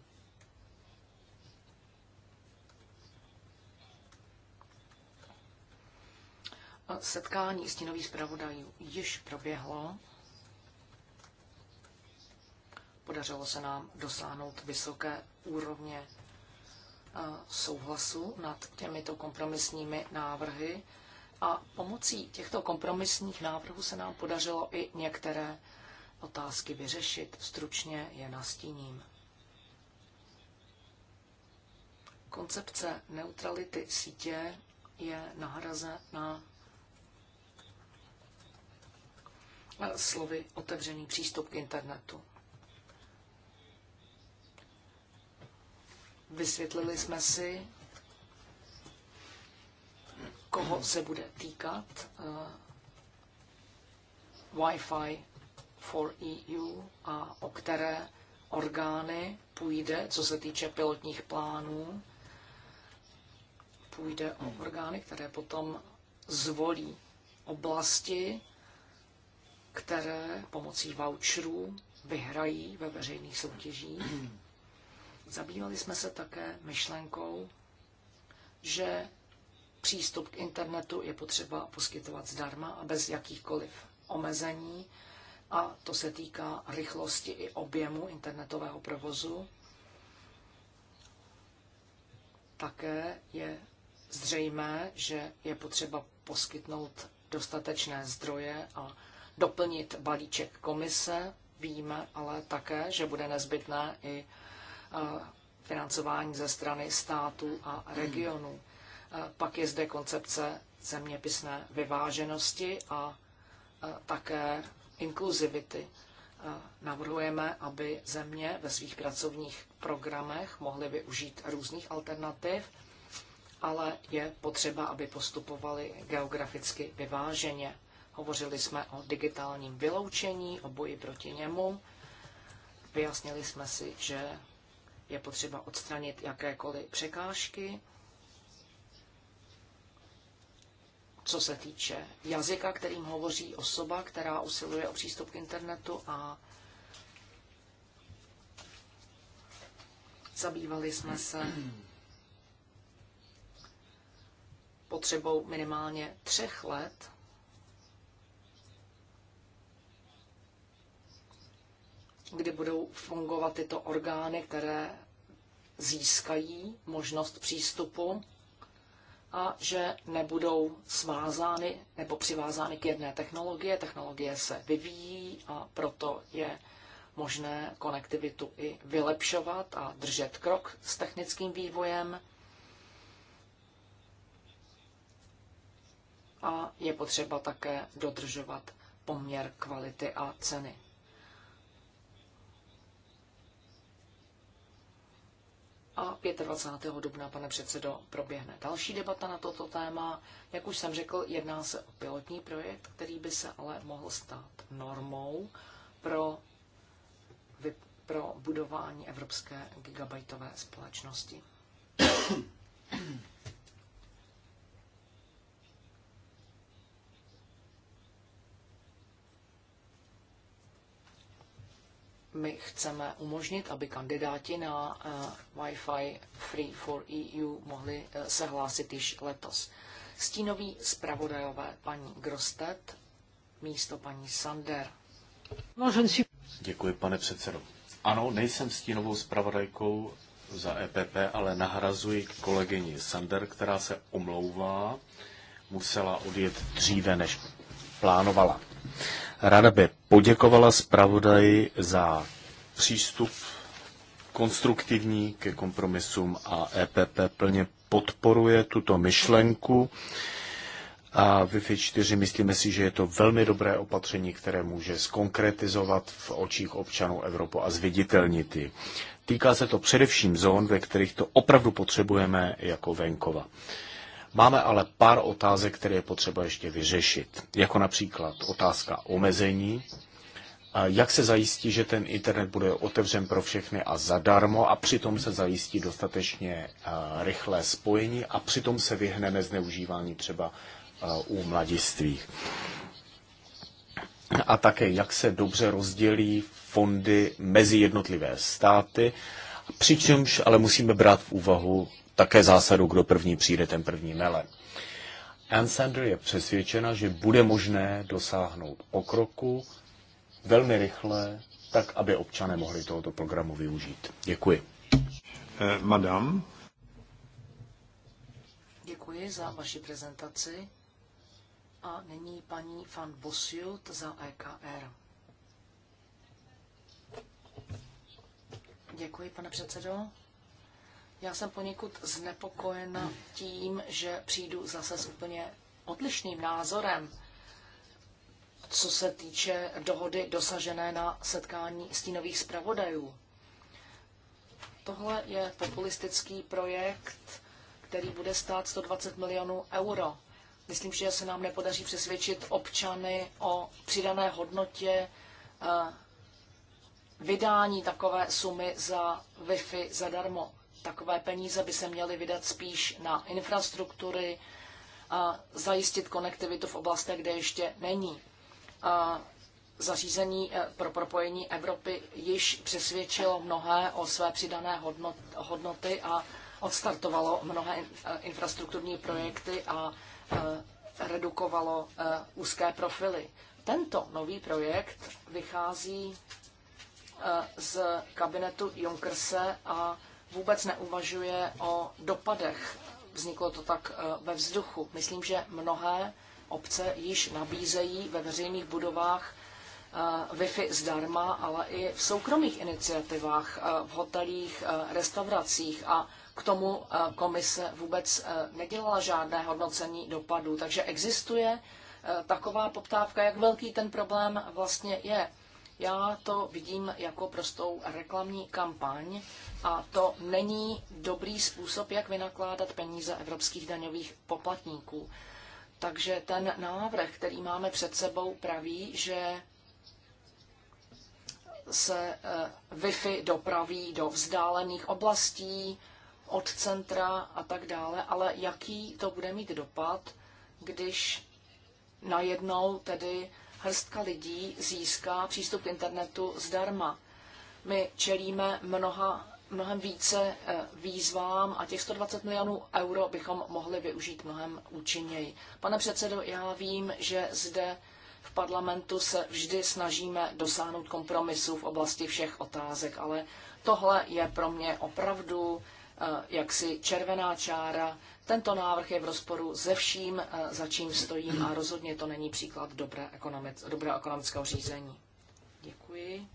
setkání stínových zpravodajů již proběhlo. Podařilo se nám dosáhnout vysoké úrovně eh, souhlasu nad těmito kompromisními návrhy a pomocí těchto kompromisních návrhů se nám podařilo i některé otázky vyřešit. Stručně je nastíním. Koncepce neutrality sítě je nahrazena Eh, slovy otevřený přístup k internetu. Vysvětlili jsme si, koho se bude týkat eh, Wi-Fi for EU a o které orgány půjde, co se týče pilotních plánů. Půjde o orgány, které potom zvolí oblasti, které pomocí voucherů vyhrají ve veřejných soutěžích. Zabývali jsme se také myšlenkou, že přístup k internetu je potřeba poskytovat zdarma a bez jakýchkoliv omezení. A to se týká rychlosti i objemu internetového provozu. Také je zřejmé, že je potřeba poskytnout dostatečné zdroje a doplnit balíček komise. Víme ale také, že bude nezbytné i eh, financování ze strany států a regionů. Eh, pak je zde koncepce zeměpisné vyváženosti a eh, také inkluzivity. Navrhujeme, aby země ve svých pracovních programech mohly využít různých alternativ, ale je potřeba, aby postupovali geograficky vyváženě. Hovořili jsme o digitálním vyloučení, o boji proti němu. Vyjasnili jsme si, že je potřeba odstranit jakékoliv překážky, co se týče jazyka, kterým hovoří osoba, která usiluje o přístup k internetu a zabývali jsme se potřebou minimálně třech let kdy budou fungovat tyto orgány, které získají možnost přístupu a že nebudou svázány nebo přivázány k jedné technologie. Technologie se vyvíjí a proto je možné konektivitu i vylepšovat a držet krok s technickým vývojem. A je potřeba také dodržovat poměr kvality a ceny. a 25. dubna, pane předsedo, proběhne další debata na toto téma. Jak už jsem řekl, jedná se o pilotní projekt, který by se ale mohl stát normou pro, pro budování evropské gigabajtové společnosti. my chceme umožnit, aby kandidáti na eh, Wi-Fi Free for EU mohli eh, se hlásit již letos. Stínový zpravodajové paní Grostet, místo paní Sander. No, Děkuji, pane předsedo. Ano, nejsem stínovou zpravodajkou za EPP, ale nahrazuji kolegyni Sander, která se omlouvá, musela odjet dříve, než plánovala. Ráda by poděkovala zpravodaji za přístup konstruktivní ke kompromisům a EPP plně podporuje tuto myšlenku. A Wi-Fi 4 myslíme si, že je to velmi dobré opatření, které může skonkretizovat v očích občanů Evropu a zviditelnit ji. Týká se to především zón, ve kterých to opravdu potřebujeme jako venkova. Máme ale pár otázek, které je potřeba ještě vyřešit, jako například otázka omezení, jak se zajistí, že ten internet bude otevřen pro všechny a zadarmo a přitom se zajistí dostatečně rychlé spojení a přitom se vyhneme zneužívání třeba u mladistvých. A také, jak se dobře rozdělí fondy mezi jednotlivé státy, přičemž ale musíme brát v úvahu také zásadu, kdo první přijde, ten první mele. Anne Sander je přesvědčena, že bude možné dosáhnout pokroku velmi rychle, tak aby občané mohli tohoto programu využít. Děkuji. Eh, madam. Děkuji za vaši prezentaci. A nyní paní Van Bosjut za EKR. Děkuji, pane předsedo. Já jsem poněkud znepokojena tím, že přijdu zase s úplně odlišným názorem, co se týče dohody dosažené na setkání stínových zpravodajů. Tohle je populistický projekt, který bude stát 120 milionů euro. Myslím, že se nám nepodaří přesvědčit občany o přidané hodnotě eh, vydání takové sumy za Wi-Fi zadarmo takové peníze by se měly vydat spíš na infrastruktury a zajistit konektivitu v oblastech, kde ještě není. A zařízení eh, pro propojení Evropy již přesvědčilo mnohé o své přidané hodnoty a odstartovalo mnohé eh, infrastrukturní projekty a eh, redukovalo úzké profily. Tento nový projekt vychází z kabinetu Junkerse a vůbec neuvažuje o dopadech. Vzniklo to tak eh, ve vzduchu. Myslím, že mnohé obce již nabízejí ve veřejných budovách eh, Wi-Fi zdarma, ale i v soukromých iniciativách, eh, v hotelích, restauracích a k tomu komise vůbec nedělala žádné hodnocení dopadů. Takže existuje taková poptávka, jak velký ten problém vlastně je. Já to vidím jako prostou reklamní kampaň a to není dobrý způsob, jak vynakládat peníze evropských daňových poplatníků. Takže ten návrh, který máme před sebou, praví, že se e, Wi-Fi dopraví do vzdálených oblastí, od centra a tak dále, ale jaký to bude mít dopad, když najednou tedy hrstka lidí získá přístup k internetu zdarma. My čelíme mnoha, mnohem více eh, výzvám a těch 120 milionů euro bychom mohli využít mnohem účinněji. Pane předsedo, já vím, že zde v parlamentu se vždy snažíme dosáhnout kompromisů v oblasti všech otázek, ale tohle je pro mě opravdu eh, jaksi červená čára tento návrh je v rozporu se vším, eh, za čím stojím a rozhodně to není příklad dobré ekonomic, dobrého ekonomického řízení. Děkuji.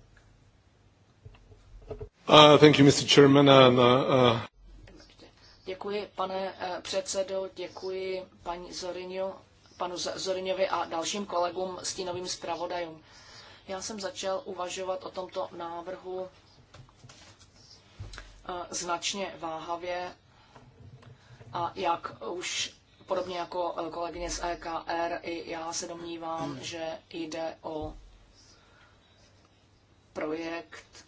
Uh, thank you, Mr. Chairman. And, uh, uh... Děkuji, pane eh, předsedo, děkuji paní Zorinio, panu Zorinovi a dalším kolegům stínovým zpravodajům. Já jsem začal uvažovat o tomto návrhu eh, značně váhavě a jak už podobně jako eh, kolegyně z EKR, i já se domnívám, hmm. že jde o projekt,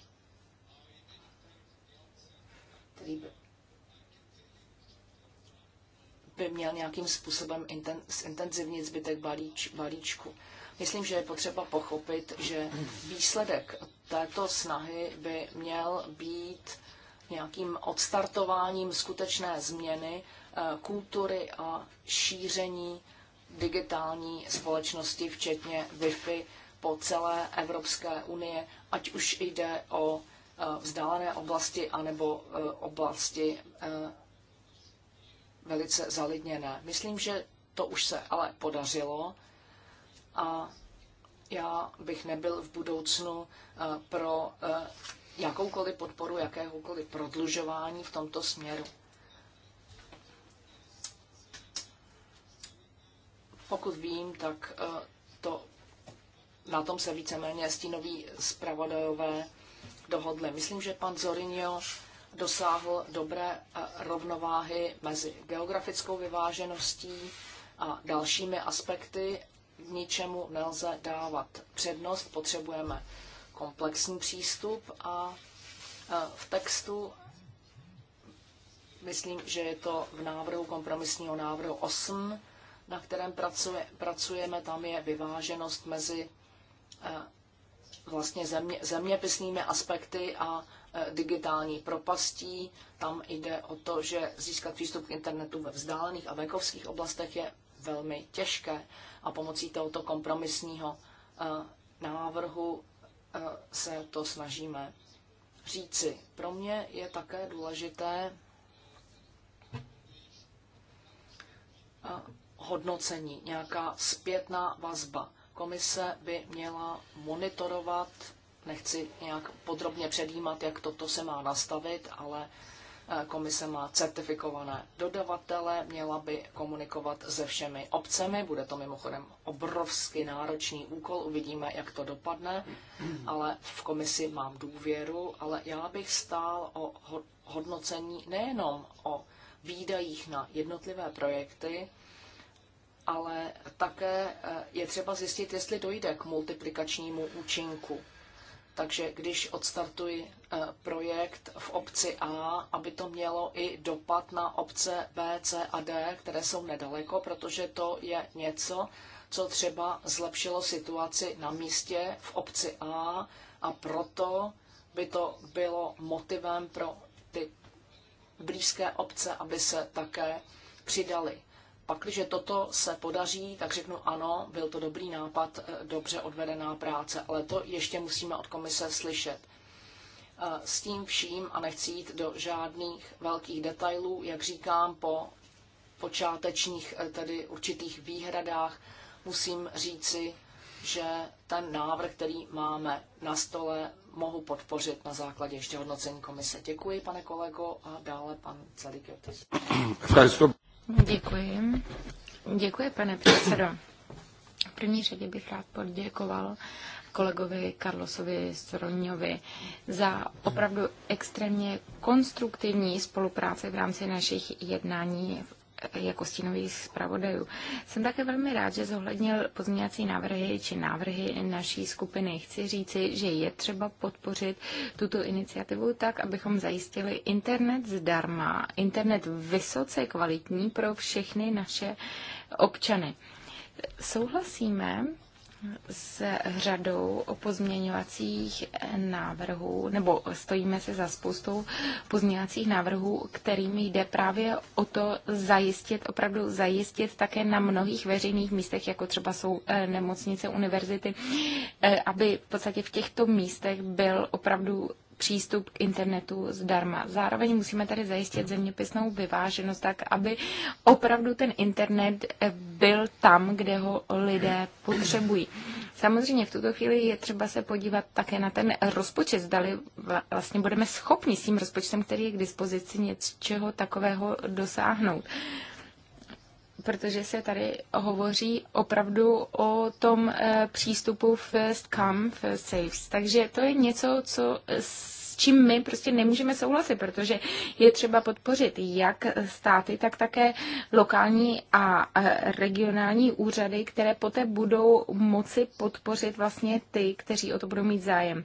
který by, by měl nějakým způsobem zintenzivnit zbytek balíč, balíčku. Myslím, že je potřeba pochopit, že výsledek této snahy by měl být nějakým odstartováním skutečné změny eh, kultury a šíření digitální společnosti, včetně Wi-Fi po celé Evropské unie, ať už jde o eh, vzdálené oblasti anebo eh, oblasti velice zalidněné. Myslím, že to už se ale podařilo a já bych nebyl v budoucnu pro jakoukoliv podporu jakéhokoliv prodlužování v tomto směru. Pokud vím, tak eh, to, na tom se víceméně stínoví zpravodajové dohodli. Myslím, že pan Zorinio dosáhl dobré eh, rovnováhy mezi geografickou vyvážeností a dalšími aspekty. Ničemu nelze dávat přednost, potřebujeme komplexní přístup a v textu myslím, že je to v návrhu kompromisního návrhu 8, na kterém pracuje, pracujeme, tam je vyváženost mezi e, vlastně země, zeměpisnými aspekty a e, digitální propastí. Tam jde o to, že získat přístup k internetu ve vzdálených a venkovských oblastech je velmi těžké a pomocí tohoto kompromisního e, návrhu Eh, se to snažíme říci. Pro mě je také důležité eh, hodnocení, nějaká zpětná vazba. Komise by měla monitorovat, nechci nějak podrobně předjímat, jak toto se má nastavit, ale Eh, komise má certifikované dodavatele, měla by komunikovat se všemi obcemi. Bude to mimochodem obrovsky náročný úkol, uvidíme, jak to dopadne, ale v komisi mám důvěru, ale já bych stál o hodnocení nejenom o výdajích na jednotlivé projekty, ale také eh, je třeba zjistit, jestli dojde k multiplikačnímu účinku takže když odstartuji eh, projekt v obci A, aby to mělo i dopad na obce B, C a D, které jsou nedaleko, protože to je něco, co třeba zlepšilo situaci na místě v obci A a proto by to bylo motivem pro ty blízké obce, aby se také přidali. Pak, když toto se podaří, tak řeknu ano, byl to dobrý nápad, eh, dobře odvedená práce, ale to ještě musíme od komise slyšet. Eh, s tím vším, a nechci jít do žádných velkých detailů, jak říkám, po počátečních, eh, tedy určitých výhradách, musím říci, že ten návrh, který máme na stole, mohu podpořit na základě ještě hodnocení komise. Děkuji, pane kolego, a dále pan Celikotis. Děkuji. Děkuji, pane předsedo. V první řadě bych rád poděkoval kolegovi Carlosovi Soroňovi za opravdu extrémně konstruktivní spolupráci v rámci našich jednání jako stínový zpravodajů. Jsem také velmi rád, že zohlednil pozměňovací návrhy či návrhy naší skupiny. Chci říci, že je třeba podpořit tuto iniciativu tak, abychom zajistili internet zdarma, internet vysoce kvalitní pro všechny naše občany. Souhlasíme s řadou pozměňovacích návrhů, nebo stojíme se za spoustou pozměňovacích návrhů, kterými jde právě o to zajistit, opravdu zajistit také na mnohých veřejných místech, jako třeba jsou eh, nemocnice, univerzity, eh, aby v podstatě v těchto místech byl opravdu přístup k internetu zdarma. Zároveň musíme tady zajistit zeměpisnou vyváženost tak, aby opravdu ten internet byl tam, kde ho lidé potřebují. Samozřejmě v tuto chvíli je třeba se podívat také na ten rozpočet, zdali vlastně budeme schopni s tím rozpočtem, který je k dispozici, něčeho takového dosáhnout protože se tady hovoří opravdu o tom eh, přístupu first come, first saves. Takže to je něco, co čím my prostě nemůžeme souhlasit, protože je třeba podpořit jak státy, tak také lokální a regionální úřady, které poté budou moci podpořit vlastně ty, kteří o to budou mít zájem.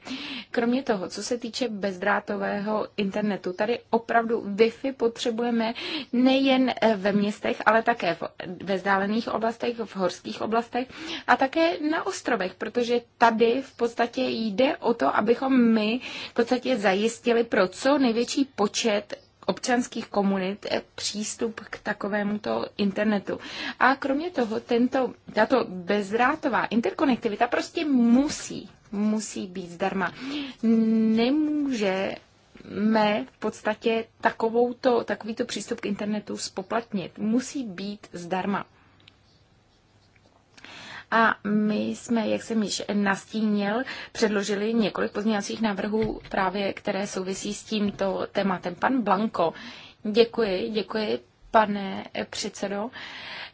Kromě toho, co se týče bezdrátového internetu, tady opravdu Wi-Fi potřebujeme nejen ve městech, ale také ve vzdálených oblastech, v horských oblastech a také na ostrovech, protože tady v podstatě jde o to, abychom my v podstatě zajistili pro co největší počet občanských komunit přístup k takovémuto internetu. A kromě toho, tento, tato bezdrátová interkonektivita prostě musí, musí být zdarma. Nemůže mé v podstatě takovouto, takovýto přístup k internetu spoplatnit. Musí být zdarma. A my jsme, jak jsem již nastínil, předložili několik pozměňovacích návrhů právě, které souvisí s tímto tématem. Pan Blanko, děkuji, děkuji, pane předsedo.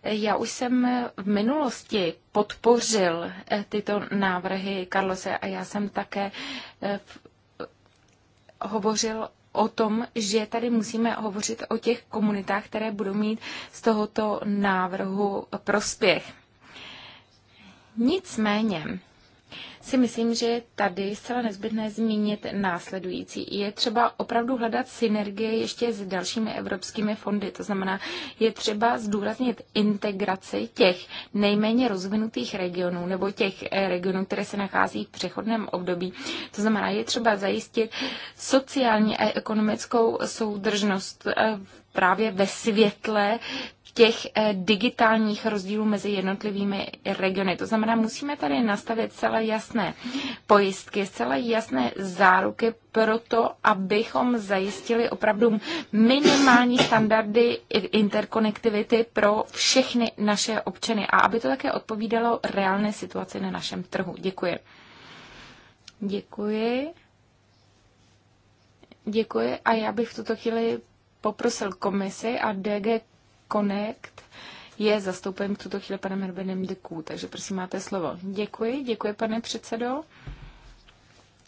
Já už jsem v minulosti podpořil eh, tyto návrhy Karlose a já jsem také eh, hovořil o tom, že tady musíme hovořit o těch komunitách, které budou mít z tohoto návrhu prospěch. Nicméně si myslím, že je tady zcela nezbytné zmínit následující. Je třeba opravdu hledat synergie ještě s dalšími evropskými fondy. To znamená, je třeba zdůraznit integraci těch nejméně rozvinutých regionů nebo těch eh, regionů, které se nachází v přechodném období. To znamená, je třeba zajistit sociální a ekonomickou soudržnost eh, v právě ve světle těch eh, digitálních rozdílů mezi jednotlivými regiony. To znamená, musíme tady nastavit celé jasné pojistky, celé jasné záruky pro to, abychom zajistili opravdu minimální standardy interkonektivity pro všechny naše občany a aby to také odpovídalo reálné situaci na našem trhu. Děkuji. Děkuji. Děkuji a já bych v tuto chvíli poprosil komisi a DG Connect je zastoupen v tuto chvíli panem Herbinem Dyků, takže prosím, máte slovo. Děkuji, děkuji, pane předsedo.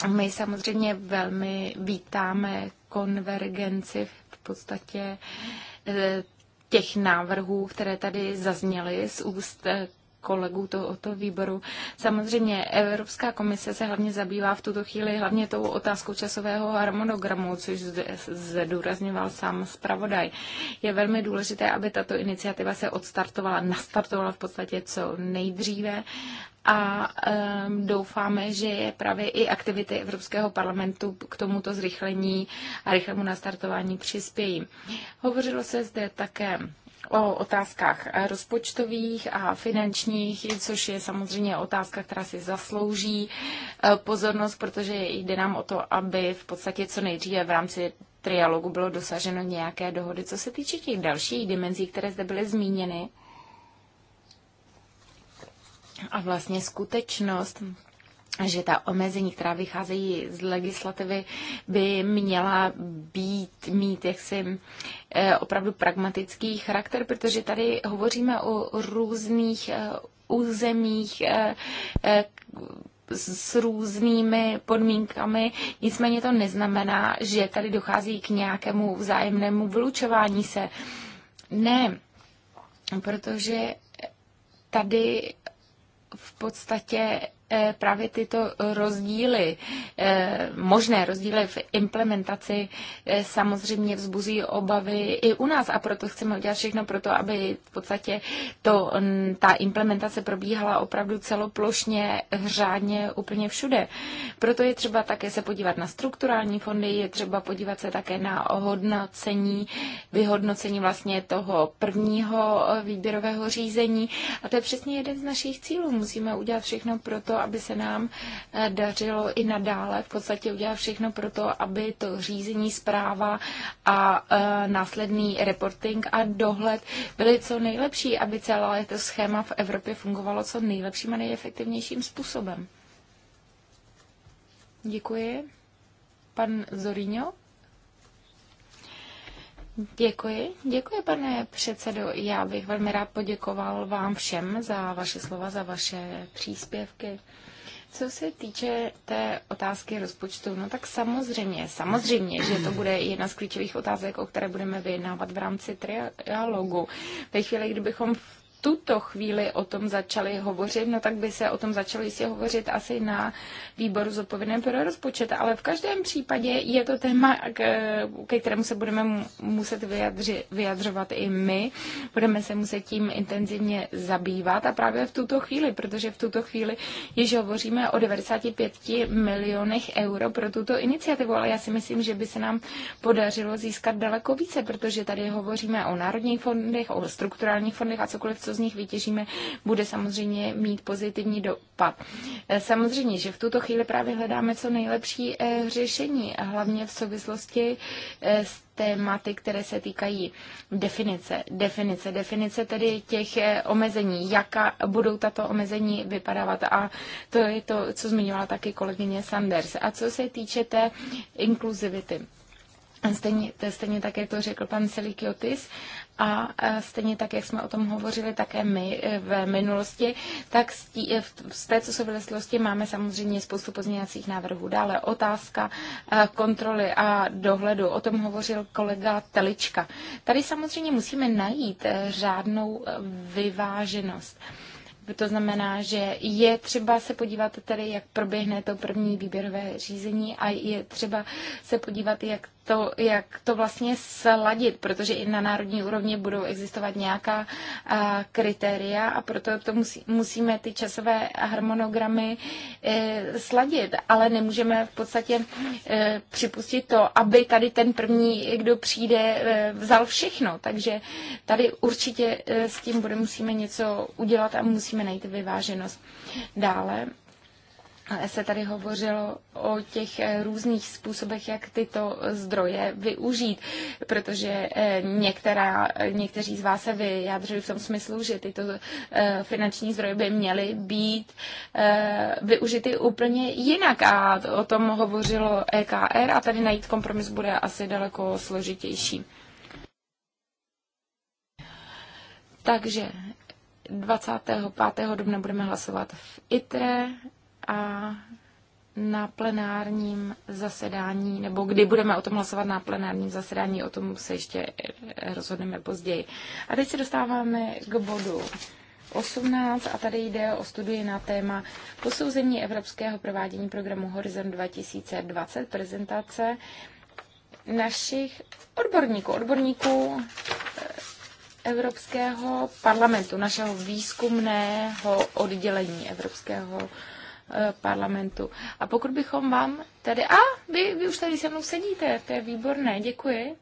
My samozřejmě velmi vítáme konvergenci v podstatě eh, těch návrhů, které tady zazněly z úst eh, kolegů tohoto výboru. Samozřejmě Evropská komise se hlavně zabývá v tuto chvíli hlavně tou otázkou časového harmonogramu, což zdůrazňoval sám zpravodaj. Je velmi důležité, aby tato iniciativa se odstartovala, nastartovala v podstatě co nejdříve a um, doufáme, že je právě i aktivity Evropského parlamentu k tomuto zrychlení a rychlému nastartování přispějí. Hovořilo se zde také o otázkách rozpočtových a finančních, což je samozřejmě otázka, která si zaslouží eh, pozornost, protože jde nám o to, aby v podstatě co nejdříve v rámci trialogu bylo dosaženo nějaké dohody. Co se týče těch dalších dimenzí, které zde byly zmíněny, a vlastně skutečnost, že ta omezení, která vycházejí z legislativy, by měla být, mít jaksi eh, opravdu pragmatický charakter, protože tady hovoříme o různých eh, územích, eh, s různými podmínkami, nicméně to neznamená, že tady dochází k nějakému vzájemnému vylučování se. Ne, protože tady v podstatě Eh, právě tyto rozdíly, eh, možné rozdíly v implementaci eh, samozřejmě vzbuzují obavy i u nás a proto chceme udělat všechno pro to, aby v podstatě to, ta implementace probíhala opravdu celoplošně, řádně, úplně všude. Proto je třeba také se podívat na strukturální fondy, je třeba podívat se také na hodnocení, vyhodnocení vlastně toho prvního výběrového řízení a to je přesně jeden z našich cílů. Musíme udělat všechno pro to, aby se nám eh, dařilo i nadále v podstatě udělat všechno pro to, aby to řízení, zpráva a eh, následný reporting a dohled byly co nejlepší, aby celé to schéma v Evropě fungovalo co nejlepším a nejefektivnějším způsobem. Děkuji. Pan Zoríňo? Děkuji. Děkuji, pane předsedo. Já bych velmi rád poděkoval vám všem za vaše slova, za vaše příspěvky. Co se týče té otázky rozpočtu, no tak samozřejmě, samozřejmě, že to bude jedna z klíčových otázek, o které budeme vyjednávat v rámci trialogu. Ve chvíli, kdybychom v tuto chvíli o tom začali hovořit, no tak by se o tom začalo jistě hovořit asi na výboru zodpovědném pro rozpočet, ale v každém případě je to téma, ke kterému se budeme muset vyjadři, vyjadřovat i my, budeme se muset tím intenzivně zabývat a právě v tuto chvíli, protože v tuto chvíli již hovoříme o 95 milionech euro pro tuto iniciativu, ale já si myslím, že by se nám podařilo získat daleko více, protože tady hovoříme o národních fondech, o strukturálních fondech a cokoliv, co z nich vytěžíme, bude samozřejmě mít pozitivní dopad. Eh, samozřejmě, že v tuto chvíli právě hledáme co nejlepší eh, řešení, hlavně v souvislosti eh, s tématy, které se týkají definice, definice, definice tedy těch omezení, jaká budou tato omezení vypadávat a to je to, co zmiňovala taky kolegyně Sanders. A co se týče té inkluzivity. Stejně, stejně tak, jak to řekl pan Selikiotis a stejně tak, jak jsme o tom hovořili také my e, v minulosti, tak e, z, tí, z této souvislosti máme samozřejmě spoustu pozměňovacích návrhů. Dále otázka e, kontroly a dohledu. O tom hovořil kolega Telička. Tady samozřejmě musíme najít řádnou vyváženost. To znamená, že je třeba se podívat tedy, jak proběhne to první výběrové řízení a je třeba se podívat, jak to, jak to vlastně sladit, protože i na národní úrovni budou existovat nějaká a, kritéria a proto to musí, musíme ty časové harmonogramy e, sladit, ale nemůžeme v podstatě e, připustit to, aby tady ten první, kdo přijde, e, vzal všechno. Takže tady určitě e, s tím bude musíme něco udělat a musíme najít vyváženost. Dále se tady hovořilo o těch eh, různých způsobech, jak tyto zdroje využít, protože eh, některá, eh, někteří z vás se vyjádřili v tom smyslu, že tyto finanční zdroje by měly být využity úplně jinak a o tom hovořilo EKR a tady najít kompromis bude asi daleko složitější. Takže 25. dubna budeme hlasovat v ITRE a na plenárním zasedání, nebo kdy budeme o tom hlasovat na plenárním zasedání, o tom se ještě rozhodneme později. A teď se dostáváme k bodu 18 a tady jde o studii na téma posouzení evropského provádění programu Horizon 2020, prezentace našich odborníků, odborníků eh, Evropského parlamentu, našeho výzkumného oddělení Evropského parlamentu Eh, parlamentu. A pokud bychom vám tady... A, vy, vy už tady se mnou sedíte, to je výborné, děkuji.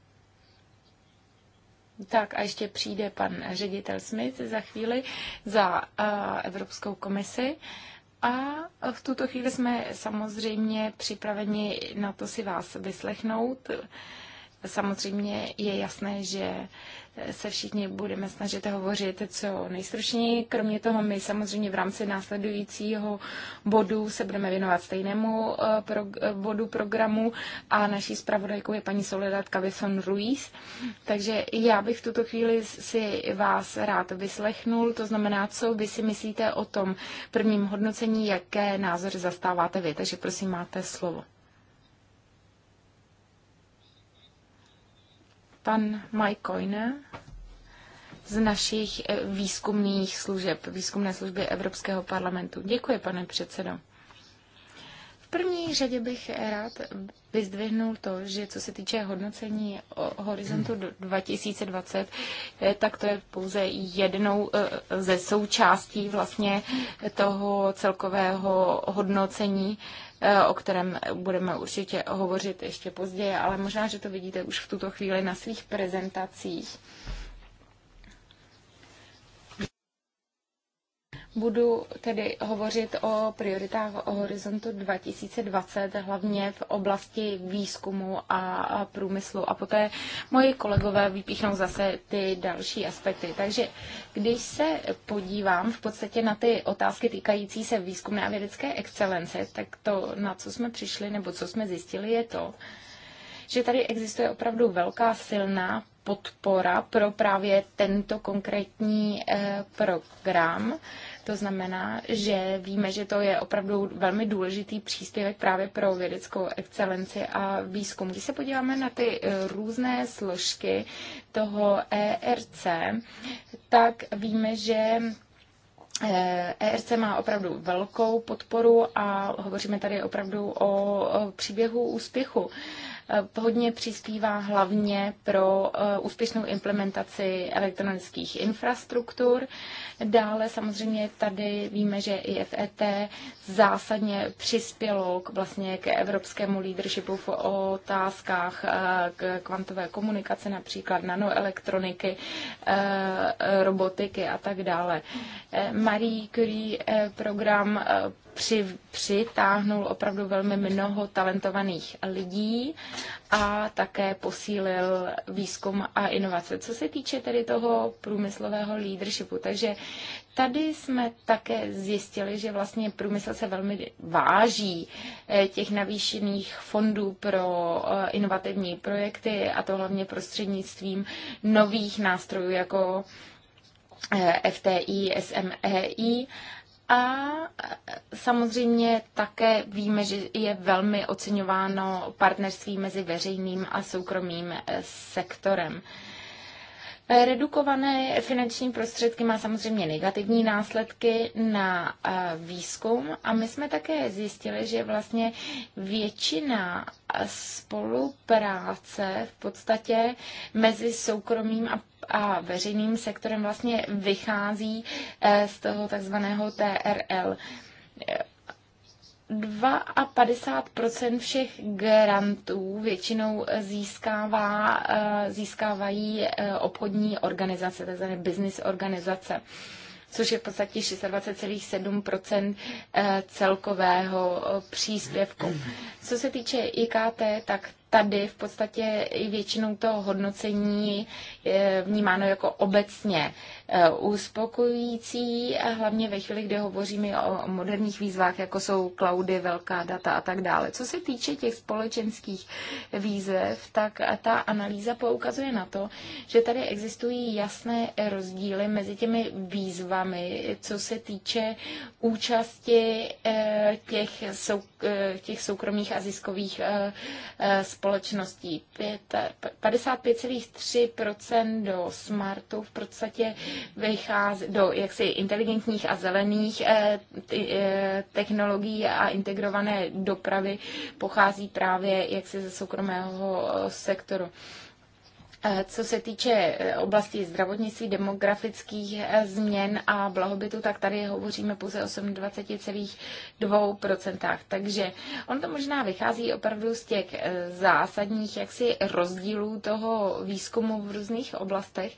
Tak a ještě přijde pan ředitel Smith za chvíli za uh, Evropskou komisi. A v tuto chvíli jsme samozřejmě připraveni na to si vás vyslechnout. Samozřejmě je jasné, že se všichni budeme snažit hovořit co nejstručněji. Kromě toho my samozřejmě v rámci následujícího bodu se budeme věnovat stejnému eh, pro, eh, bodu programu a naší zpravodajkou je paní Soledad Cavison Ruiz. Takže já bych v tuto chvíli si vás rád vyslechnul, to znamená, co vy si myslíte o tom prvním hodnocení, jaké názory zastáváte vy. Takže prosím, máte slovo. pan Mike z našich eh, výzkumných služeb, výzkumné služby Evropského parlamentu. Děkuji, pane předsedo. V první řadě bych rád vyzdvihnul to, že co se týče hodnocení o horizontu 2020, eh, tak to je pouze jednou eh, ze součástí vlastně toho celkového hodnocení Eh, o kterém budeme určitě hovořit ještě později, ale možná, že to vidíte už v tuto chvíli na svých prezentacích. Budu tedy hovořit o prioritách o horizontu 2020, hlavně v oblasti výzkumu a průmyslu. A poté moji kolegové vypíchnou zase ty další aspekty. Takže když se podívám v podstatě na ty otázky týkající se výzkumné a vědecké excelence, tak to, na co jsme přišli nebo co jsme zjistili, je to, že tady existuje opravdu velká silná podpora pro právě tento konkrétní eh, program to znamená, že víme, že to je opravdu velmi důležitý příspěvek právě pro vědeckou excelenci a výzkum. Když se podíváme na ty eh, různé složky toho ERC, tak víme, že ERC eh, e má opravdu velkou podporu a hovoříme tady opravdu o příběhu úspěchu. Eh, hodně přispívá hlavně pro eh, úspěšnou implementaci elektronických infrastruktur. Dále samozřejmě tady víme, že i FET zásadně přispělo k, vlastně k evropskému leadershipu v otázkách eh, k kvantové komunikace, například nanoelektroniky, robotiky a tak dále. Marie Curie program při, přitáhnul opravdu velmi mnoho talentovaných lidí a také posílil výzkum a inovace. Co se týče tedy toho průmyslového leadershipu, takže tady jsme také zjistili, že vlastně průmysl se velmi váží eh, těch navýšených fondů pro eh, inovativní projekty a to hlavně prostřednictvím nových nástrojů jako eh, FTI, SMEI a samozřejmě také víme, že je velmi oceňováno partnerství mezi veřejným a soukromým sektorem. Redukované finanční prostředky má samozřejmě negativní následky na eh, výzkum a my jsme také zjistili, že vlastně většina spolupráce v podstatě mezi soukromým a a veřejným sektorem vlastně vychází eh, z toho takzvaného TRL 52% všech grantů většinou získává, eh, získávají eh, obchodní organizace, tzv. business organizace což je v podstatě 26,7 eh, celkového příspěvku. Co se týče IKT, tak tady v podstatě i většinou to hodnocení je vnímáno jako obecně Eh, uspokojící a hlavně ve chvíli, kdy hovoříme o moderních výzvách, jako jsou cloudy, velká data a tak dále. Co se týče těch společenských výzev, tak ta analýza poukazuje na to, že tady existují jasné rozdíly mezi těmi výzvami, co se týče účasti eh, těch, sou, eh, těch soukromých a ziskových společností. 55,3% do smartu v podstatě vychází do jaksi inteligentních a zelených eh, eh, technologií a integrované dopravy pochází právě jaksi ze soukromého eh, sektoru. Co se týče oblasti zdravotnictví, demografických změn a blahobytu, tak tady hovoříme pouze o 28,2%. Takže on to možná vychází opravdu z těch zásadních jaksi rozdílů toho výzkumu v různých oblastech,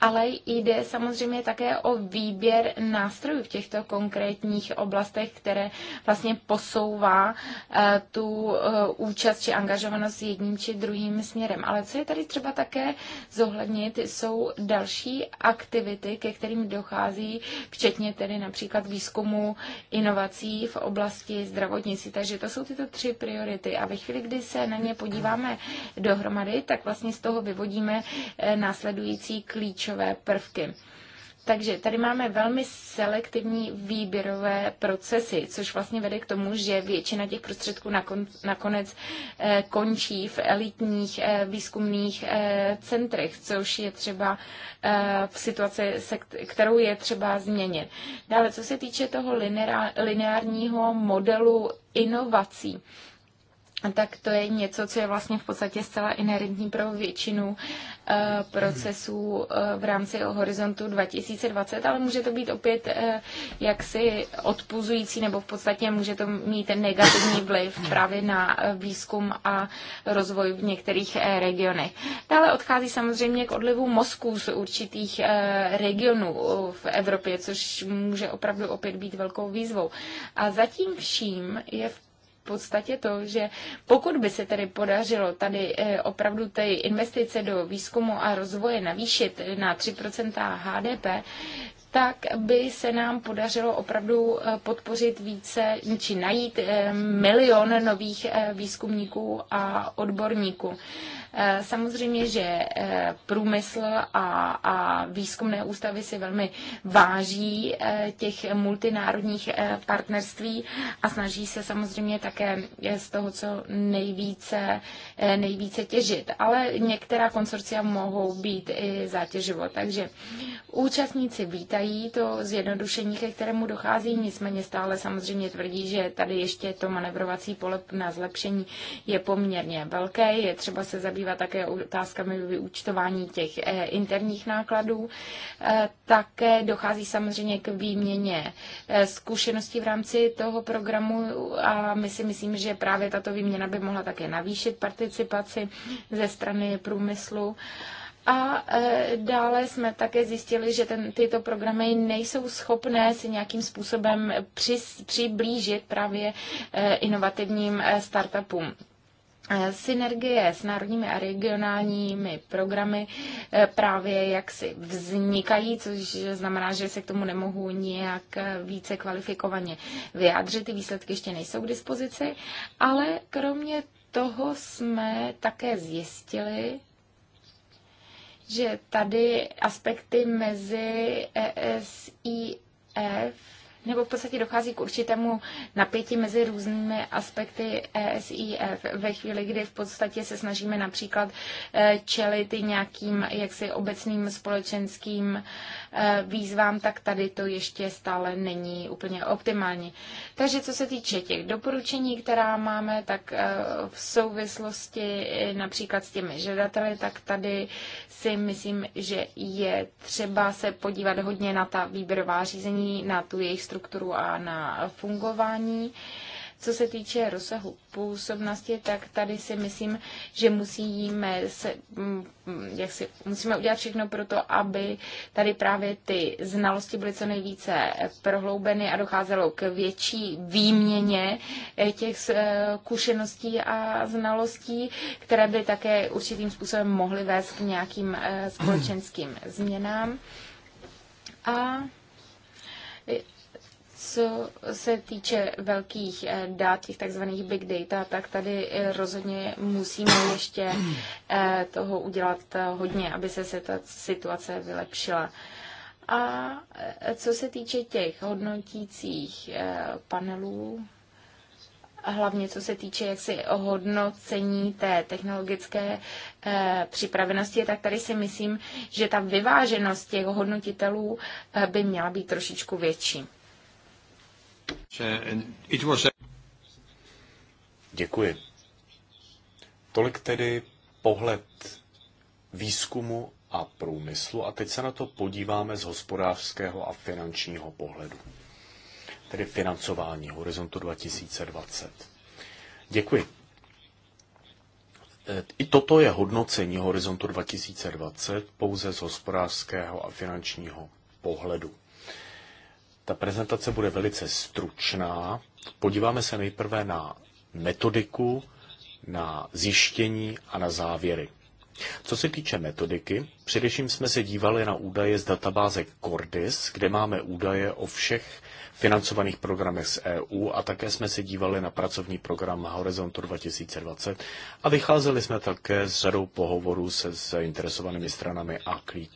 ale jde samozřejmě také o výběr nástrojů v těchto konkrétních oblastech, které vlastně posouvá eh, tu eh, účast či angažovanost jedním či druhým směrem. Ale co je tady třeba také zohlednit, jsou další aktivity, ke kterým dochází, včetně tedy například výzkumu inovací v oblasti zdravotnictví. Takže to jsou tyto tři priority. A ve chvíli, kdy se na ně podíváme dohromady, tak vlastně z toho vyvodíme eh, následující klíč klíčové prvky. Takže tady máme velmi selektivní výběrové procesy, což vlastně vede k tomu, že většina těch prostředků nakonec eh, končí v elitních eh, výzkumných eh, centrech, což je třeba v situaci, kterou je třeba změnit. Dále, co se týče toho lineárního modelu inovací, tak to je něco, co je vlastně v podstatě zcela inherentní pro většinu eh, procesů eh, v rámci horizontu 2020, ale může to být opět eh, jaksi odpuzující nebo v podstatě může to mít negativní vliv právě na výzkum a rozvoj v některých regionech. Dále odchází samozřejmě k odlivu mozků z určitých regionů v Evropě, což může opravdu opět být velkou výzvou. A zatím vším je v podstatě to, že pokud by se tedy podařilo tady eh, opravdu ty investice do výzkumu a rozvoje navýšit na 3% HDP, tak by se nám podařilo opravdu eh, podpořit více, či najít eh, milion nových výzkumníků a odborníků. Eh, samozřejmě, že eh, průmysl a, a výzkumné ústavy si velmi váží eh, těch multinárodních partnerství a snaží se samozřejmě také z toho, co nejvíce, nejvíce těžit. Ale některá konsorcia mohou být i zátěživo. Takže účastníci vítají to zjednodušení, ke kterému dochází, nicméně stále samozřejmě tvrdí, že tady ještě to manevrovací pole na zlepšení je poměrně velké. Je třeba se zabývat zabývat také otázkami vyúčtování těch eh, interních nákladů. Eh, také dochází samozřejmě k výměně eh, zkušeností v rámci toho programu a my si myslím, že právě tato výměna by mohla také navýšit participaci ze strany průmyslu. A dále jsme také zjistili, že ten, tyto programy nejsou schopné si nějakým způsobem při, přiblížit právě inovativním startupům. Eh, synergie s národními a regionálními programy eh, právě jak si vznikají, což znamená, že se k tomu nemohu nějak eh, více kvalifikovaně vyjádřit. Ty výsledky ještě nejsou k dispozici, ale kromě toho jsme také zjistili, že tady aspekty mezi ESIF nebo v podstatě dochází k určitému napětí mezi různými aspekty ESIF ve chvíli, kdy v podstatě se snažíme například eh, čelit nějakým jaksi obecným společenským eh, výzvám, tak tady to ještě stále není úplně optimální. Takže co se týče těch doporučení, která máme, tak eh, v souvislosti například s těmi žadateli, tak tady si myslím, že je třeba se podívat hodně na ta výběrová řízení, na tu jejich strukturu strukturu a na fungování. Co se týče rozsahu působnosti, tak tady si myslím, že musíme, se, mm, mm, jak si, musíme udělat všechno pro to, aby tady právě ty znalosti byly co nejvíce prohloubeny a docházelo k větší výměně eh, těch eh, zkušeností a znalostí, které by také určitým způsobem mohly vést k nějakým eh, společenským změnám. A co se týče velkých eh, dát, těch takzvaných big data, tak tady eh, rozhodně musíme ještě eh, toho udělat hodně, aby se ta situace vylepšila. A co se týče těch hodnotících panelů, hlavně co se týče jaksi hodnocení té technologické připravenosti, tak tady si myslím, že ta vyváženost těch hodnotitelů by měla být trošičku větší. Děkuji. Tolik tedy pohled výzkumu a průmyslu a teď se na to podíváme z hospodářského a finančního pohledu, tedy financování Horizontu 2020. Děkuji. E, I toto je hodnocení Horizontu 2020 pouze z hospodářského a finančního pohledu. Ta prezentace bude velice stručná. Podíváme se nejprve na metodiku, na zjištění a na závěry. Co se týče metodiky, především jsme se dívali na údaje z databáze Cordis, kde máme údaje o všech financovaných programech z EU a také jsme se dívali na pracovní program Horizontu 2020 a vycházeli jsme také z řadou pohovorů se zainteresovanými stranami a, klí-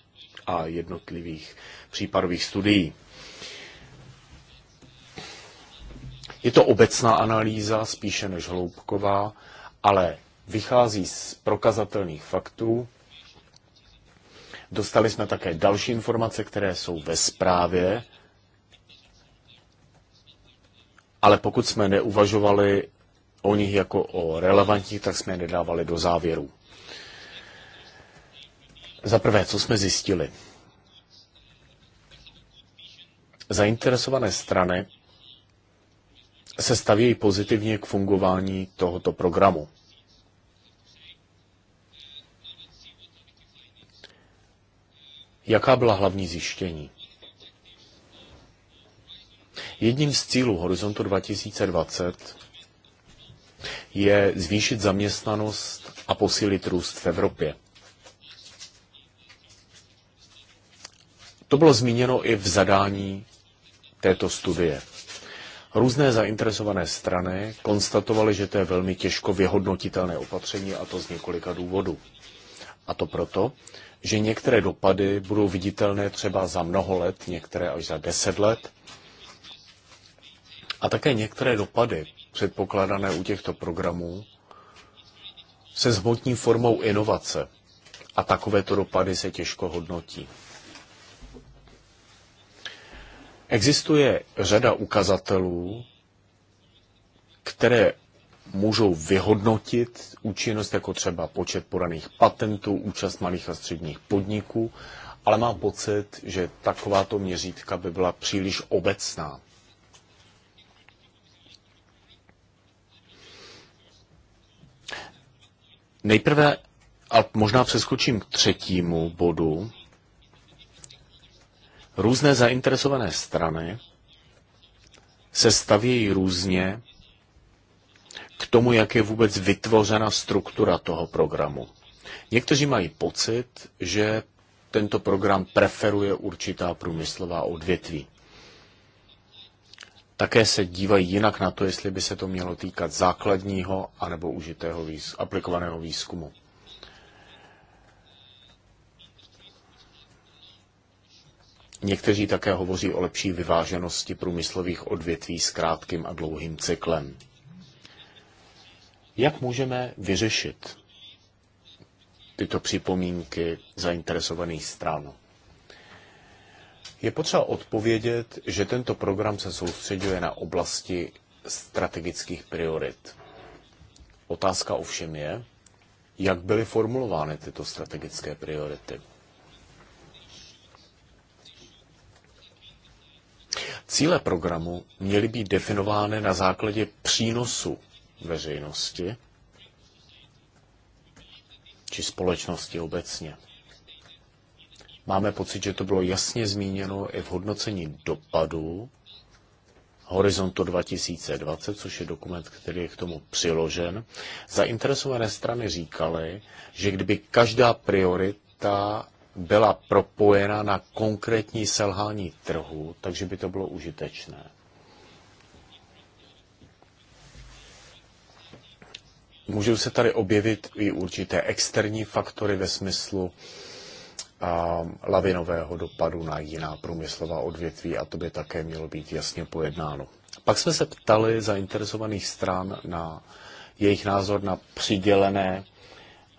a jednotlivých případových studií. Je to obecná analýza, spíše než hloubková, ale vychází z prokazatelných faktů. Dostali jsme také další informace, které jsou ve zprávě, ale pokud jsme neuvažovali o nich jako o relevantních, tak jsme je nedávali do závěru. Za prvé, co jsme zjistili? Zainteresované strany se stavějí pozitivně k fungování tohoto programu. Jaká byla hlavní zjištění? Jedním z cílů Horizontu 2020 je zvýšit zaměstnanost a posílit růst v Evropě. To bylo zmíněno i v zadání této studie. Různé zainteresované strany konstatovaly, že to je velmi těžko vyhodnotitelné opatření a to z několika důvodů. A to proto, že některé dopady budou viditelné třeba za mnoho let, některé až za deset let. A také některé dopady předpokládané u těchto programů se zhmotní formou inovace. A takovéto dopady se těžko hodnotí. Existuje řada ukazatelů, které můžou vyhodnotit účinnost, jako třeba počet podaných patentů, účast malých a středních podniků, ale mám pocit, že takováto měřítka by byla příliš obecná. Nejprve, a možná přeskočím k třetímu bodu, Různé zainteresované strany se stavějí různě k tomu, jak je vůbec vytvořena struktura toho programu. Někteří mají pocit, že tento program preferuje určitá průmyslová odvětví. Také se dívají jinak na to, jestli by se to mělo týkat základního anebo užitého výz- aplikovaného výzkumu. Někteří také hovoří o lepší vyváženosti průmyslových odvětví s krátkým a dlouhým cyklem. Jak můžeme vyřešit tyto připomínky zainteresovaných stran? Je potřeba odpovědět, že tento program se soustředuje na oblasti strategických priorit. Otázka ovšem je, jak byly formulovány tyto strategické priority. Cíle programu měly být definovány na základě přínosu veřejnosti či společnosti obecně. Máme pocit, že to bylo jasně zmíněno i v hodnocení dopadů Horizontu 2020, což je dokument, který je k tomu přiložen. Zainteresované strany říkaly, že kdyby každá priorita byla propojena na konkrétní selhání trhu, takže by to bylo užitečné. Můžou se tady objevit i určité externí faktory ve smyslu a, lavinového dopadu na jiná průmyslová odvětví a to by také mělo být jasně pojednáno. Pak jsme se ptali zainteresovaných stran na jejich názor na přidělené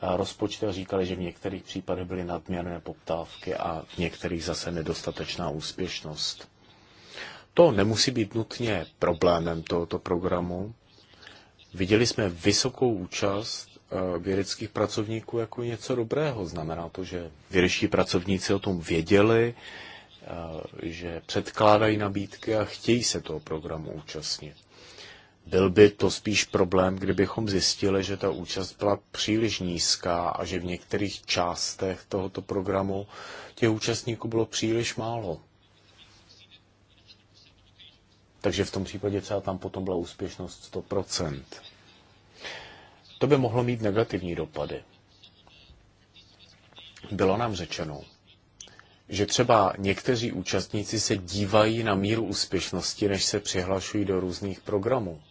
rozpočty a říkali, že v některých případech byly nadměrné poptávky a v některých zase nedostatečná úspěšnost. To nemusí být nutně problémem tohoto programu. Viděli jsme vysokou účast eh, vědeckých pracovníků jako něco dobrého. Znamená to, že vědečtí pracovníci o tom věděli, eh, že předkládají nabídky a chtějí se toho programu účastnit. Byl by to spíš problém, kdybychom zjistili, že ta účast byla příliš nízká a že v některých částech tohoto programu těch účastníků bylo příliš málo. Takže v tom případě třeba tam potom byla úspěšnost 100%. To by mohlo mít negativní dopady. Bylo nám řečeno, že třeba někteří účastníci se dívají na míru úspěšnosti, než se přihlašují do různých programů.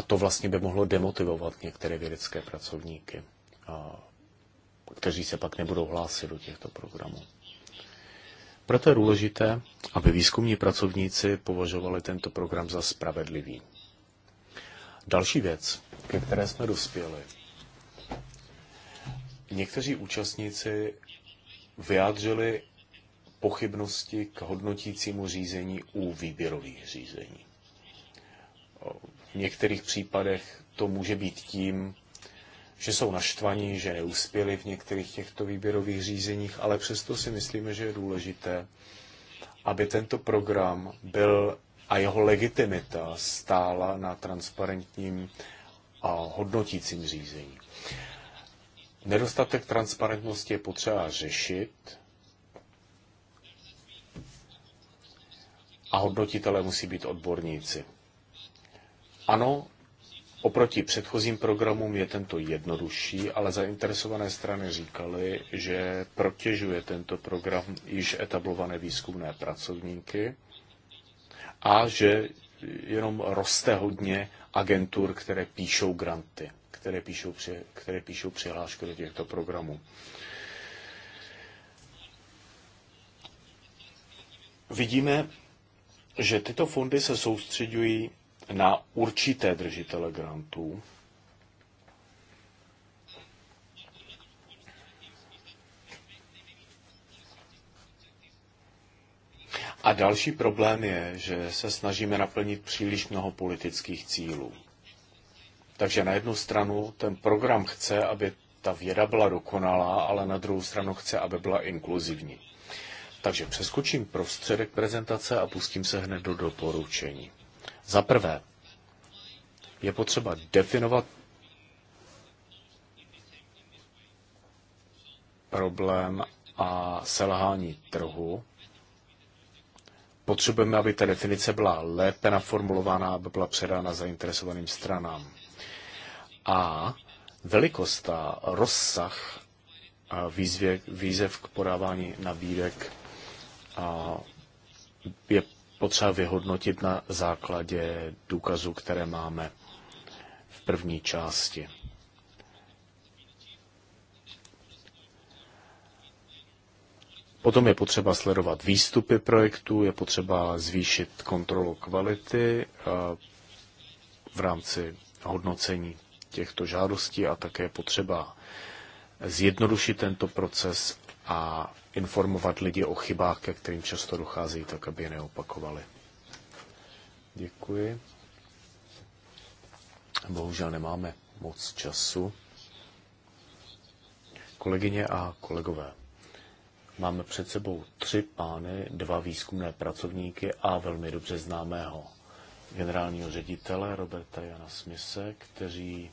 A to vlastně by mohlo demotivovat některé vědecké pracovníky, kteří se pak nebudou hlásit do těchto programů. Proto je důležité, aby výzkumní pracovníci považovali tento program za spravedlivý. Další věc, ke které jsme dospěli. Někteří účastníci vyjádřili pochybnosti k hodnotícímu řízení u výběrových řízení. V některých případech to může být tím, že jsou naštvaní, že neuspěli v některých těchto výběrových řízeních, ale přesto si myslíme, že je důležité, aby tento program byl a jeho legitimita stála na transparentním a hodnotícím řízení. Nedostatek transparentnosti je potřeba řešit a hodnotitelé musí být odborníci. Ano, oproti předchozím programům je tento jednodušší, ale zainteresované strany říkaly, že protěžuje tento program již etablované výzkumné pracovníky a že jenom roste hodně agentur, které píšou granty, které píšou, při, které píšou přihlášky do těchto programů. Vidíme, že tyto fondy se soustředují na určité držitele grantů. A další problém je, že se snažíme naplnit příliš mnoho politických cílů. Takže na jednu stranu ten program chce, aby ta věda byla dokonalá, ale na druhou stranu chce, aby byla inkluzivní. Takže přeskočím prostředek prezentace a pustím se hned do doporučení. Za prvé, je potřeba definovat problém a selhání trhu. Potřebujeme, aby ta definice byla lépe naformulovaná, aby byla předána zainteresovaným stranám. A velikost a rozsah výzvě, výzev k podávání nabídek a je potřeba vyhodnotit na základě důkazů, které máme v první části. Potom je potřeba sledovat výstupy projektu, je potřeba zvýšit kontrolu kvality v rámci hodnocení těchto žádostí a také je potřeba zjednodušit tento proces a informovat lidi o chybách, ke kterým často dochází, tak aby je neopakovali. Děkuji. Bohužel nemáme moc času. Kolegyně a kolegové, máme před sebou tři pány, dva výzkumné pracovníky a velmi dobře známého generálního ředitele Roberta Jana Smise, kteří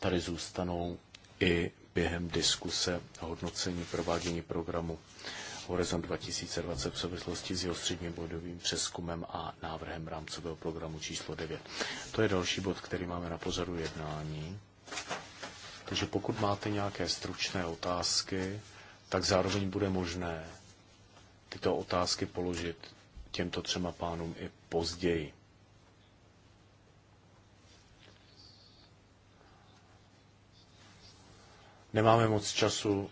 tady zůstanou i během diskuse a hodnocení provádění programu Horizont 2020 v souvislosti s jeho středním bodovým přeskumem a návrhem rámcového programu číslo 9. To je další bod, který máme na pořadu jednání. Takže pokud máte nějaké stručné otázky, tak zároveň bude možné tyto otázky položit těmto třema pánům i později. Nemáme moc času.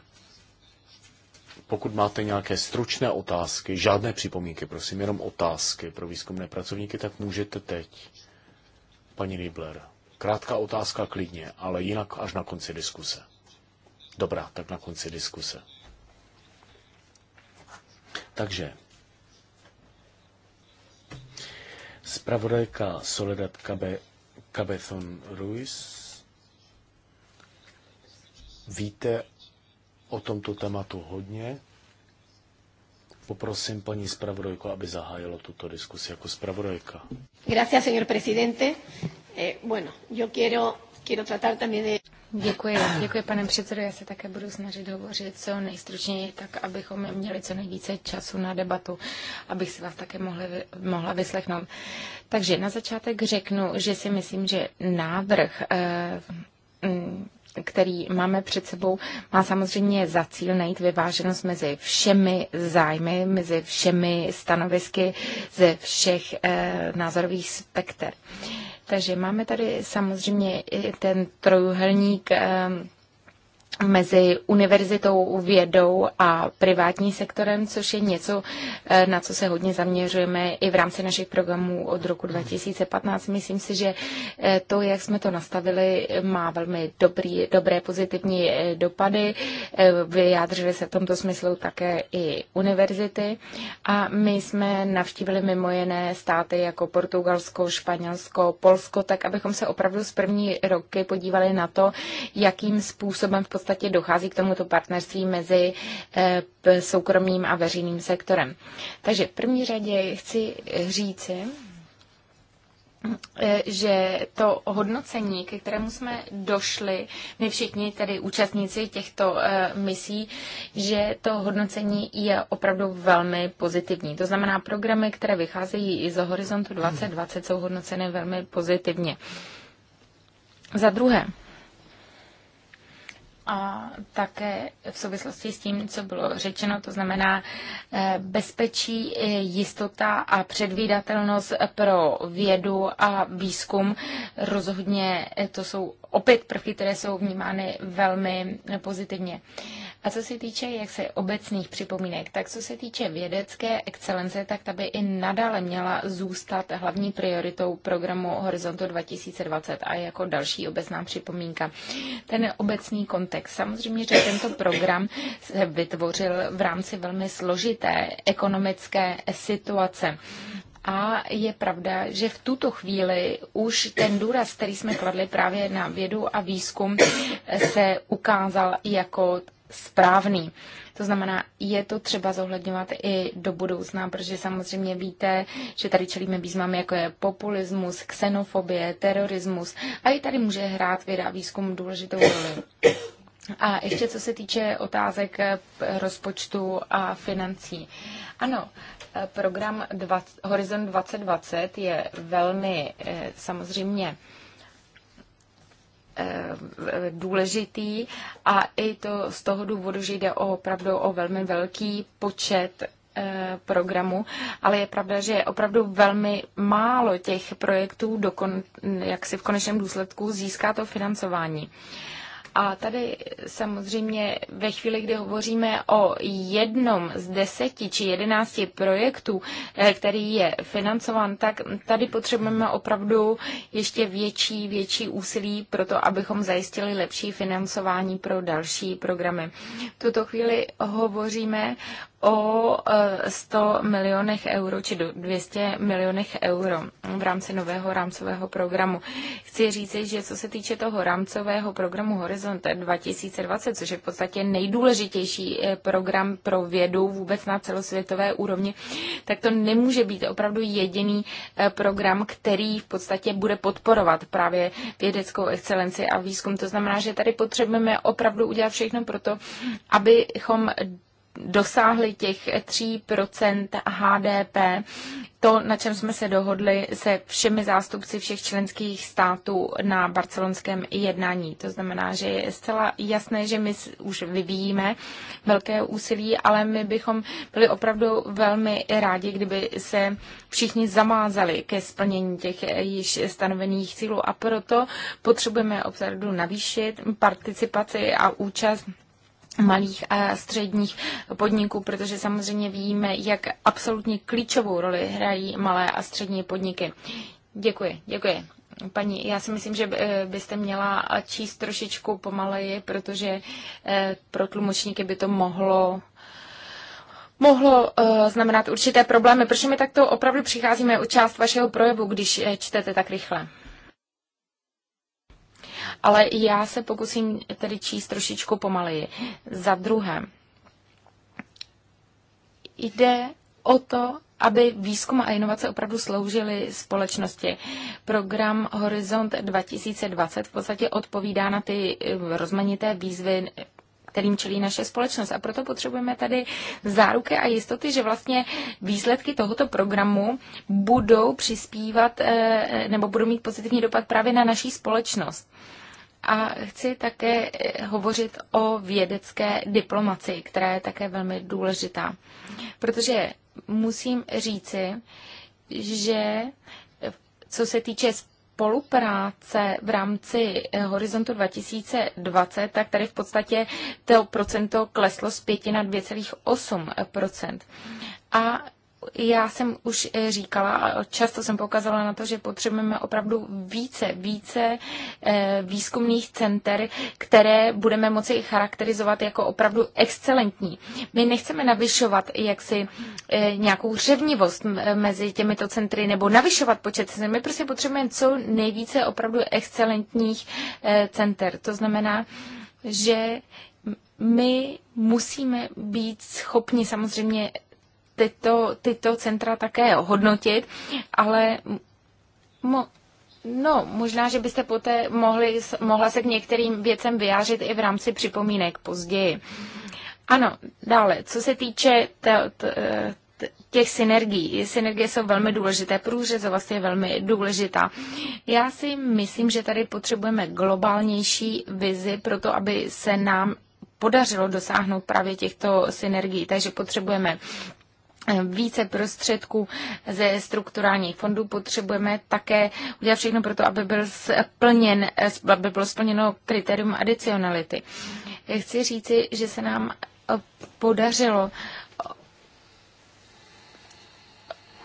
Pokud máte nějaké stručné otázky, žádné připomínky, prosím, jenom otázky pro výzkumné pracovníky, tak můžete teď. Paní Liebler, krátká otázka klidně, ale jinak až na konci diskuse. Dobrá, tak na konci diskuse. Takže zpravodajka Soledad Cabe, Cabezon Ruiz Víte o tomto tématu hodně. Poprosím paní zpravodajku, aby zahájila tuto diskusi jako zpravodajka. Gracias, señor presidente. Eh, bueno, yo quiero, quiero tratar también de... Děkuji, děkuji pane předsedo. Já se také budu snažit hovořit co nejstručněji, tak abychom měli co nejvíce času na debatu, abych si vás také mohli, mohla vyslechnout. Takže na začátek řeknu, že si myslím, že návrh eh, který máme před sebou, má samozřejmě za cíl najít vyváženost mezi všemi zájmy, mezi všemi stanovisky ze všech eh, názorových spekter. Takže máme tady samozřejmě i ten trojuhelník eh, mezi univerzitou, vědou a privátní sektorem, což je něco, eh, na co se hodně zaměřujeme i v rámci našich programů od roku 2015. Myslím si, že eh, to, jak jsme to nastavili, má velmi dobrý, dobré pozitivní eh, dopady. Vyjádřili se v tomto smyslu také i univerzity. A my jsme navštívili mimo jiné státy jako Portugalsko, Španělsko, Polsko, tak abychom se opravdu z první roky podívali na to, jakým způsobem v podstatě dochází k tomuto partnerství mezi eh, soukromým a veřejným sektorem. Takže v první řadě chci říci, eh, že to hodnocení, ke kterému jsme došli, my všichni, tedy účastníci těchto eh, misí, že to hodnocení je opravdu velmi pozitivní. To znamená, programy, které vycházejí i z horizontu 2020, hmm. jsou hodnoceny velmi pozitivně. Za druhé, a také v souvislosti s tím, co bylo řečeno, to znamená eh, bezpečí, eh, jistota a předvídatelnost pro vědu a výzkum. Rozhodně eh, to jsou opět prvky, které jsou vnímány velmi pozitivně. Uh, a co se týče jak se obecných připomínek, tak co se týče vědecké excelence, tak ta by i nadále měla zůstat hlavní prioritou programu Horizontu 2020 a jako další obecná připomínka. Ten obecný kontext. Samozřejmě, že tento program se vytvořil v rámci velmi složité ekonomické situace. A je pravda, že v tuto chvíli už ten důraz, který jsme kladli právě na vědu a výzkum, se ukázal jako správný. To znamená, je to třeba zohledňovat i do budoucna, protože samozřejmě víte, že tady čelíme výzvám, jako je populismus, xenofobie, terorismus a i tady může hrát věda a výzkum důležitou roli. A ještě co se týče otázek eh, rozpočtu a financí. Ano, eh, program 20, Horizon 2020 je velmi eh, samozřejmě důležitý a i to z toho důvodu, že jde o, opravdu o velmi velký počet eh, programu, ale je pravda, že je opravdu velmi málo těch projektů, dokon, jak si v konečném důsledku získá to financování. Uh, a tady samozřejmě ve chvíli, kdy hovoříme o jednom z deseti či jedenácti projektů, eh, který je financován, tak tady potřebujeme opravdu ještě větší, větší úsilí pro to, abychom zajistili lepší financování pro další programy. V tuto chvíli hovoříme o 100 e, milionech euro či do 200 milionech euro v rámci nového rámcového programu. Chci říct, že co se týče toho rámcového programu Horizont 2020, což je v podstatě nejdůležitější e, program pro vědu vůbec na celosvětové úrovni, tak to nemůže být opravdu jediný e, program, který v podstatě bude podporovat právě vědeckou excelenci a výzkum. To znamená, že tady potřebujeme opravdu udělat všechno pro to, abychom dosáhli těch 3% HDP. To, na čem jsme se dohodli se všemi zástupci všech členských států na barcelonském jednání. To znamená, že je zcela jasné, že my už vyvíjíme velké úsilí, ale my bychom byli opravdu velmi rádi, kdyby se všichni zamázali ke splnění těch již stanovených cílů a proto potřebujeme opravdu navýšit participaci a účast malých a středních podniků, protože samozřejmě víme, jak absolutně klíčovou roli hrají malé a střední podniky. Děkuji, děkuji. Paní, já si myslím, že eh, byste měla číst trošičku pomaleji, protože eh, pro tlumočníky by to mohlo mohlo uh, znamenat určité problémy. Proč mi takto opravdu přicházíme u část vašeho projevu, když čtete tak rychle? ale já se pokusím tedy číst trošičku pomaleji. Za druhé, jde o to, aby výzkum a inovace opravdu sloužily společnosti. Program Horizont 2020 v podstatě odpovídá na ty eh, rozmanité výzvy kterým čelí naše společnost. A proto potřebujeme tady záruky a jistoty, že vlastně výsledky tohoto programu budou přispívat eh, nebo budou mít pozitivní dopad právě na naší společnost. A chci také eh, hovořit o vědecké diplomaci, která je také velmi důležitá. Protože musím říci, že eh, co se týče spolupráce v rámci eh, Horizontu 2020, tak tady v podstatě to procento kleslo z 5 na 2,8 A já jsem už eh, říkala a často jsem poukazala na to, že potřebujeme opravdu více, více eh, výzkumných center, které budeme moci charakterizovat jako opravdu excelentní. My nechceme navyšovat jaksi eh, nějakou řevnivost mezi těmito centry nebo navyšovat počet My prostě potřebujeme co nejvíce opravdu excelentních center. To znamená, že my musíme být schopni samozřejmě tyto, tyto centra také hodnotit, ale mo, No, možná, že byste poté mohli, mohla se k některým věcem vyjářit i v rámci připomínek později. Ano, dále, co se týče t, t, těch synergií. Synergie jsou velmi důležité, průřezovost je velmi důležitá. Já si myslím, že tady potřebujeme globálnější vizi pro to, aby se nám podařilo dosáhnout právě těchto synergií. Takže potřebujeme více prostředků ze strukturálních fondů. Potřebujeme také udělat všechno pro to, aby, byl splněn, aby bylo splněno kritérium adicionality. Chci říci, že se nám podařilo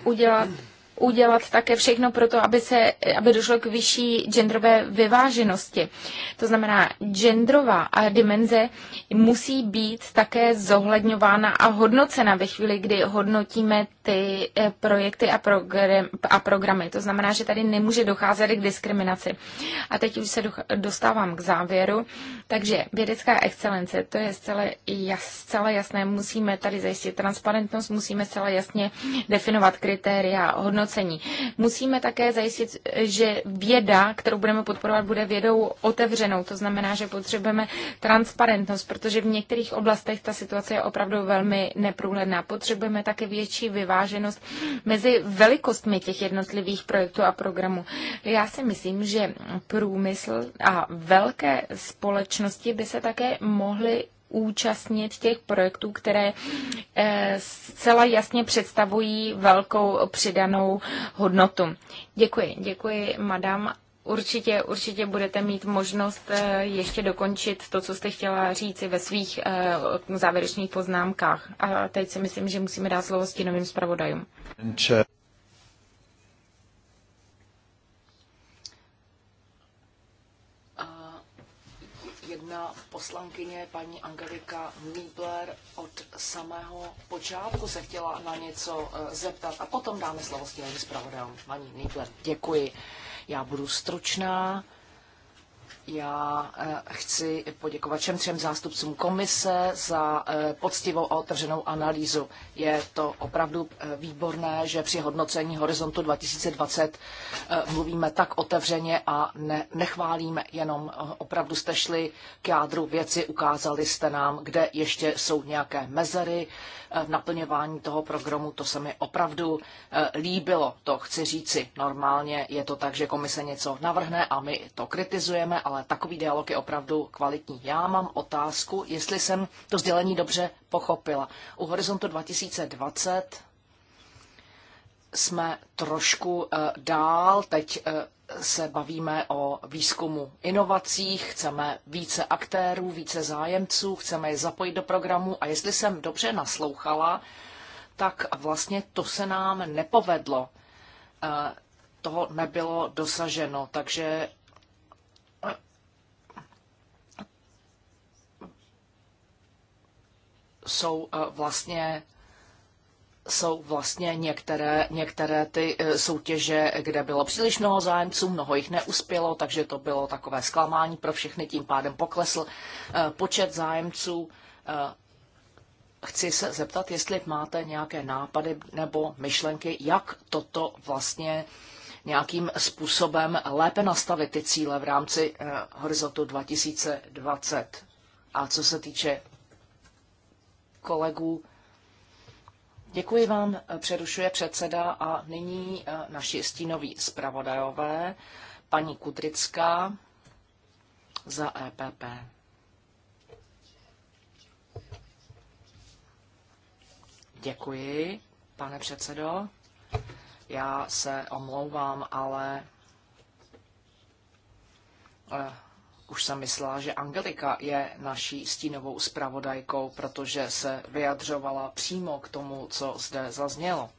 udělat udělat také všechno pro to, aby, se, aby došlo k vyšší genderové vyváženosti. To znamená, genderová dimenze musí být také zohledňována a hodnocena ve chvíli, kdy hodnotíme ty eh, projekty a, program, a programy. To znamená, že tady nemůže docházet k diskriminaci. A teď už se dostávám k závěru. Takže vědecká excelence, to je zcela, jas, zcela jasné. Musíme tady zajistit transparentnost, musíme zcela jasně definovat kritéria hodnocení hodnocení. Musíme také zajistit, že věda, kterou budeme podporovat, bude vědou otevřenou. To znamená, že potřebujeme transparentnost, protože v některých oblastech ta situace je opravdu velmi neprůhledná. Potřebujeme také větší vyváženost mezi velikostmi těch jednotlivých projektů a programů. Já si myslím, že průmysl a velké společnosti by se také mohly účastnit těch projektů, které eh, zcela jasně představují velkou přidanou hodnotu. Děkuji, děkuji, madam. Určitě, určitě budete mít možnost eh, ještě dokončit to, co jste chtěla říci ve svých eh, závěrečných poznámkách. A teď si myslím, že musíme dát slovo stínovým zpravodajům. poslankyně paní Angelika Niebler od samého počátku se chtěla na něco eh, zeptat a potom dáme slovo stělení zpravodajům. Paní Niebler, děkuji. Já budu stručná. Já eh, chci poděkovat všem třem zástupcům komise za eh, poctivou a otevřenou analýzu. Je to opravdu eh, výborné, že při hodnocení Horizontu 2020 mluvíme tak otevřeně a ne, nechválíme, jenom opravdu jste šli k jádru věci, ukázali jste nám, kde ještě jsou nějaké mezery, v eh, naplňování toho programu. To se mi opravdu eh, líbilo, to chci říci. Normálně je to tak, že komise něco navrhne a my to kritizujeme, ale takový dialog je opravdu kvalitní. Já mám otázku, jestli jsem to sdělení dobře pochopila. U Horizontu 2020 jsme trošku eh, dál. Teď se bavíme o výzkumu inovacích, chceme více aktérů, více zájemců, chceme je zapojit do programu a jestli jsem dobře naslouchala, tak vlastně to se nám nepovedlo. Eh, toho nebylo dosaženo, takže eh, jsou eh, vlastně jsou vlastně některé, některé ty e, soutěže, kde bylo příliš mnoho zájemců, mnoho jich neuspělo, takže to bylo takové zklamání pro všechny, tím pádem poklesl e, počet zájemců. E, chci se zeptat, jestli máte nějaké nápady nebo myšlenky, jak toto vlastně nějakým způsobem lépe nastavit ty cíle v rámci horizontu 2020. A co se týče kolegů, Děkuji vám, přerušuje předseda a nyní eh, naši stínoví zpravodajové, paní Kudrická za EPP. Děkuji, pane předsedo. Já se omlouvám, ale eh, už jsem myslela, že Angelika je naší stínovou zpravodajkou, protože se vyjadřovala přímo k tomu, co zde zaznělo.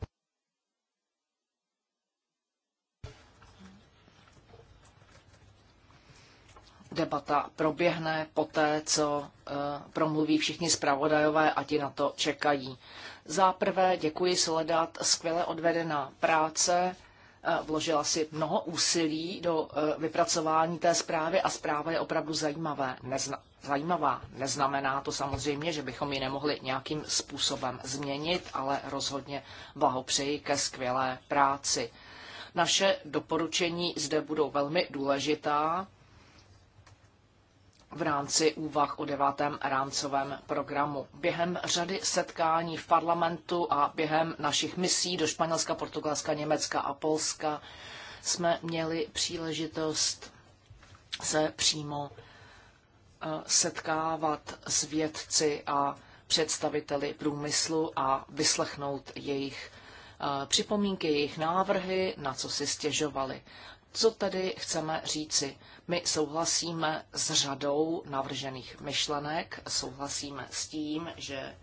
Debata proběhne poté, co eh, promluví všichni zpravodajové a ti na to čekají. Za prvé děkuji sledat skvěle odvedená práce Eh, vložila si mnoho úsilí do eh, vypracování té zprávy a zpráva je opravdu zajímavé, nezna, zajímavá. Neznamená to samozřejmě, že bychom ji nemohli nějakým způsobem změnit, ale rozhodně blahopřeji ke skvělé práci. Naše doporučení zde budou velmi důležitá v rámci úvah o devátém rámcovém programu. Během řady setkání v parlamentu a během našich misí do Španělska, Portugalska, Německa a Polska jsme měli příležitost se přímo eh, setkávat s vědci a představiteli průmyslu a vyslechnout jejich eh, připomínky, jejich návrhy, na co si stěžovali. Co tedy chceme říci? My souhlasíme s řadou navržených myšlenek, souhlasíme s tím, že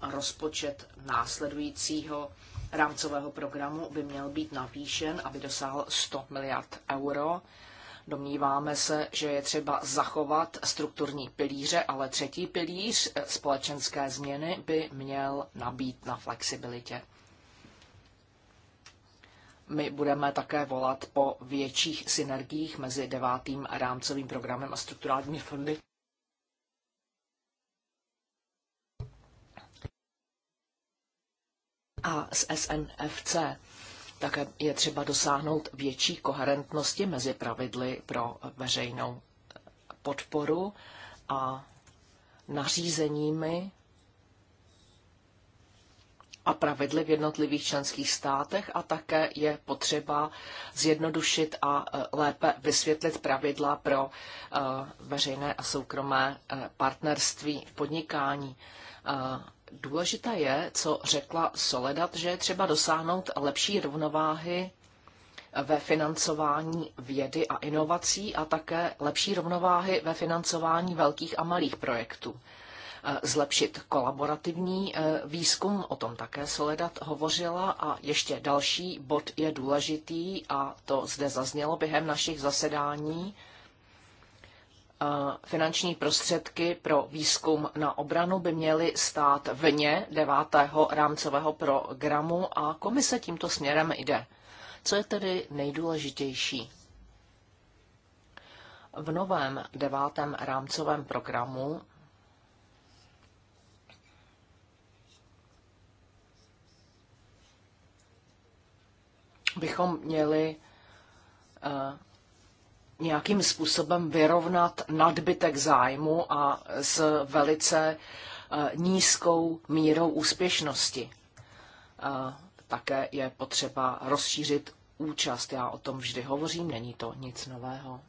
rozpočet následujícího rámcového programu by měl být navýšen, aby dosáhl 100 miliard euro. Domníváme se, že je třeba zachovat strukturní pilíře, ale třetí pilíř eh, společenské změny by měl nabít na flexibilitě my budeme také volat po větších synergiích mezi devátým rámcovým programem a strukturálními fondy. A s SNFC také je třeba dosáhnout větší koherentnosti mezi pravidly pro veřejnou podporu a nařízeními a pravidly v jednotlivých členských státech a také je potřeba zjednodušit a e, lépe vysvětlit pravidla pro e, veřejné a soukromé e, partnerství v podnikání. Důležité je, co řekla Soledat, že je třeba dosáhnout lepší rovnováhy ve financování vědy a inovací a také lepší rovnováhy ve financování velkých a malých projektů zlepšit kolaborativní e, výzkum, o tom také Soledad hovořila a ještě další bod je důležitý a to zde zaznělo během našich zasedání. E, finanční prostředky pro výzkum na obranu by měly stát vně devátého rámcového programu a komise tímto směrem jde. Co je tedy nejdůležitější? V novém devátém rámcovém programu bychom měli eh, nějakým způsobem vyrovnat nadbytek zájmu a s velice eh, nízkou mírou úspěšnosti. Eh, také je potřeba rozšířit účast. Já o tom vždy hovořím, není to nic nového.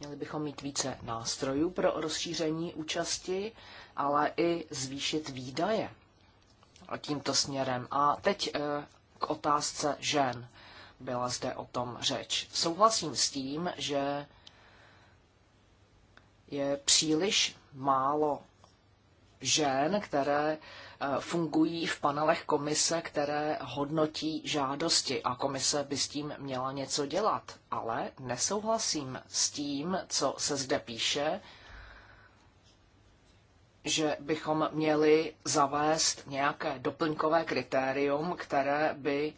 Měli bychom mít více nástrojů pro rozšíření účasti, ale i zvýšit výdaje tímto směrem. A teď eh, k otázce žen. Byla zde o tom řeč. Souhlasím s tím, že je příliš málo žen, které fungují v panelech komise, které hodnotí žádosti a komise by s tím měla něco dělat. Ale nesouhlasím s tím, co se zde píše, že bychom měli zavést nějaké doplňkové kritérium, které by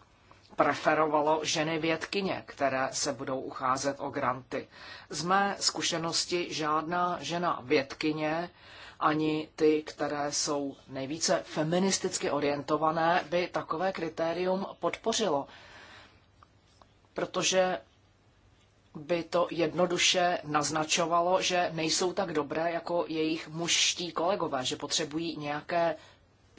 preferovalo ženy vědkyně, které se budou ucházet o granty. Z mé zkušenosti žádná žena vědkyně ani ty, které jsou nejvíce feministicky orientované, by takové kritérium podpořilo. Protože by to jednoduše naznačovalo, že nejsou tak dobré jako jejich mužští kolegové, že potřebují nějaké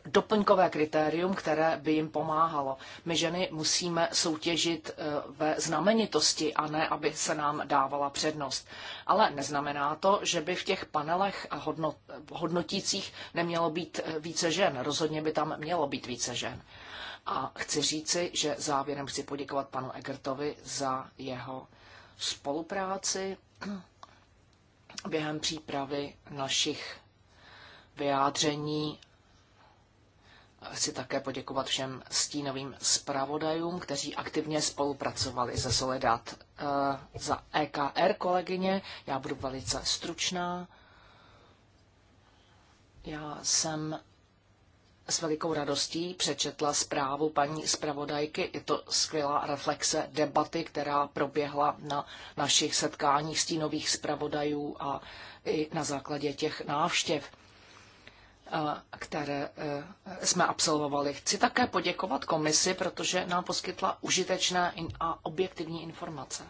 doplňkové kritérium, které by jim pomáhalo. My ženy musíme soutěžit eh, ve znamenitosti a ne, aby se nám dávala přednost. Ale neznamená to, že by v těch panelech a hodnotících nemělo být eh, více žen. Rozhodně by tam mělo být více žen. A chci říci, že závěrem chci poděkovat panu Egertovi za jeho spolupráci <clears throat> během přípravy našich vyjádření chci také poděkovat všem stínovým zpravodajům, kteří aktivně spolupracovali se Soledad. Eh, za EKR kolegyně, já budu velice stručná. Já jsem s velikou radostí přečetla zprávu paní zpravodajky. Je to skvělá reflexe debaty, která proběhla na našich setkáních stínových zpravodajů a i na základě těch návštěv které e, jsme absolvovali. Chci také poděkovat komisi, protože nám poskytla užitečné a objektivní informace.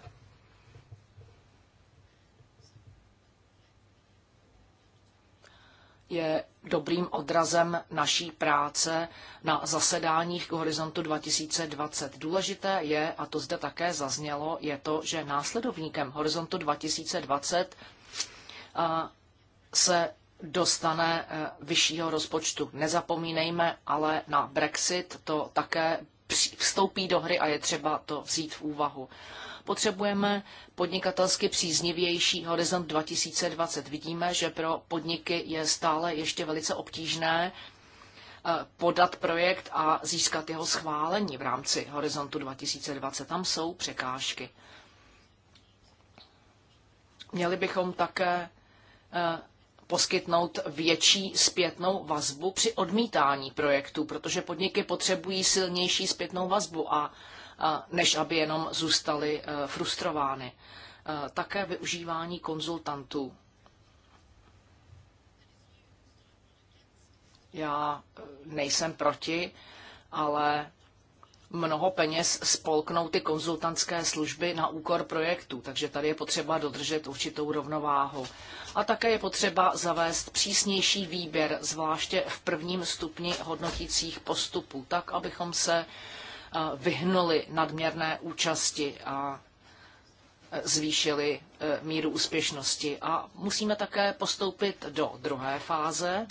Je dobrým odrazem naší práce na zasedáních k horizontu 2020. Důležité je, a to zde také zaznělo, je to, že následovníkem horizontu 2020 se dostane eh, vyššího rozpočtu. Nezapomínejme ale na Brexit, to také vstoupí do hry a je třeba to vzít v úvahu. Potřebujeme podnikatelsky příznivější horizont 2020. Vidíme, že pro podniky je stále ještě velice obtížné eh, podat projekt a získat jeho schválení v rámci horizontu 2020. Tam jsou překážky. Měli bychom také eh, poskytnout větší zpětnou vazbu při odmítání projektu, protože podniky potřebují silnější zpětnou vazbu, a, a než aby jenom zůstaly e, frustrovány. E, také využívání konzultantů. Já e, nejsem proti, ale mnoho peněz spolknou ty konzultantské služby na úkor projektů, takže tady je potřeba dodržet určitou rovnováhu. A také je potřeba zavést přísnější výběr, zvláště v prvním stupni hodnotících postupů, tak, abychom se eh, vyhnuli nadměrné účasti a eh, zvýšili eh, míru úspěšnosti. A musíme také postoupit do druhé fáze.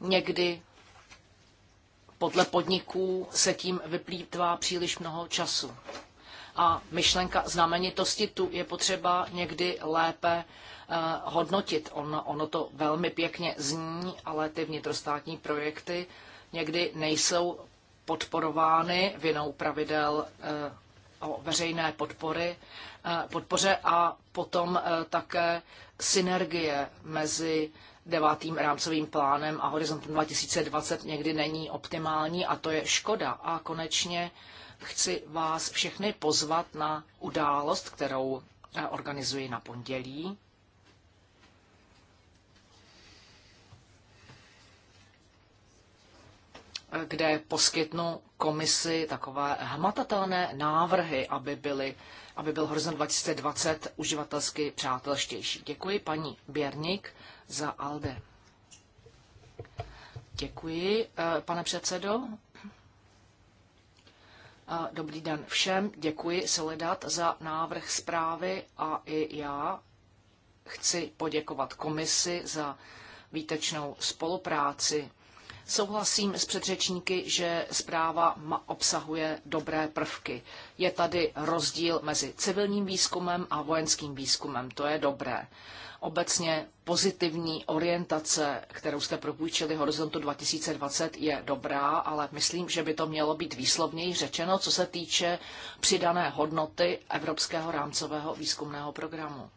Někdy podle podniků se tím vyplývá příliš mnoho času. A myšlenka znamenitosti tu je potřeba někdy lépe eh, hodnotit. On, ono to velmi pěkně zní, ale ty vnitrostátní projekty někdy nejsou podporovány vinou pravidel eh, o veřejné podpory, eh, podpoře a potom také synergie mezi devátým rámcovým plánem a horizontem 2020 někdy není optimální a to je škoda. A konečně chci vás všechny pozvat na událost, kterou eh, organizuji na pondělí. Eh, kde poskytnu komisi takové hmatatelné návrhy, aby, byly, aby byl Horizon 2020 uživatelsky přátelštější. Děkuji paní Běrnik za ALDE. Děkuji, eh, pane předsedo. Eh, dobrý den všem. Děkuji Soledad za návrh zprávy a i já chci poděkovat komisi za výtečnou spolupráci. Souhlasím s předřečníky, že zpráva obsahuje dobré prvky. Je tady rozdíl mezi civilním výzkumem a vojenským výzkumem. To je dobré obecně pozitivní orientace, kterou jste propůjčili Horizontu 2020, je dobrá, ale myslím, že by to mělo být výslovněji řečeno, co se týče přidané hodnoty Evropského rámcového výzkumného programu.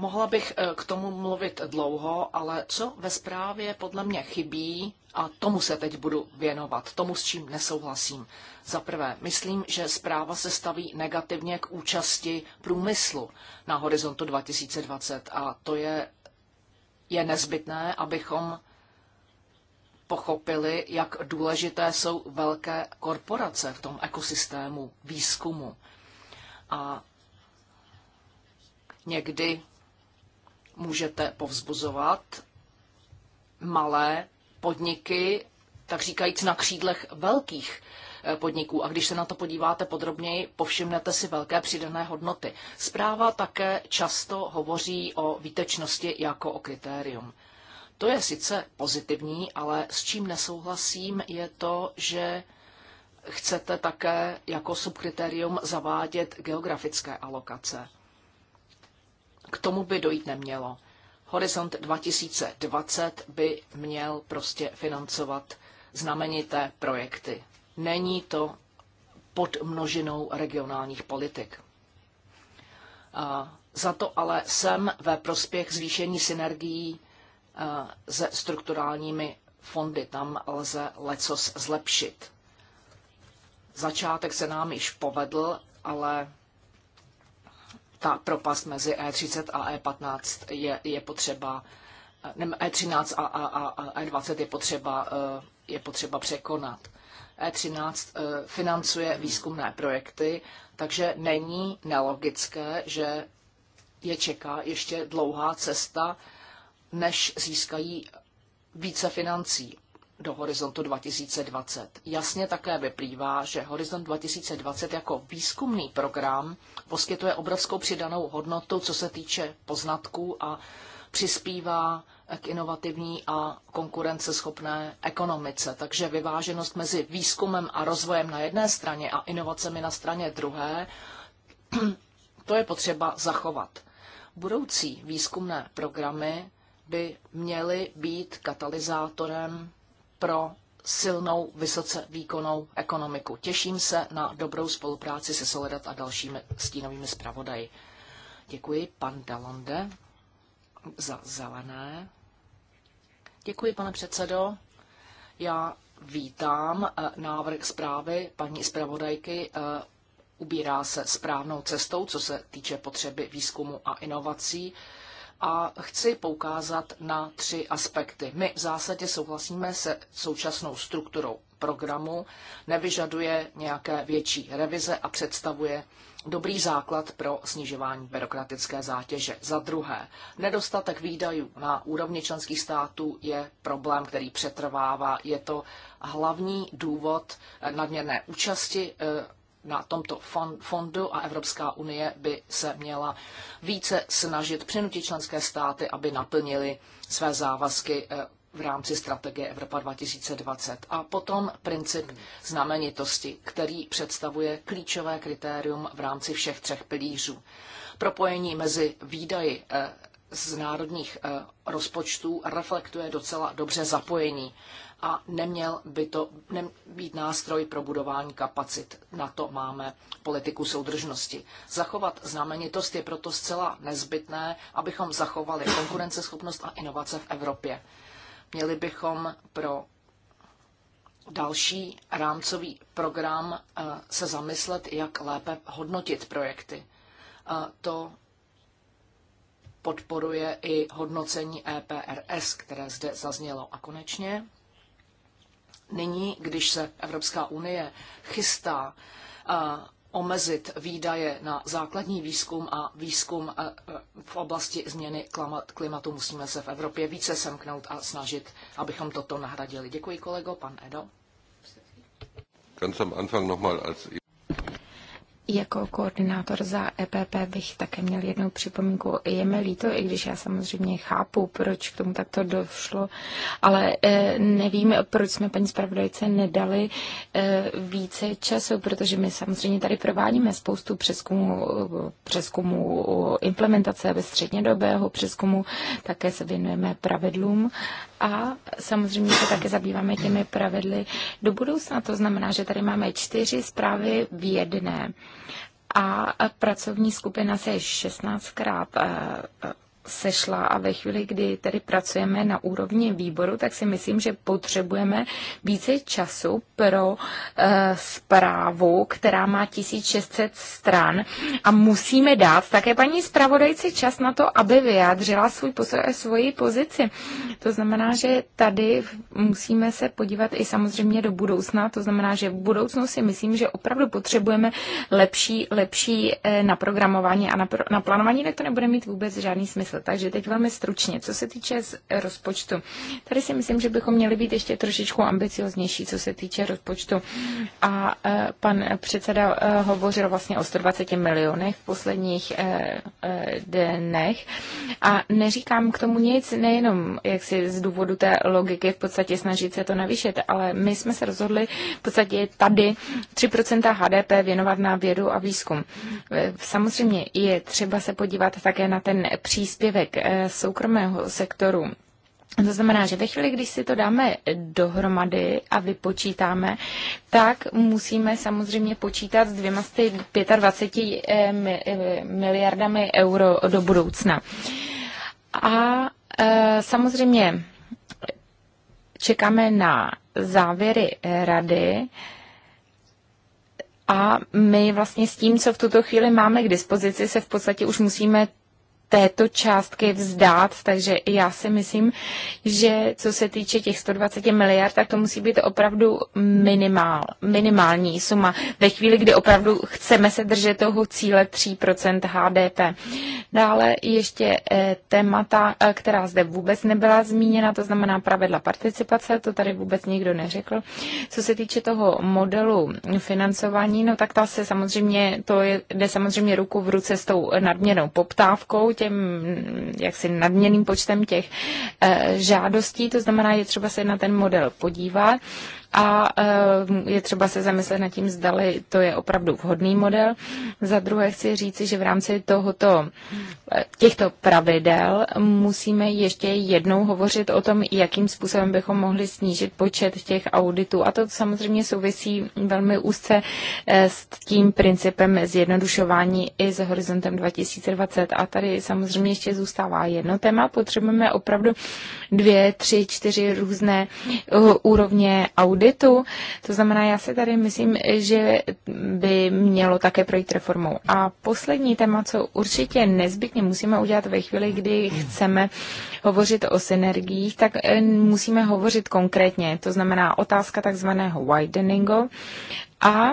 Mohla bych eh, k tomu mluvit dlouho, ale co ve zprávě podle mě chybí, a tomu se teď budu věnovat, tomu s čím nesouhlasím. Za prvé, myslím, že zpráva se staví negativně k účasti průmyslu na horizontu 2020 a to je, je nezbytné, abychom pochopili, jak důležité jsou velké korporace v tom ekosystému výzkumu. A někdy můžete povzbuzovat malé podniky, tak říkajíc na křídlech velkých eh, podniků. A když se na to podíváte podrobněji, povšimnete si velké přidané hodnoty. Zpráva také často hovoří o výtečnosti jako o kritérium. To je sice pozitivní, ale s čím nesouhlasím je to, že chcete také jako subkritérium zavádět geografické alokace. K tomu by dojít nemělo. Horizont 2020 by měl prostě financovat znamenité projekty. Není to pod množinou regionálních politik. A za to ale jsem ve prospěch zvýšení synergií se strukturálními fondy. Tam lze lecos zlepšit. Začátek se nám již povedl, ale ta propast mezi E30 a E15 je, je potřeba, ne, E13 a, a, a E20 je potřeba, eh, je potřeba překonat. E13 eh, financuje výzkumné projekty, takže není nelogické, že je čeká ještě dlouhá cesta, než získají více financí do horizontu 2020. Jasně také vyplývá, že Horizont 2020 jako výzkumný program poskytuje obrovskou přidanou hodnotu, co se týče poznatků a přispívá k inovativní a konkurenceschopné ekonomice. Takže vyváženost mezi výzkumem a rozvojem na jedné straně a inovacemi na straně druhé, <clears throat> to je potřeba zachovat. Budoucí výzkumné programy by měly být katalyzátorem pro silnou, vysoce výkonnou ekonomiku. Těším se na dobrou spolupráci se Soledat a dalšími stínovými zpravodaji. Děkuji, pan Dalonde, za zelené. Děkuji, pane předsedo. Já vítám eh, návrh zprávy paní zpravodajky. Eh, ubírá se správnou cestou, co se týče potřeby výzkumu a inovací a chci poukázat na tři aspekty. My v zásadě souhlasíme se současnou strukturou programu, nevyžaduje nějaké větší revize a představuje dobrý základ pro snižování byrokratické zátěže. Za druhé, nedostatek výdajů na úrovni členských států je problém, který přetrvává. Je to hlavní důvod nadměrné účasti eh, na tomto fondu a Evropská unie by se měla více snažit přinutit členské státy, aby naplnili své závazky eh, v rámci strategie Evropa 2020. A potom princip znamenitosti, který představuje klíčové kritérium v rámci všech třech pilířů. Propojení mezi výdaji eh, z národních eh, rozpočtů reflektuje docela dobře zapojení a neměl by to ne, být nástroj pro budování kapacit. Na to máme politiku soudržnosti. Zachovat znamenitost je proto zcela nezbytné, abychom zachovali konkurenceschopnost a inovace v Evropě. Měli bychom pro další rámcový program eh, se zamyslet, jak lépe hodnotit projekty. Eh, to podporuje i hodnocení EPRS, které zde zaznělo. A konečně nyní, když se Evropská unie chystá eh, omezit výdaje na základní výzkum a výzkum eh, eh, v oblasti změny klimatu, musíme se v Evropě více semknout a snažit, abychom toto nahradili. Děkuji, kolego, pan Edo. Ganz am Anfang nochmal als jako koordinátor za EPP bych také měl jednu připomínku. Je mi líto, i když já samozřejmě chápu, proč k tomu takto došlo, ale eh, nevím, proč jsme paní zpravodajce nedali eh, více času, protože my samozřejmě tady provádíme spoustu přeskumu, přeskumu implementace ve střednědobého přeskumu, také se věnujeme pravidlům a samozřejmě se také zabýváme těmi pravidly do budoucna. To znamená, že tady máme čtyři zprávy v jedné a pracovní skupina se 16krát sešla a ve chvíli, kdy tedy pracujeme na úrovni výboru, tak si myslím, že potřebujeme více času pro e, zprávu, která má 1600 stran a musíme dát také paní zpravodajci čas na to, aby vyjádřila svůj postoj a svoji pozici. To znamená, že tady musíme se podívat i samozřejmě do budoucna, to znamená, že v budoucnu si myslím, že opravdu potřebujeme lepší, lepší e, naprogramování a na naplánování, tak to nebude mít vůbec žádný smysl. Takže teď velmi stručně, co se týče z eh, rozpočtu. Tady si myslím, že bychom měli být ještě trošičku ambicioznější, co se týče rozpočtu. A eh, pan předseda eh, hovořil vlastně o 120 milionech v posledních dnech. A neříkám k tomu nic, nejenom jak si z důvodu té logiky v podstatě snažit se to navýšit, ale my jsme se rozhodli v podstatě tady 3% HDP věnovat na vědu a výzkum. Samozřejmě je třeba se podívat také na ten přístup příspěvek eh, soukromého sektoru to znamená, že ve chvíli, když si to dáme dohromady a vypočítáme, tak musíme samozřejmě počítat s 225 eh, eh, miliardami euro do budoucna. A samozřejmě čekáme na závěry rady a my vlastně s tím, co v tuto chvíli máme k dispozici, se v podstatě už musíme této částky vzdát, takže já si myslím, že co se týče těch 120 miliard, tak to musí být opravdu minimál, minimální suma ve chvíli, kdy opravdu chceme se držet toho cíle 3% HDP. Dále ještě eh, témata, eh, která zde vůbec nebyla zmíněna, to znamená pravidla participace, to tady vůbec nikdo neřekl. Co se týče toho modelu financování, no tak ta se samozřejmě, to je, jde samozřejmě ruku v ruce s tou nadměrnou poptávkou, těm jaksi nadměrným počtem těch eh, žádostí, to znamená, je třeba se na ten model podívat a eh, je třeba se zamyslet nad tím, zdali to je opravdu vhodný model. Za druhé chci říci, že v rámci tohoto, eh, těchto pravidel musíme ještě jednou hovořit o tom, jakým způsobem bychom mohli snížit počet těch auditů. A to samozřejmě souvisí velmi úzce eh, s tím principem zjednodušování i s horizontem 2020. A tady samozřejmě ještě zůstává jedno téma. Potřebujeme opravdu dvě, tři, čtyři různé úrovně auditů auditu. To znamená, já si tady myslím, že by mělo také projít reformou. A poslední téma, co určitě nezbytně musíme udělat ve chvíli, kdy chceme hovořit o synergiích, tak eh, musíme hovořit konkrétně. To znamená otázka takzvaného wideningu a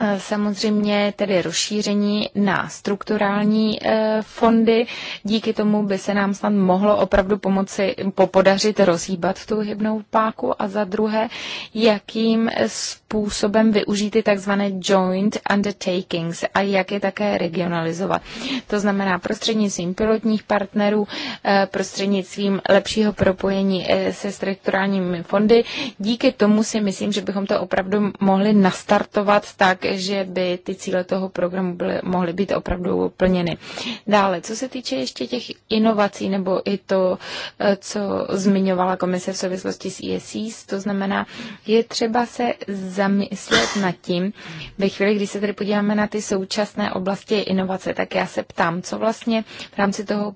Eh, samozřejmě tedy rozšíření na strukturální eh, fondy. Díky tomu by se nám snad mohlo opravdu pomoci podařit rozhýbat tu hybnou páku a za druhé, jakým způsobem způsobem využít ty takzvané joint undertakings a jak je také regionalizovat. To znamená prostřednictvím pilotních partnerů, eh, prostřednictvím lepšího propojení eh, se strukturálními fondy. Díky tomu si myslím, že bychom to opravdu mohli nastartovat tak, že by ty cíle toho programu byly, mohly být opravdu plněny. Dále, co se týče ještě těch inovací nebo i to, eh, co zmiňovala komise v souvislosti s ESIS, to znamená, je třeba se zamyslet nad tím, ve chvíli, kdy se tedy podíváme na ty současné oblasti inovace, tak já se ptám, co vlastně v rámci toho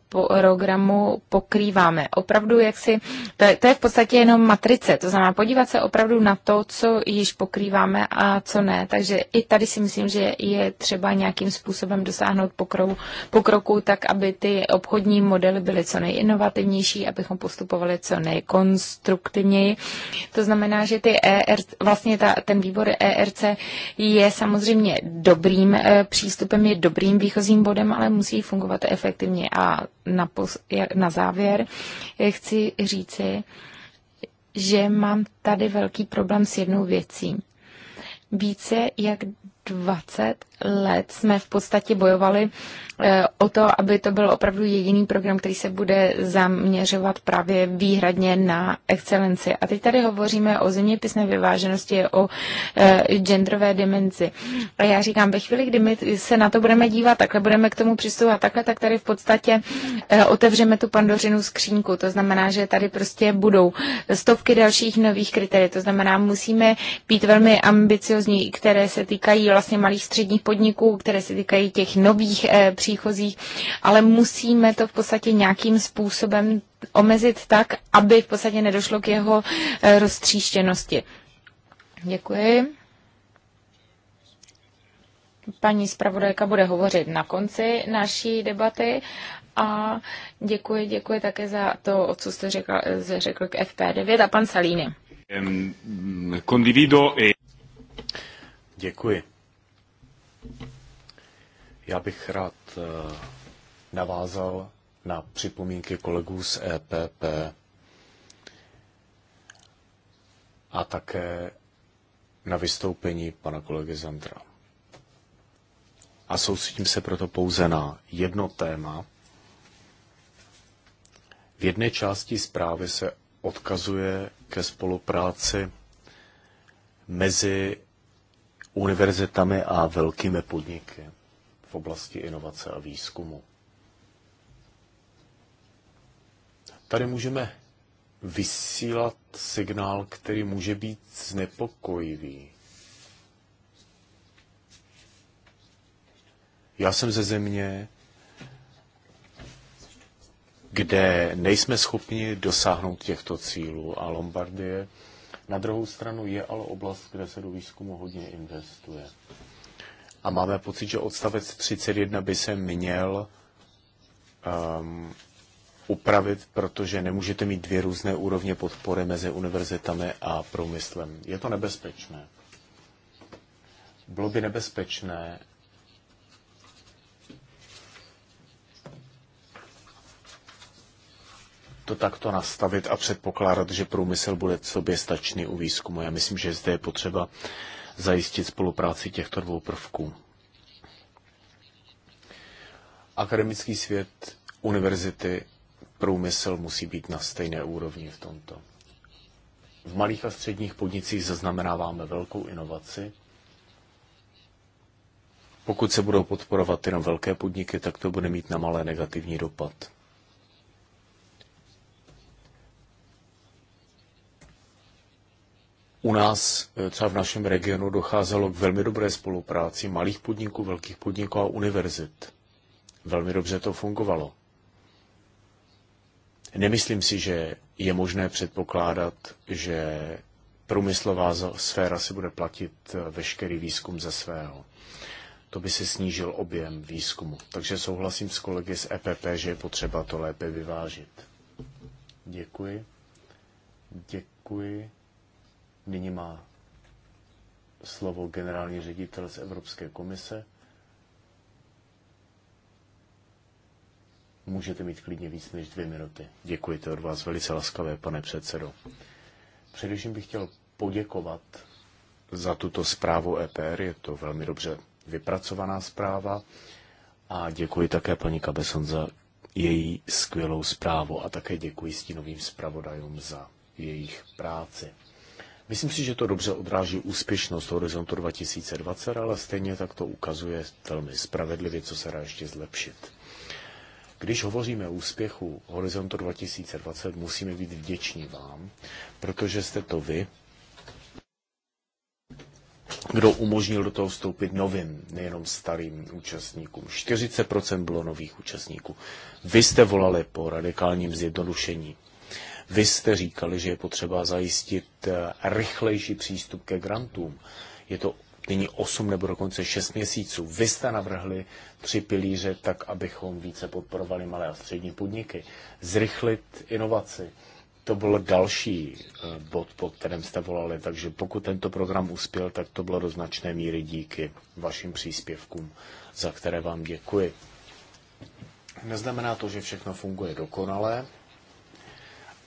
programu pokrýváme. Opravdu, jak si, to, to je v podstatě jenom matrice, to znamená podívat se opravdu na to, co již pokrýváme a co ne. Takže i tady si myslím, že je třeba nějakým způsobem dosáhnout pokroku, pokroku tak aby ty obchodní modely byly co nejinovativnější, abychom postupovali co nejkonstruktivněji. To znamená, že ty ER, vlastně ta, ten ten výbor ERC je samozřejmě dobrým eh, přístupem, je dobrým výchozím bodem, ale musí fungovat efektivně. A na, pos, na závěr eh, chci říci, že mám tady velký problém s jednou věcí. Více jak 20 let jsme v podstatě bojovali Eh, o to, aby to byl opravdu jediný program, který se bude zaměřovat právě výhradně na excelenci. A teď tady hovoříme o zeměpisné vyváženosti, o eh, genderové dimenzi. A já říkám, ve chvíli, kdy my se na to budeme dívat, takhle budeme k tomu přistupovat, takhle, tak tady v podstatě eh, otevřeme tu pandořinu skřínku. To znamená, že tady prostě budou stovky dalších nových kritérií. To znamená, musíme být velmi ambiciozní, které se týkají vlastně malých středních podniků, které se týkají těch nových příchozích, ale musíme to v podstatě nějakým způsobem omezit tak, aby v podstatě nedošlo k jeho eh, roztříštěnosti. Děkuji. Paní zpravodajka bude hovořit na konci naší debaty a děkuji, děkuji také za to, co jste řekl, eh, řekl k FP9 a pan Salíny. E- děkuji. Já bych rád eh, navázal na připomínky kolegů z EPP a také na vystoupení pana kolegy Zandra. A soustředím se proto pouze na jedno téma. V jedné části zprávy se odkazuje ke spolupráci mezi univerzitami a velkými podniky v oblasti inovace a výzkumu. Tady můžeme vysílat signál, který může být znepokojivý. Já jsem ze země, kde nejsme schopni dosáhnout těchto cílů a Lombardie na druhou stranu je ale oblast, kde se do výzkumu hodně investuje a máme pocit, že odstavec 31 by se měl um, upravit, protože nemůžete mít dvě různé úrovně podpory mezi univerzitami a průmyslem. Je to nebezpečné. Bylo by nebezpečné to takto nastavit a předpokládat, že průmysl bude stačný u výzkumu. Já myslím, že zde je potřeba zajistit spolupráci těchto dvou prvků. Akademický svět, univerzity, průmysl musí být na stejné úrovni v tomto. V malých a středních podnicích zaznamenáváme velkou inovaci. Pokud se budou podporovat jenom velké podniky, tak to bude mít na malé negativní dopad. U nás, e, třeba v našem regionu, docházelo k velmi dobré spolupráci malých podniků, velkých podniků a univerzit. Velmi dobře to fungovalo. Nemyslím si, že je možné předpokládat, že průmyslová sféra si bude platit e, veškerý výzkum ze svého. To by se snížil objem výzkumu. Takže souhlasím s kolegy z EPP, že je potřeba to lépe vyvážit. Děkuji. Děkuji. Nyní má slovo generální ředitel z Evropské komise. Můžete mít klidně víc než dvě minuty. Děkuji to od vás velice laskavé, pane předsedo. Především bych chtěl poděkovat za tuto zprávu EPR. Je to velmi dobře vypracovaná zpráva a děkuji také paní Kabeson za její skvělou zprávu a také děkuji stínovým zpravodajům za jejich práci. Myslím si, že to dobře odráží úspěšnost horizontu 2020, ale stejně tak to ukazuje velmi spravedlivě, co se dá ještě zlepšit. Když hovoříme o úspěchu Horizontu 2020, musíme být vděční vám, protože jste to vy, kdo umožnil do toho vstoupit novým, nejenom starým účastníkům. 40% bylo nových účastníků. Vy jste volali po radikálním zjednodušení vy jste říkali, že je potřeba zajistit eh, rychlejší přístup ke grantům. Je to nyní 8 nebo dokonce 6 měsíců. Vy jste navrhli tři pilíře tak, abychom více podporovali malé a střední podniky. Zrychlit inovaci. To byl další eh, bod, po kterém jste volali, takže pokud tento program uspěl, tak to bylo do značné míry díky vašim příspěvkům, za které vám děkuji. Neznamená to, že všechno funguje dokonale,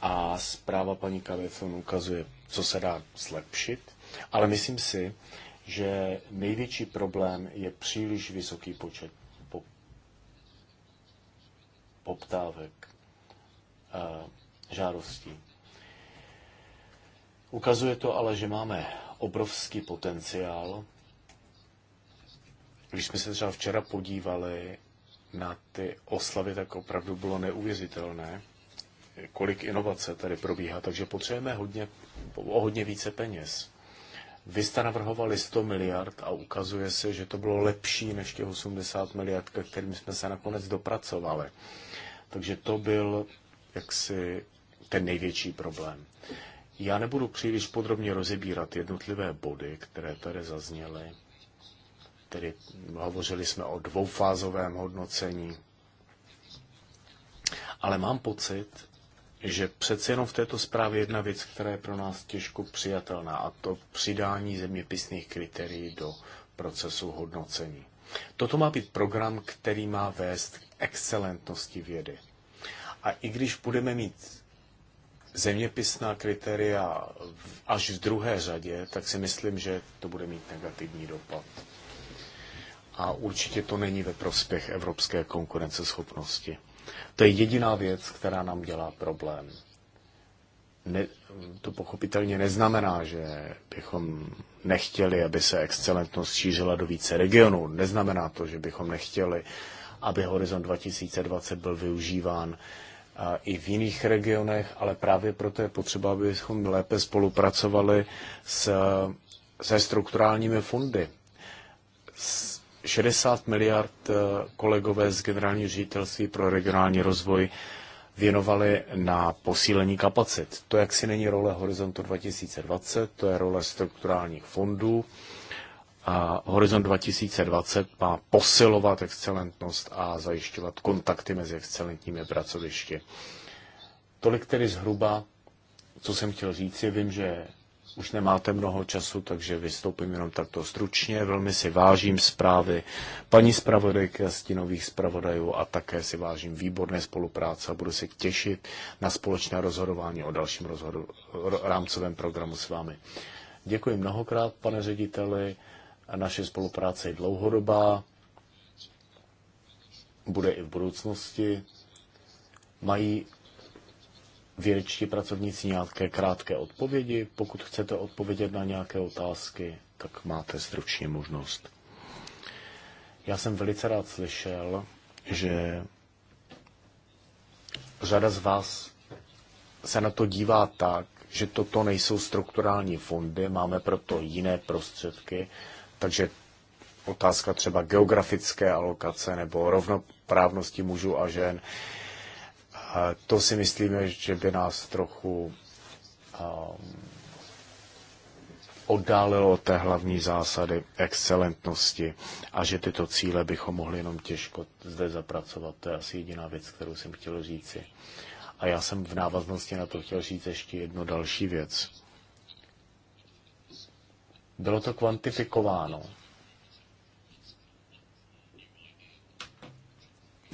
a zpráva paní Kavefon ukazuje, co se dá zlepšit, ale myslím si, že největší problém je příliš vysoký počet pop- poptávek, eh, žádostí. Ukazuje to ale, že máme obrovský potenciál. Když jsme se třeba včera podívali na ty oslavy, tak opravdu bylo neuvěřitelné, kolik inovace tady probíhá, takže potřebujeme hodně, o hodně více peněz. Vy jste navrhovali 100 miliard a ukazuje se, že to bylo lepší než těch 80 miliard, ke kterým jsme se nakonec dopracovali. Takže to byl jaksi ten největší problém. Já nebudu příliš podrobně rozebírat jednotlivé body, které tady zazněly. Tedy hovořili jsme o dvoufázovém hodnocení, ale mám pocit, že přece jenom v této zprávě jedna věc, která je pro nás těžko přijatelná, a to přidání zeměpisných kritérií do procesu hodnocení. Toto má být program, který má vést k excelentnosti vědy. A i když budeme mít zeměpisná kritéria až v druhé řadě, tak si myslím, že to bude mít negativní dopad. A určitě to není ve prospěch evropské konkurenceschopnosti. To je jediná věc, která nám dělá problém. Ne, to pochopitelně neznamená, že bychom nechtěli, aby se excelentnost šířila do více regionů. Neznamená to, že bychom nechtěli, aby Horizont 2020 byl využíván i v jiných regionech, ale právě proto je potřeba, abychom lépe spolupracovali s, se strukturálními fondy. S, 60 miliard eh, kolegové z generální ředitelství pro regionální rozvoj věnovali na posílení kapacit. To jaksi není role Horizontu 2020, to je role strukturálních fondů. A Horizont 2020 má posilovat excelentnost a zajišťovat kontakty mezi excelentními pracovišti. Tolik tedy zhruba, co jsem chtěl říct. Vím, že už nemáte mnoho času, takže vystoupím jenom takto stručně. Velmi si vážím zprávy paní zpravodajky a stínových zpravodajů a také si vážím výborné spolupráce a budu se těšit na společné rozhodování o dalším rozhodu, rámcovém programu s vámi. Děkuji mnohokrát, pane řediteli. Naše spolupráce je dlouhodobá, bude i v budoucnosti. Mají vědečtí pracovníci nějaké krátké odpovědi. Pokud chcete odpovědět na nějaké otázky, tak máte stručně možnost. Já jsem velice rád slyšel, že řada z vás se na to dívá tak, že toto nejsou strukturální fondy, máme proto jiné prostředky, takže otázka třeba geografické alokace nebo rovnoprávnosti mužů a žen, to si myslíme, že by nás trochu um, oddálilo od té hlavní zásady excelentnosti a že tyto cíle bychom mohli jenom těžko zde zapracovat. To je asi jediná věc, kterou jsem chtěl říci. A já jsem v návaznosti na to chtěl říct ještě jednu další věc. Bylo to kvantifikováno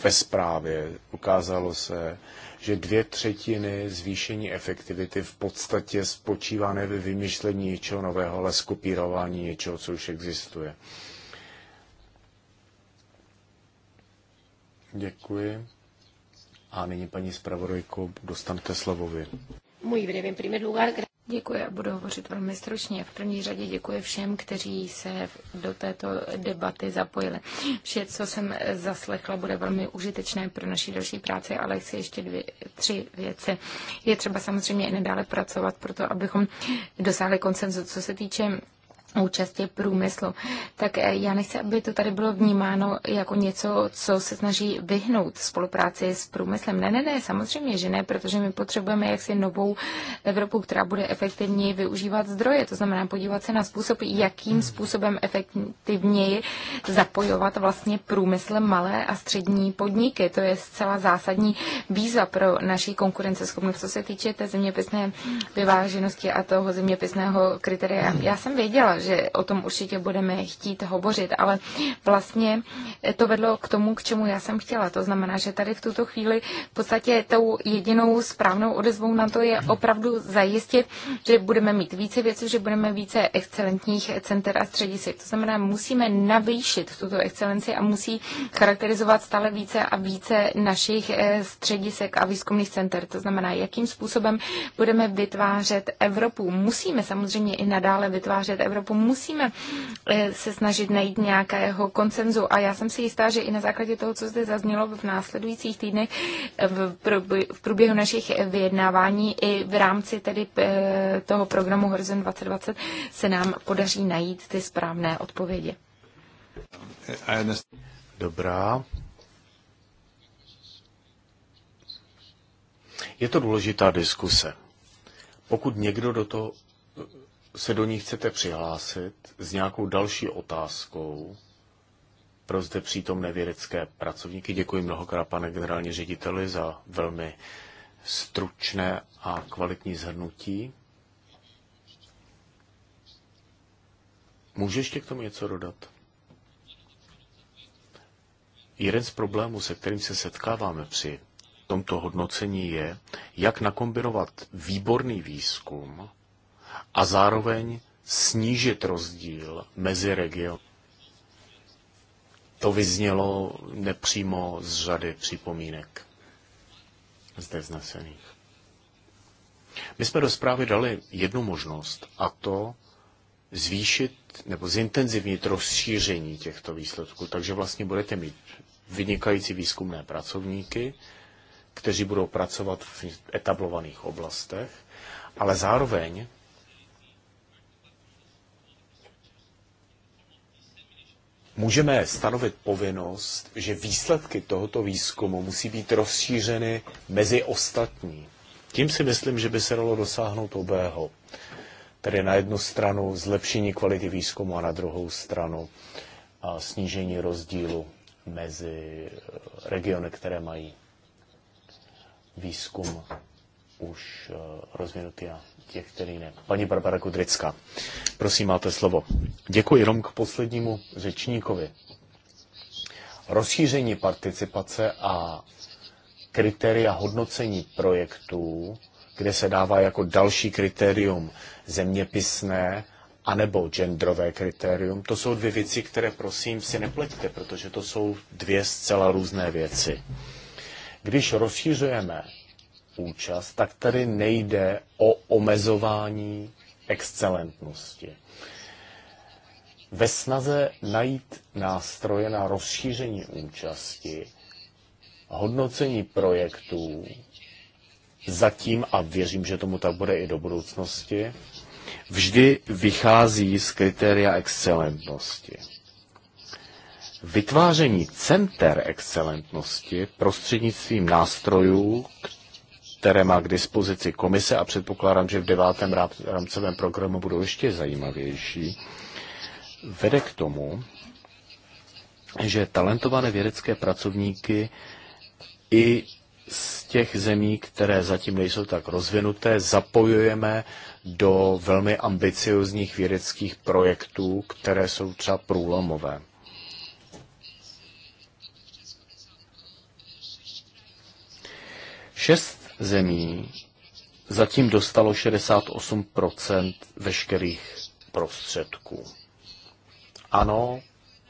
ve zprávě. Ukázalo se, že dvě třetiny zvýšení efektivity v podstatě spočívá ne ve vymyšlení něčeho nového, ale skopírování něčeho, co už existuje. Děkuji. A nyní paní zpravodajko, dostanete slovo vy. Muy breve, en primer lugar, Děkuji a budu hovořit velmi stručně. V první řadě děkuji všem, kteří se do této debaty zapojili. Vše, co jsem zaslechla, bude velmi užitečné pro naši další práci, ale chci ještě dvě, tři věci. Je třeba samozřejmě i nadále pracovat pro to, abychom dosáhli koncenzu, co se týče účasti průmyslu. Tak eh, já nechci, aby to tady bylo vnímáno jako něco, co se snaží vyhnout spolupráci s průmyslem. Ne, ne, ne, samozřejmě, že ne, protože my potřebujeme jaksi novou Evropu, která bude efektivněji využívat zdroje. To znamená podívat se na způsob, jakým způsobem efektivněji zapojovat vlastně průmysl malé a střední podniky. To je zcela zásadní výzva pro naší konkurenceschopnost, co se týče té zeměpisné vyváženosti a toho zeměpisného kritéria. Já jsem věděla, protože o tom určitě budeme chtít hovořit, ale vlastně to vedlo k tomu, k čemu já jsem chtěla. To znamená, že tady v tuto chvíli v podstatě tou jedinou správnou odezvou na to je opravdu zajistit, že budeme mít více věců, že budeme více excelentních center a středisek. To znamená, musíme navýšit tuto excelenci a musí charakterizovat stále více a více našich eh, středisek a výzkumných center. To znamená, jakým způsobem budeme vytvářet Evropu. Musíme samozřejmě i nadále vytvářet Evropu jako musíme eh, se snažit najít nějakého koncenzu. A já jsem si jistá, že i na základě toho, co zde zaznělo v následujících týdnech eh, v průběhu našich eh, vyjednávání i v rámci tedy toho programu Horizon 2020 se nám podaří najít ty správné odpovědi. Dobrá. Je to důležitá diskuse. Pokud někdo do toho se do ní chcete přihlásit s nějakou další otázkou pro zde přítomné vědecké pracovníky, děkuji mnohokrát, pane generální řediteli, za velmi stručné a kvalitní zhrnutí. Můžeš ještě k tomu něco dodat? Jeden z problémů, se kterým se setkáváme při tomto hodnocení, je, jak nakombinovat výborný výzkum a zároveň snížit rozdíl mezi regiony. To vyznělo nepřímo z řady připomínek zde vznesených. My jsme do zprávy dali jednu možnost, a to zvýšit nebo zintenzivnit rozšíření těchto výsledků. Takže vlastně budete mít vynikající výzkumné pracovníky, kteří budou pracovat v etablovaných oblastech, ale zároveň můžeme stanovit povinnost, že výsledky tohoto výzkumu musí být rozšířeny mezi ostatní. Tím si myslím, že by se dalo dosáhnout obého. Tedy na jednu stranu zlepšení kvality výzkumu a na druhou stranu a snížení rozdílu mezi e, regiony, které mají výzkum už e, rozvinutý a těch, který ne. Paní Barbara Kudrická, prosím, máte slovo. Děkuji jenom k poslednímu řečníkovi. Rozšíření participace a kritéria hodnocení projektů, kde se dává jako další kritérium zeměpisné anebo genderové kritérium, to jsou dvě věci, které prosím si nepleťte, protože to jsou dvě zcela různé věci. Když rozšířujeme účast, tak tady nejde o omezování excelentnosti. Ve snaze najít nástroje na rozšíření účasti, hodnocení projektů, zatím, a věřím, že tomu tak bude i do budoucnosti, vždy vychází z kritéria excelentnosti. Vytváření center excelentnosti prostřednictvím nástrojů, které má k dispozici komise a předpokládám, že v devátém rámcovém programu budou ještě zajímavější, vede k tomu, že talentované vědecké pracovníky i z těch zemí, které zatím nejsou tak rozvinuté, zapojujeme do velmi ambiciozních vědeckých projektů, které jsou třeba průlomové. Šest zemí zatím dostalo 68 veškerých prostředků. Ano,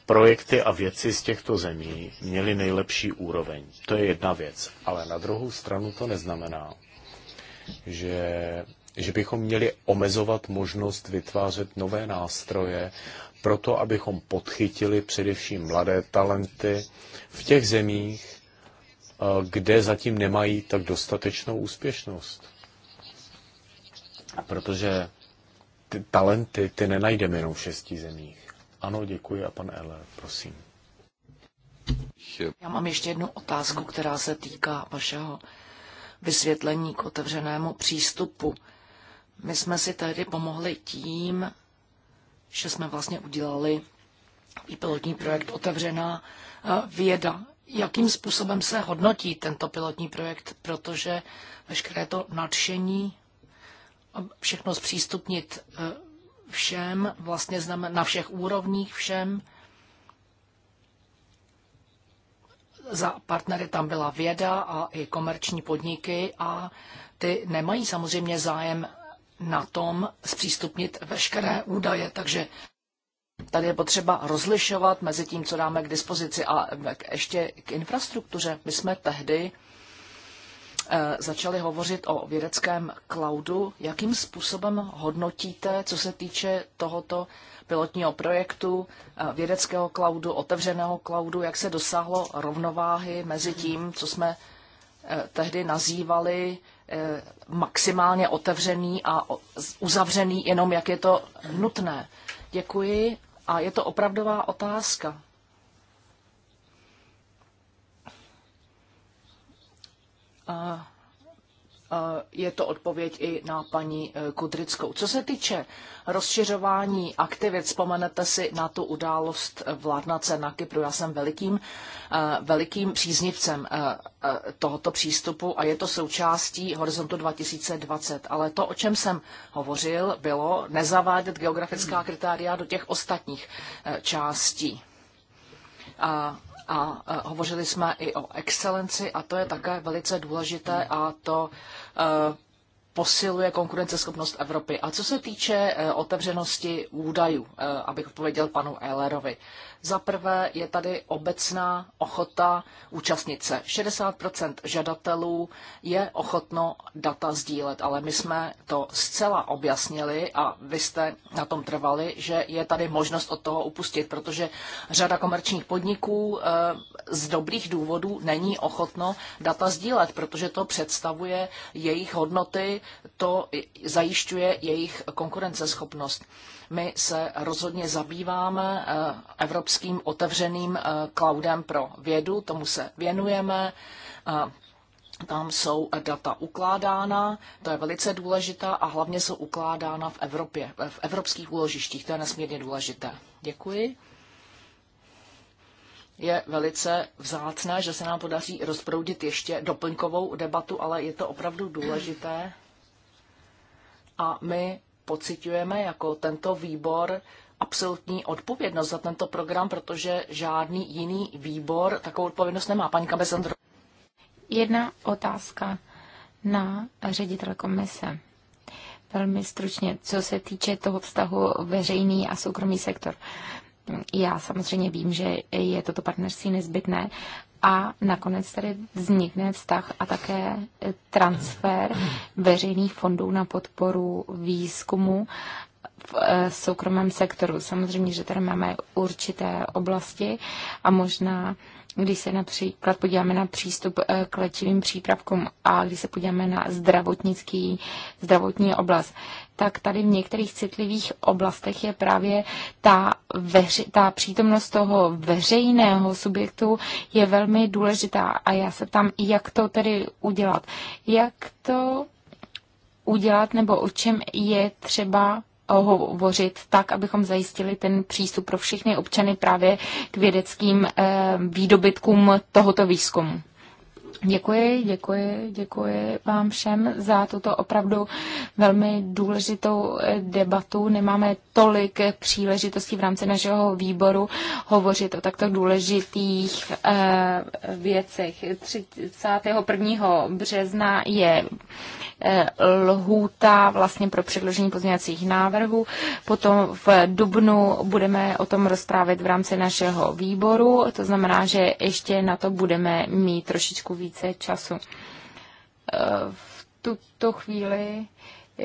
projekty a věci z těchto zemí měly nejlepší úroveň. To je jedna věc. Ale na druhou stranu to neznamená, že, že bychom měli omezovat možnost vytvářet nové nástroje proto, abychom podchytili především mladé talenty v těch zemích, kde zatím nemají tak dostatečnou úspěšnost. Protože ty talenty, ty nenajdeme jenom v šesti zemích. Ano, děkuji a pan Ele, prosím. Já mám ještě jednu otázku, která se týká vašeho vysvětlení k otevřenému přístupu. My jsme si tady pomohli tím, že jsme vlastně udělali i pilotní projekt Otevřená eh, věda, jakým způsobem se hodnotí tento pilotní projekt, protože veškeré to nadšení všechno zpřístupnit eh, všem, vlastně na všech úrovních všem. Za partnery tam byla věda a i komerční podniky a ty nemají samozřejmě zájem na tom zpřístupnit veškeré údaje, takže Tady je potřeba rozlišovat mezi tím, co dáme k dispozici a ještě k infrastruktuře. My jsme tehdy eh, začali hovořit o vědeckém cloudu. Jakým způsobem hodnotíte, co se týče tohoto pilotního projektu, eh, vědeckého cloudu, otevřeného cloudu, jak se dosáhlo rovnováhy mezi tím, co jsme eh, tehdy nazývali maximálně otevřený a uzavřený jenom, jak je to nutné. Děkuji a je to opravdová otázka. A je to odpověď i na paní e, Kudrickou. Co se týče rozšiřování aktivit, vzpomenete si na tu událost e, vládnace na Kypru. Já jsem velikým, e, velikým příznivcem tohoto přístupu a je to součástí Horizontu 2020. Ale to, o čem jsem hovořil, bylo nezavádět geografická kritéria do těch ostatních částí. A a e, hovořili jsme i o excelenci a to je také velice důležité a to e, posiluje konkurenceschopnost Evropy. A co se týče e, otevřenosti údajů, abych odpověděl panu Ehlerovi, za prvé je tady obecná ochota účastnit se. 60 žadatelů je ochotno data sdílet, ale my jsme to zcela objasnili a vy jste na tom trvali, že je tady možnost od toho upustit, protože řada komerčních podniků eh, z dobrých důvodů není ochotno data sdílet, protože to představuje jejich hodnoty, to zajišťuje jejich konkurenceschopnost. My se rozhodně zabýváme eh, evropským otevřeným eh, cloudem pro vědu, tomu se věnujeme. Eh, tam jsou data ukládána, to je velice důležité a hlavně jsou ukládána v Evropě, v evropských úložištích, to je nesmírně důležité. Děkuji je velice vzácné, že se nám podaří rozproudit ještě doplňkovou debatu, ale je to opravdu důležité. A my pociťujeme jako tento výbor absolutní odpovědnost za tento program, protože žádný jiný výbor takovou odpovědnost nemá. Paní Kabezandro. Jedna otázka na ředitel komise. Velmi stručně, co se týče toho vztahu veřejný a soukromý sektor. Já samozřejmě vím, že je toto partnerství nezbytné, a nakonec tady vznikne vztah a také transfer veřejných fondů na podporu výzkumu v eh, soukromém sektoru. Samozřejmě, že tady máme určité oblasti a možná když se například podíváme na přístup eh, k léčivým přípravkům a když se podíváme na zdravotnický, zdravotní oblast, tak tady v některých citlivých oblastech je právě ta, veři, ta přítomnost toho veřejného subjektu je velmi důležitá. A já se tam jak to tedy udělat. Jak to udělat nebo o čem je třeba hovořit tak, abychom zajistili ten přístup pro všechny občany právě k vědeckým eh, výdobytkům tohoto výzkumu. Děkuji, děkuji, děkuji vám všem za tuto opravdu velmi důležitou eh, debatu. Nemáme tolik eh, příležitostí v rámci našeho výboru hovořit o takto důležitých eh, věcech. 31. března je lhůta vlastně pro předložení pozměňovacích návrhů. Potom v dubnu budeme o tom rozprávit v rámci našeho výboru. To znamená, že ještě na to budeme mít trošičku víc více času. Eh, v tuto chvíli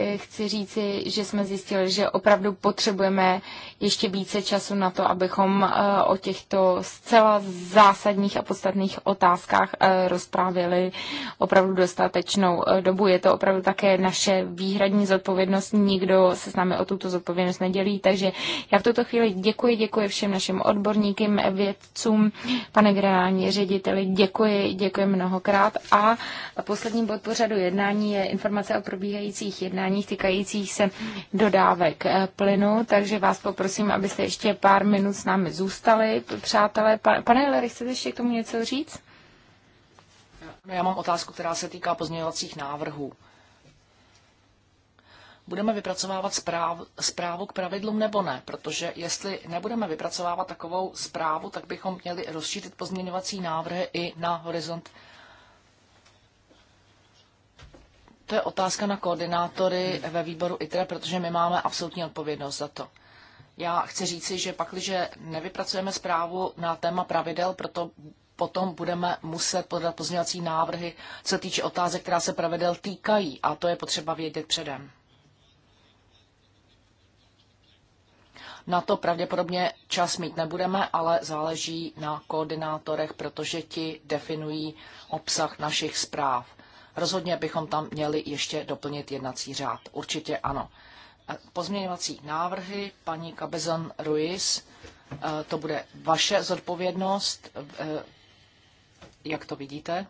Eh, chci říci, že jsme zjistili, že opravdu potřebujeme ještě více času na to, abychom eh, o těchto zcela zásadních a podstatných otázkách eh, rozprávili opravdu dostatečnou dobu. Je to opravdu také naše výhradní zodpovědnost. Nikdo se s námi o tuto zodpovědnost nedělí, takže já v tuto chvíli děkuji, děkuji všem našim odborníkům, vědcům, pane generální řediteli, děkuji, děkuji mnohokrát. A posledním bod pořadu jednání je informace o probíhajících jednání jednáních týkajících se dodávek eh, plynu, takže vás poprosím, abyste ještě pár minut s námi zůstali. Přátelé, pane Lery, chcete ještě k tomu něco říct? No, já mám otázku, která se týká pozměňovacích návrhů. Budeme vypracovávat zpráv, zprávu k pravidlům nebo ne? Protože jestli nebudeme vypracovávat takovou zprávu, tak bychom měli rozšířit pozměňovací návrhy i na horizont to je otázka na koordinátory ve výboru ITRE, protože my máme absolutní odpovědnost za to. Já chci říci, že pakliže nevypracujeme zprávu na téma pravidel, proto potom budeme muset podat pozměňovací návrhy, co týče otázek, která se pravidel týkají, a to je potřeba vědět předem. Na to pravděpodobně čas mít nebudeme, ale záleží na koordinátorech, protože ti definují obsah našich zpráv. Rozhodně bychom tam měli ještě doplnit jednací řád. Určitě ano. Pozměňovací návrhy, paní Cabezon Ruiz, eh, to bude vaše zodpovědnost. Eh, jak to vidíte?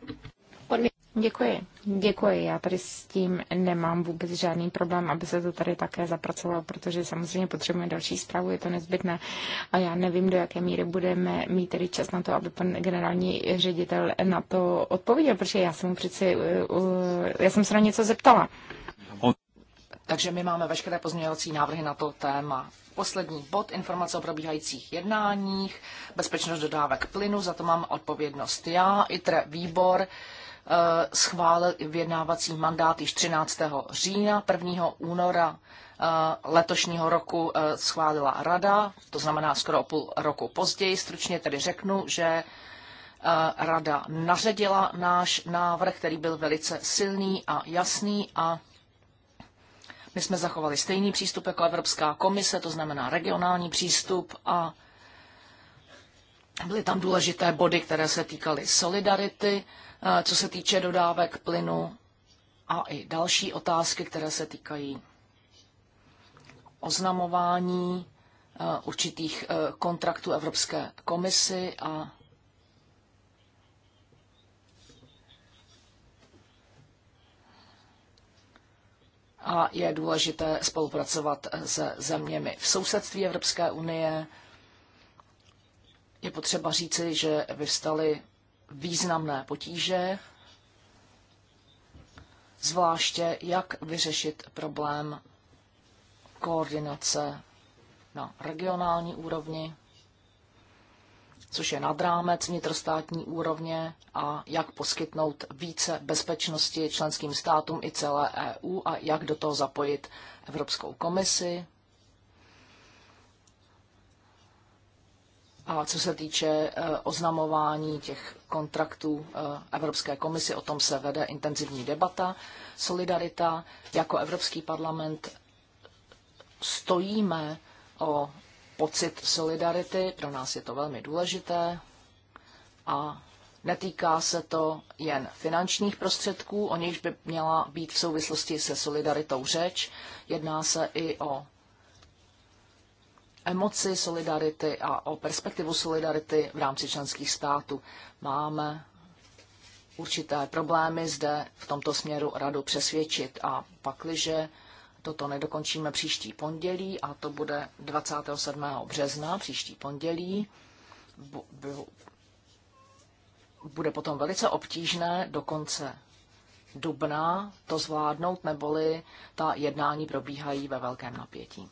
Děkuji. Děkuji. Já tady s tím nemám vůbec žádný problém, aby se to tady také zapracovalo, protože samozřejmě potřebujeme další zprávu, je to nezbytné. A já nevím, do jaké míry budeme mít tedy čas na to, aby pan generální ředitel na to odpověděl, protože já jsem mu přeci, eh, eh, já jsem se na něco zeptala. Takže my máme veškeré pozměňovací návrhy na to téma. Poslední bod, informace o probíhajících jednáních, bezpečnost dodávek plynu, za to mám odpovědnost já, ITRE výbor, Eh, schválil vyjednávací mandát již 13. října, 1. února eh, letošního roku eh, schválila rada, to znamená skoro o půl roku později. Stručně tedy řeknu, že rada naředila náš návrh, který byl velice silný a jasný a my jsme zachovali stejný přístup jako Evropská komise, to znamená regionální přístup a byly tam důležité body, které se týkaly solidarity, Eh, co se týče dodávek plynu a i další otázky, které se týkají oznamování eh, určitých eh, kontraktů Evropské komisi a a je důležité spolupracovat se zeměmi v sousedství Evropské unie. Je potřeba říci, že vyvstaly významné potíže, zvláště jak vyřešit problém koordinace na regionální úrovni, což je nad rámec vnitrostátní úrovně a jak poskytnout více bezpečnosti členským státům i celé EU a jak do toho zapojit Evropskou komisi, A co se týče eh, oznamování těch kontraktů eh, Evropské komisi, o tom se vede intenzivní debata. Solidarita jako Evropský parlament stojíme o pocit solidarity, pro nás je to velmi důležité a netýká se to jen finančních prostředků, o nichž by měla být v souvislosti se solidaritou řeč, jedná se i o emoci solidarity a o perspektivu solidarity v rámci členských států. Máme určité problémy zde v tomto směru radu přesvědčit a pakliže toto nedokončíme příští pondělí a to bude 27. března příští pondělí, bude potom velice obtížné do konce dubna to zvládnout, neboli ta jednání probíhají ve velkém napětí.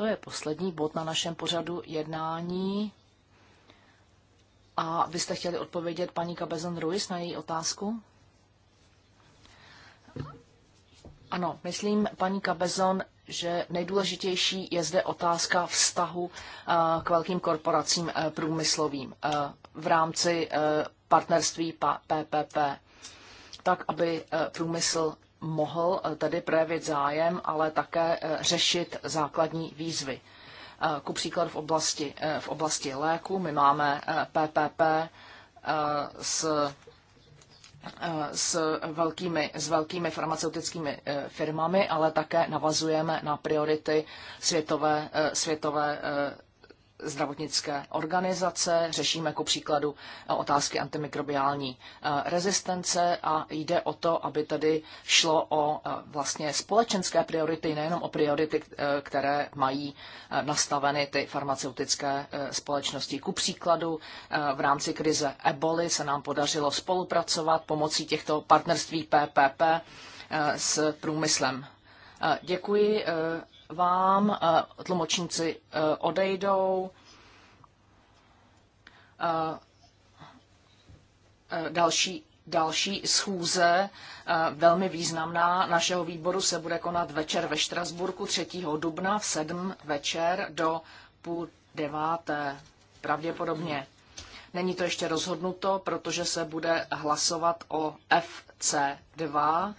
to je poslední bod na našem pořadu jednání. A jste chtěli odpovědět paní Kabezon Ruiz na její otázku? Ano, myslím, paní Kabezon, že nejdůležitější je zde otázka vztahu eh, k velkým korporacím eh, průmyslovým eh, v rámci partnerství PPP, tak aby průmysl mohl eh, tedy projevit zájem, ale také eh, řešit základní výzvy. Eh, ku příkladu v oblasti, v oblasti léku my máme PPP s s velkými, s velkými farmaceutickými firmami, ale také navazujeme na priority světové, světové zdravotnické organizace, řešíme ku příkladu e, otázky antimikrobiální e, rezistence a jde o to, aby tady šlo o e, vlastně společenské priority, nejenom o priority, které mají nastaveny ty farmaceutické společnosti. Ku příkladu v rámci krize eboli se nám podařilo spolupracovat pomocí těchto partnerství PPP s průmyslem. Děkuji vám, eh, tlumočníci eh, odejdou. Eh, další, další schůze, velmi významná, našeho výboru se bude konat večer ve Štrasburku 3. dubna v 7 večer do půl deváté. Pravděpodobně. Není to ještě rozhodnuto, protože se bude hlasovat o FC2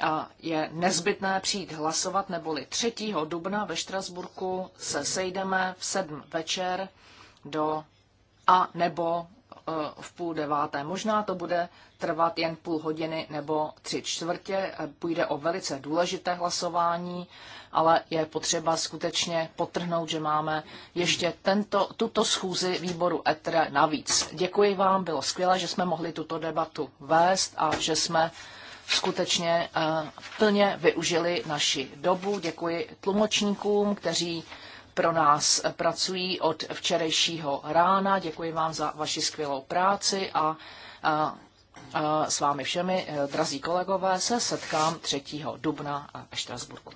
a je nezbytné přijít hlasovat, neboli 3. dubna ve Štrasburku se sejdeme v 7 večer do a nebo e, v půl deváté. Možná to bude trvat jen půl hodiny nebo tři čtvrtě. E, půjde o velice důležité hlasování, ale je potřeba skutečně potrhnout, že máme ještě tento, tuto schůzi výboru ETRE e navíc. Děkuji vám, bylo skvělé, že jsme mohli tuto debatu vést a že jsme skutečně eh, plně využili naši dobu. Děkuji tlumočníkům, kteří pro nás eh, pracují od včerejšího rána. Děkuji vám za vaši skvělou práci a, eh, s vámi všemi, drazí kolegové, se setkám 3. dubna v Štrasburku.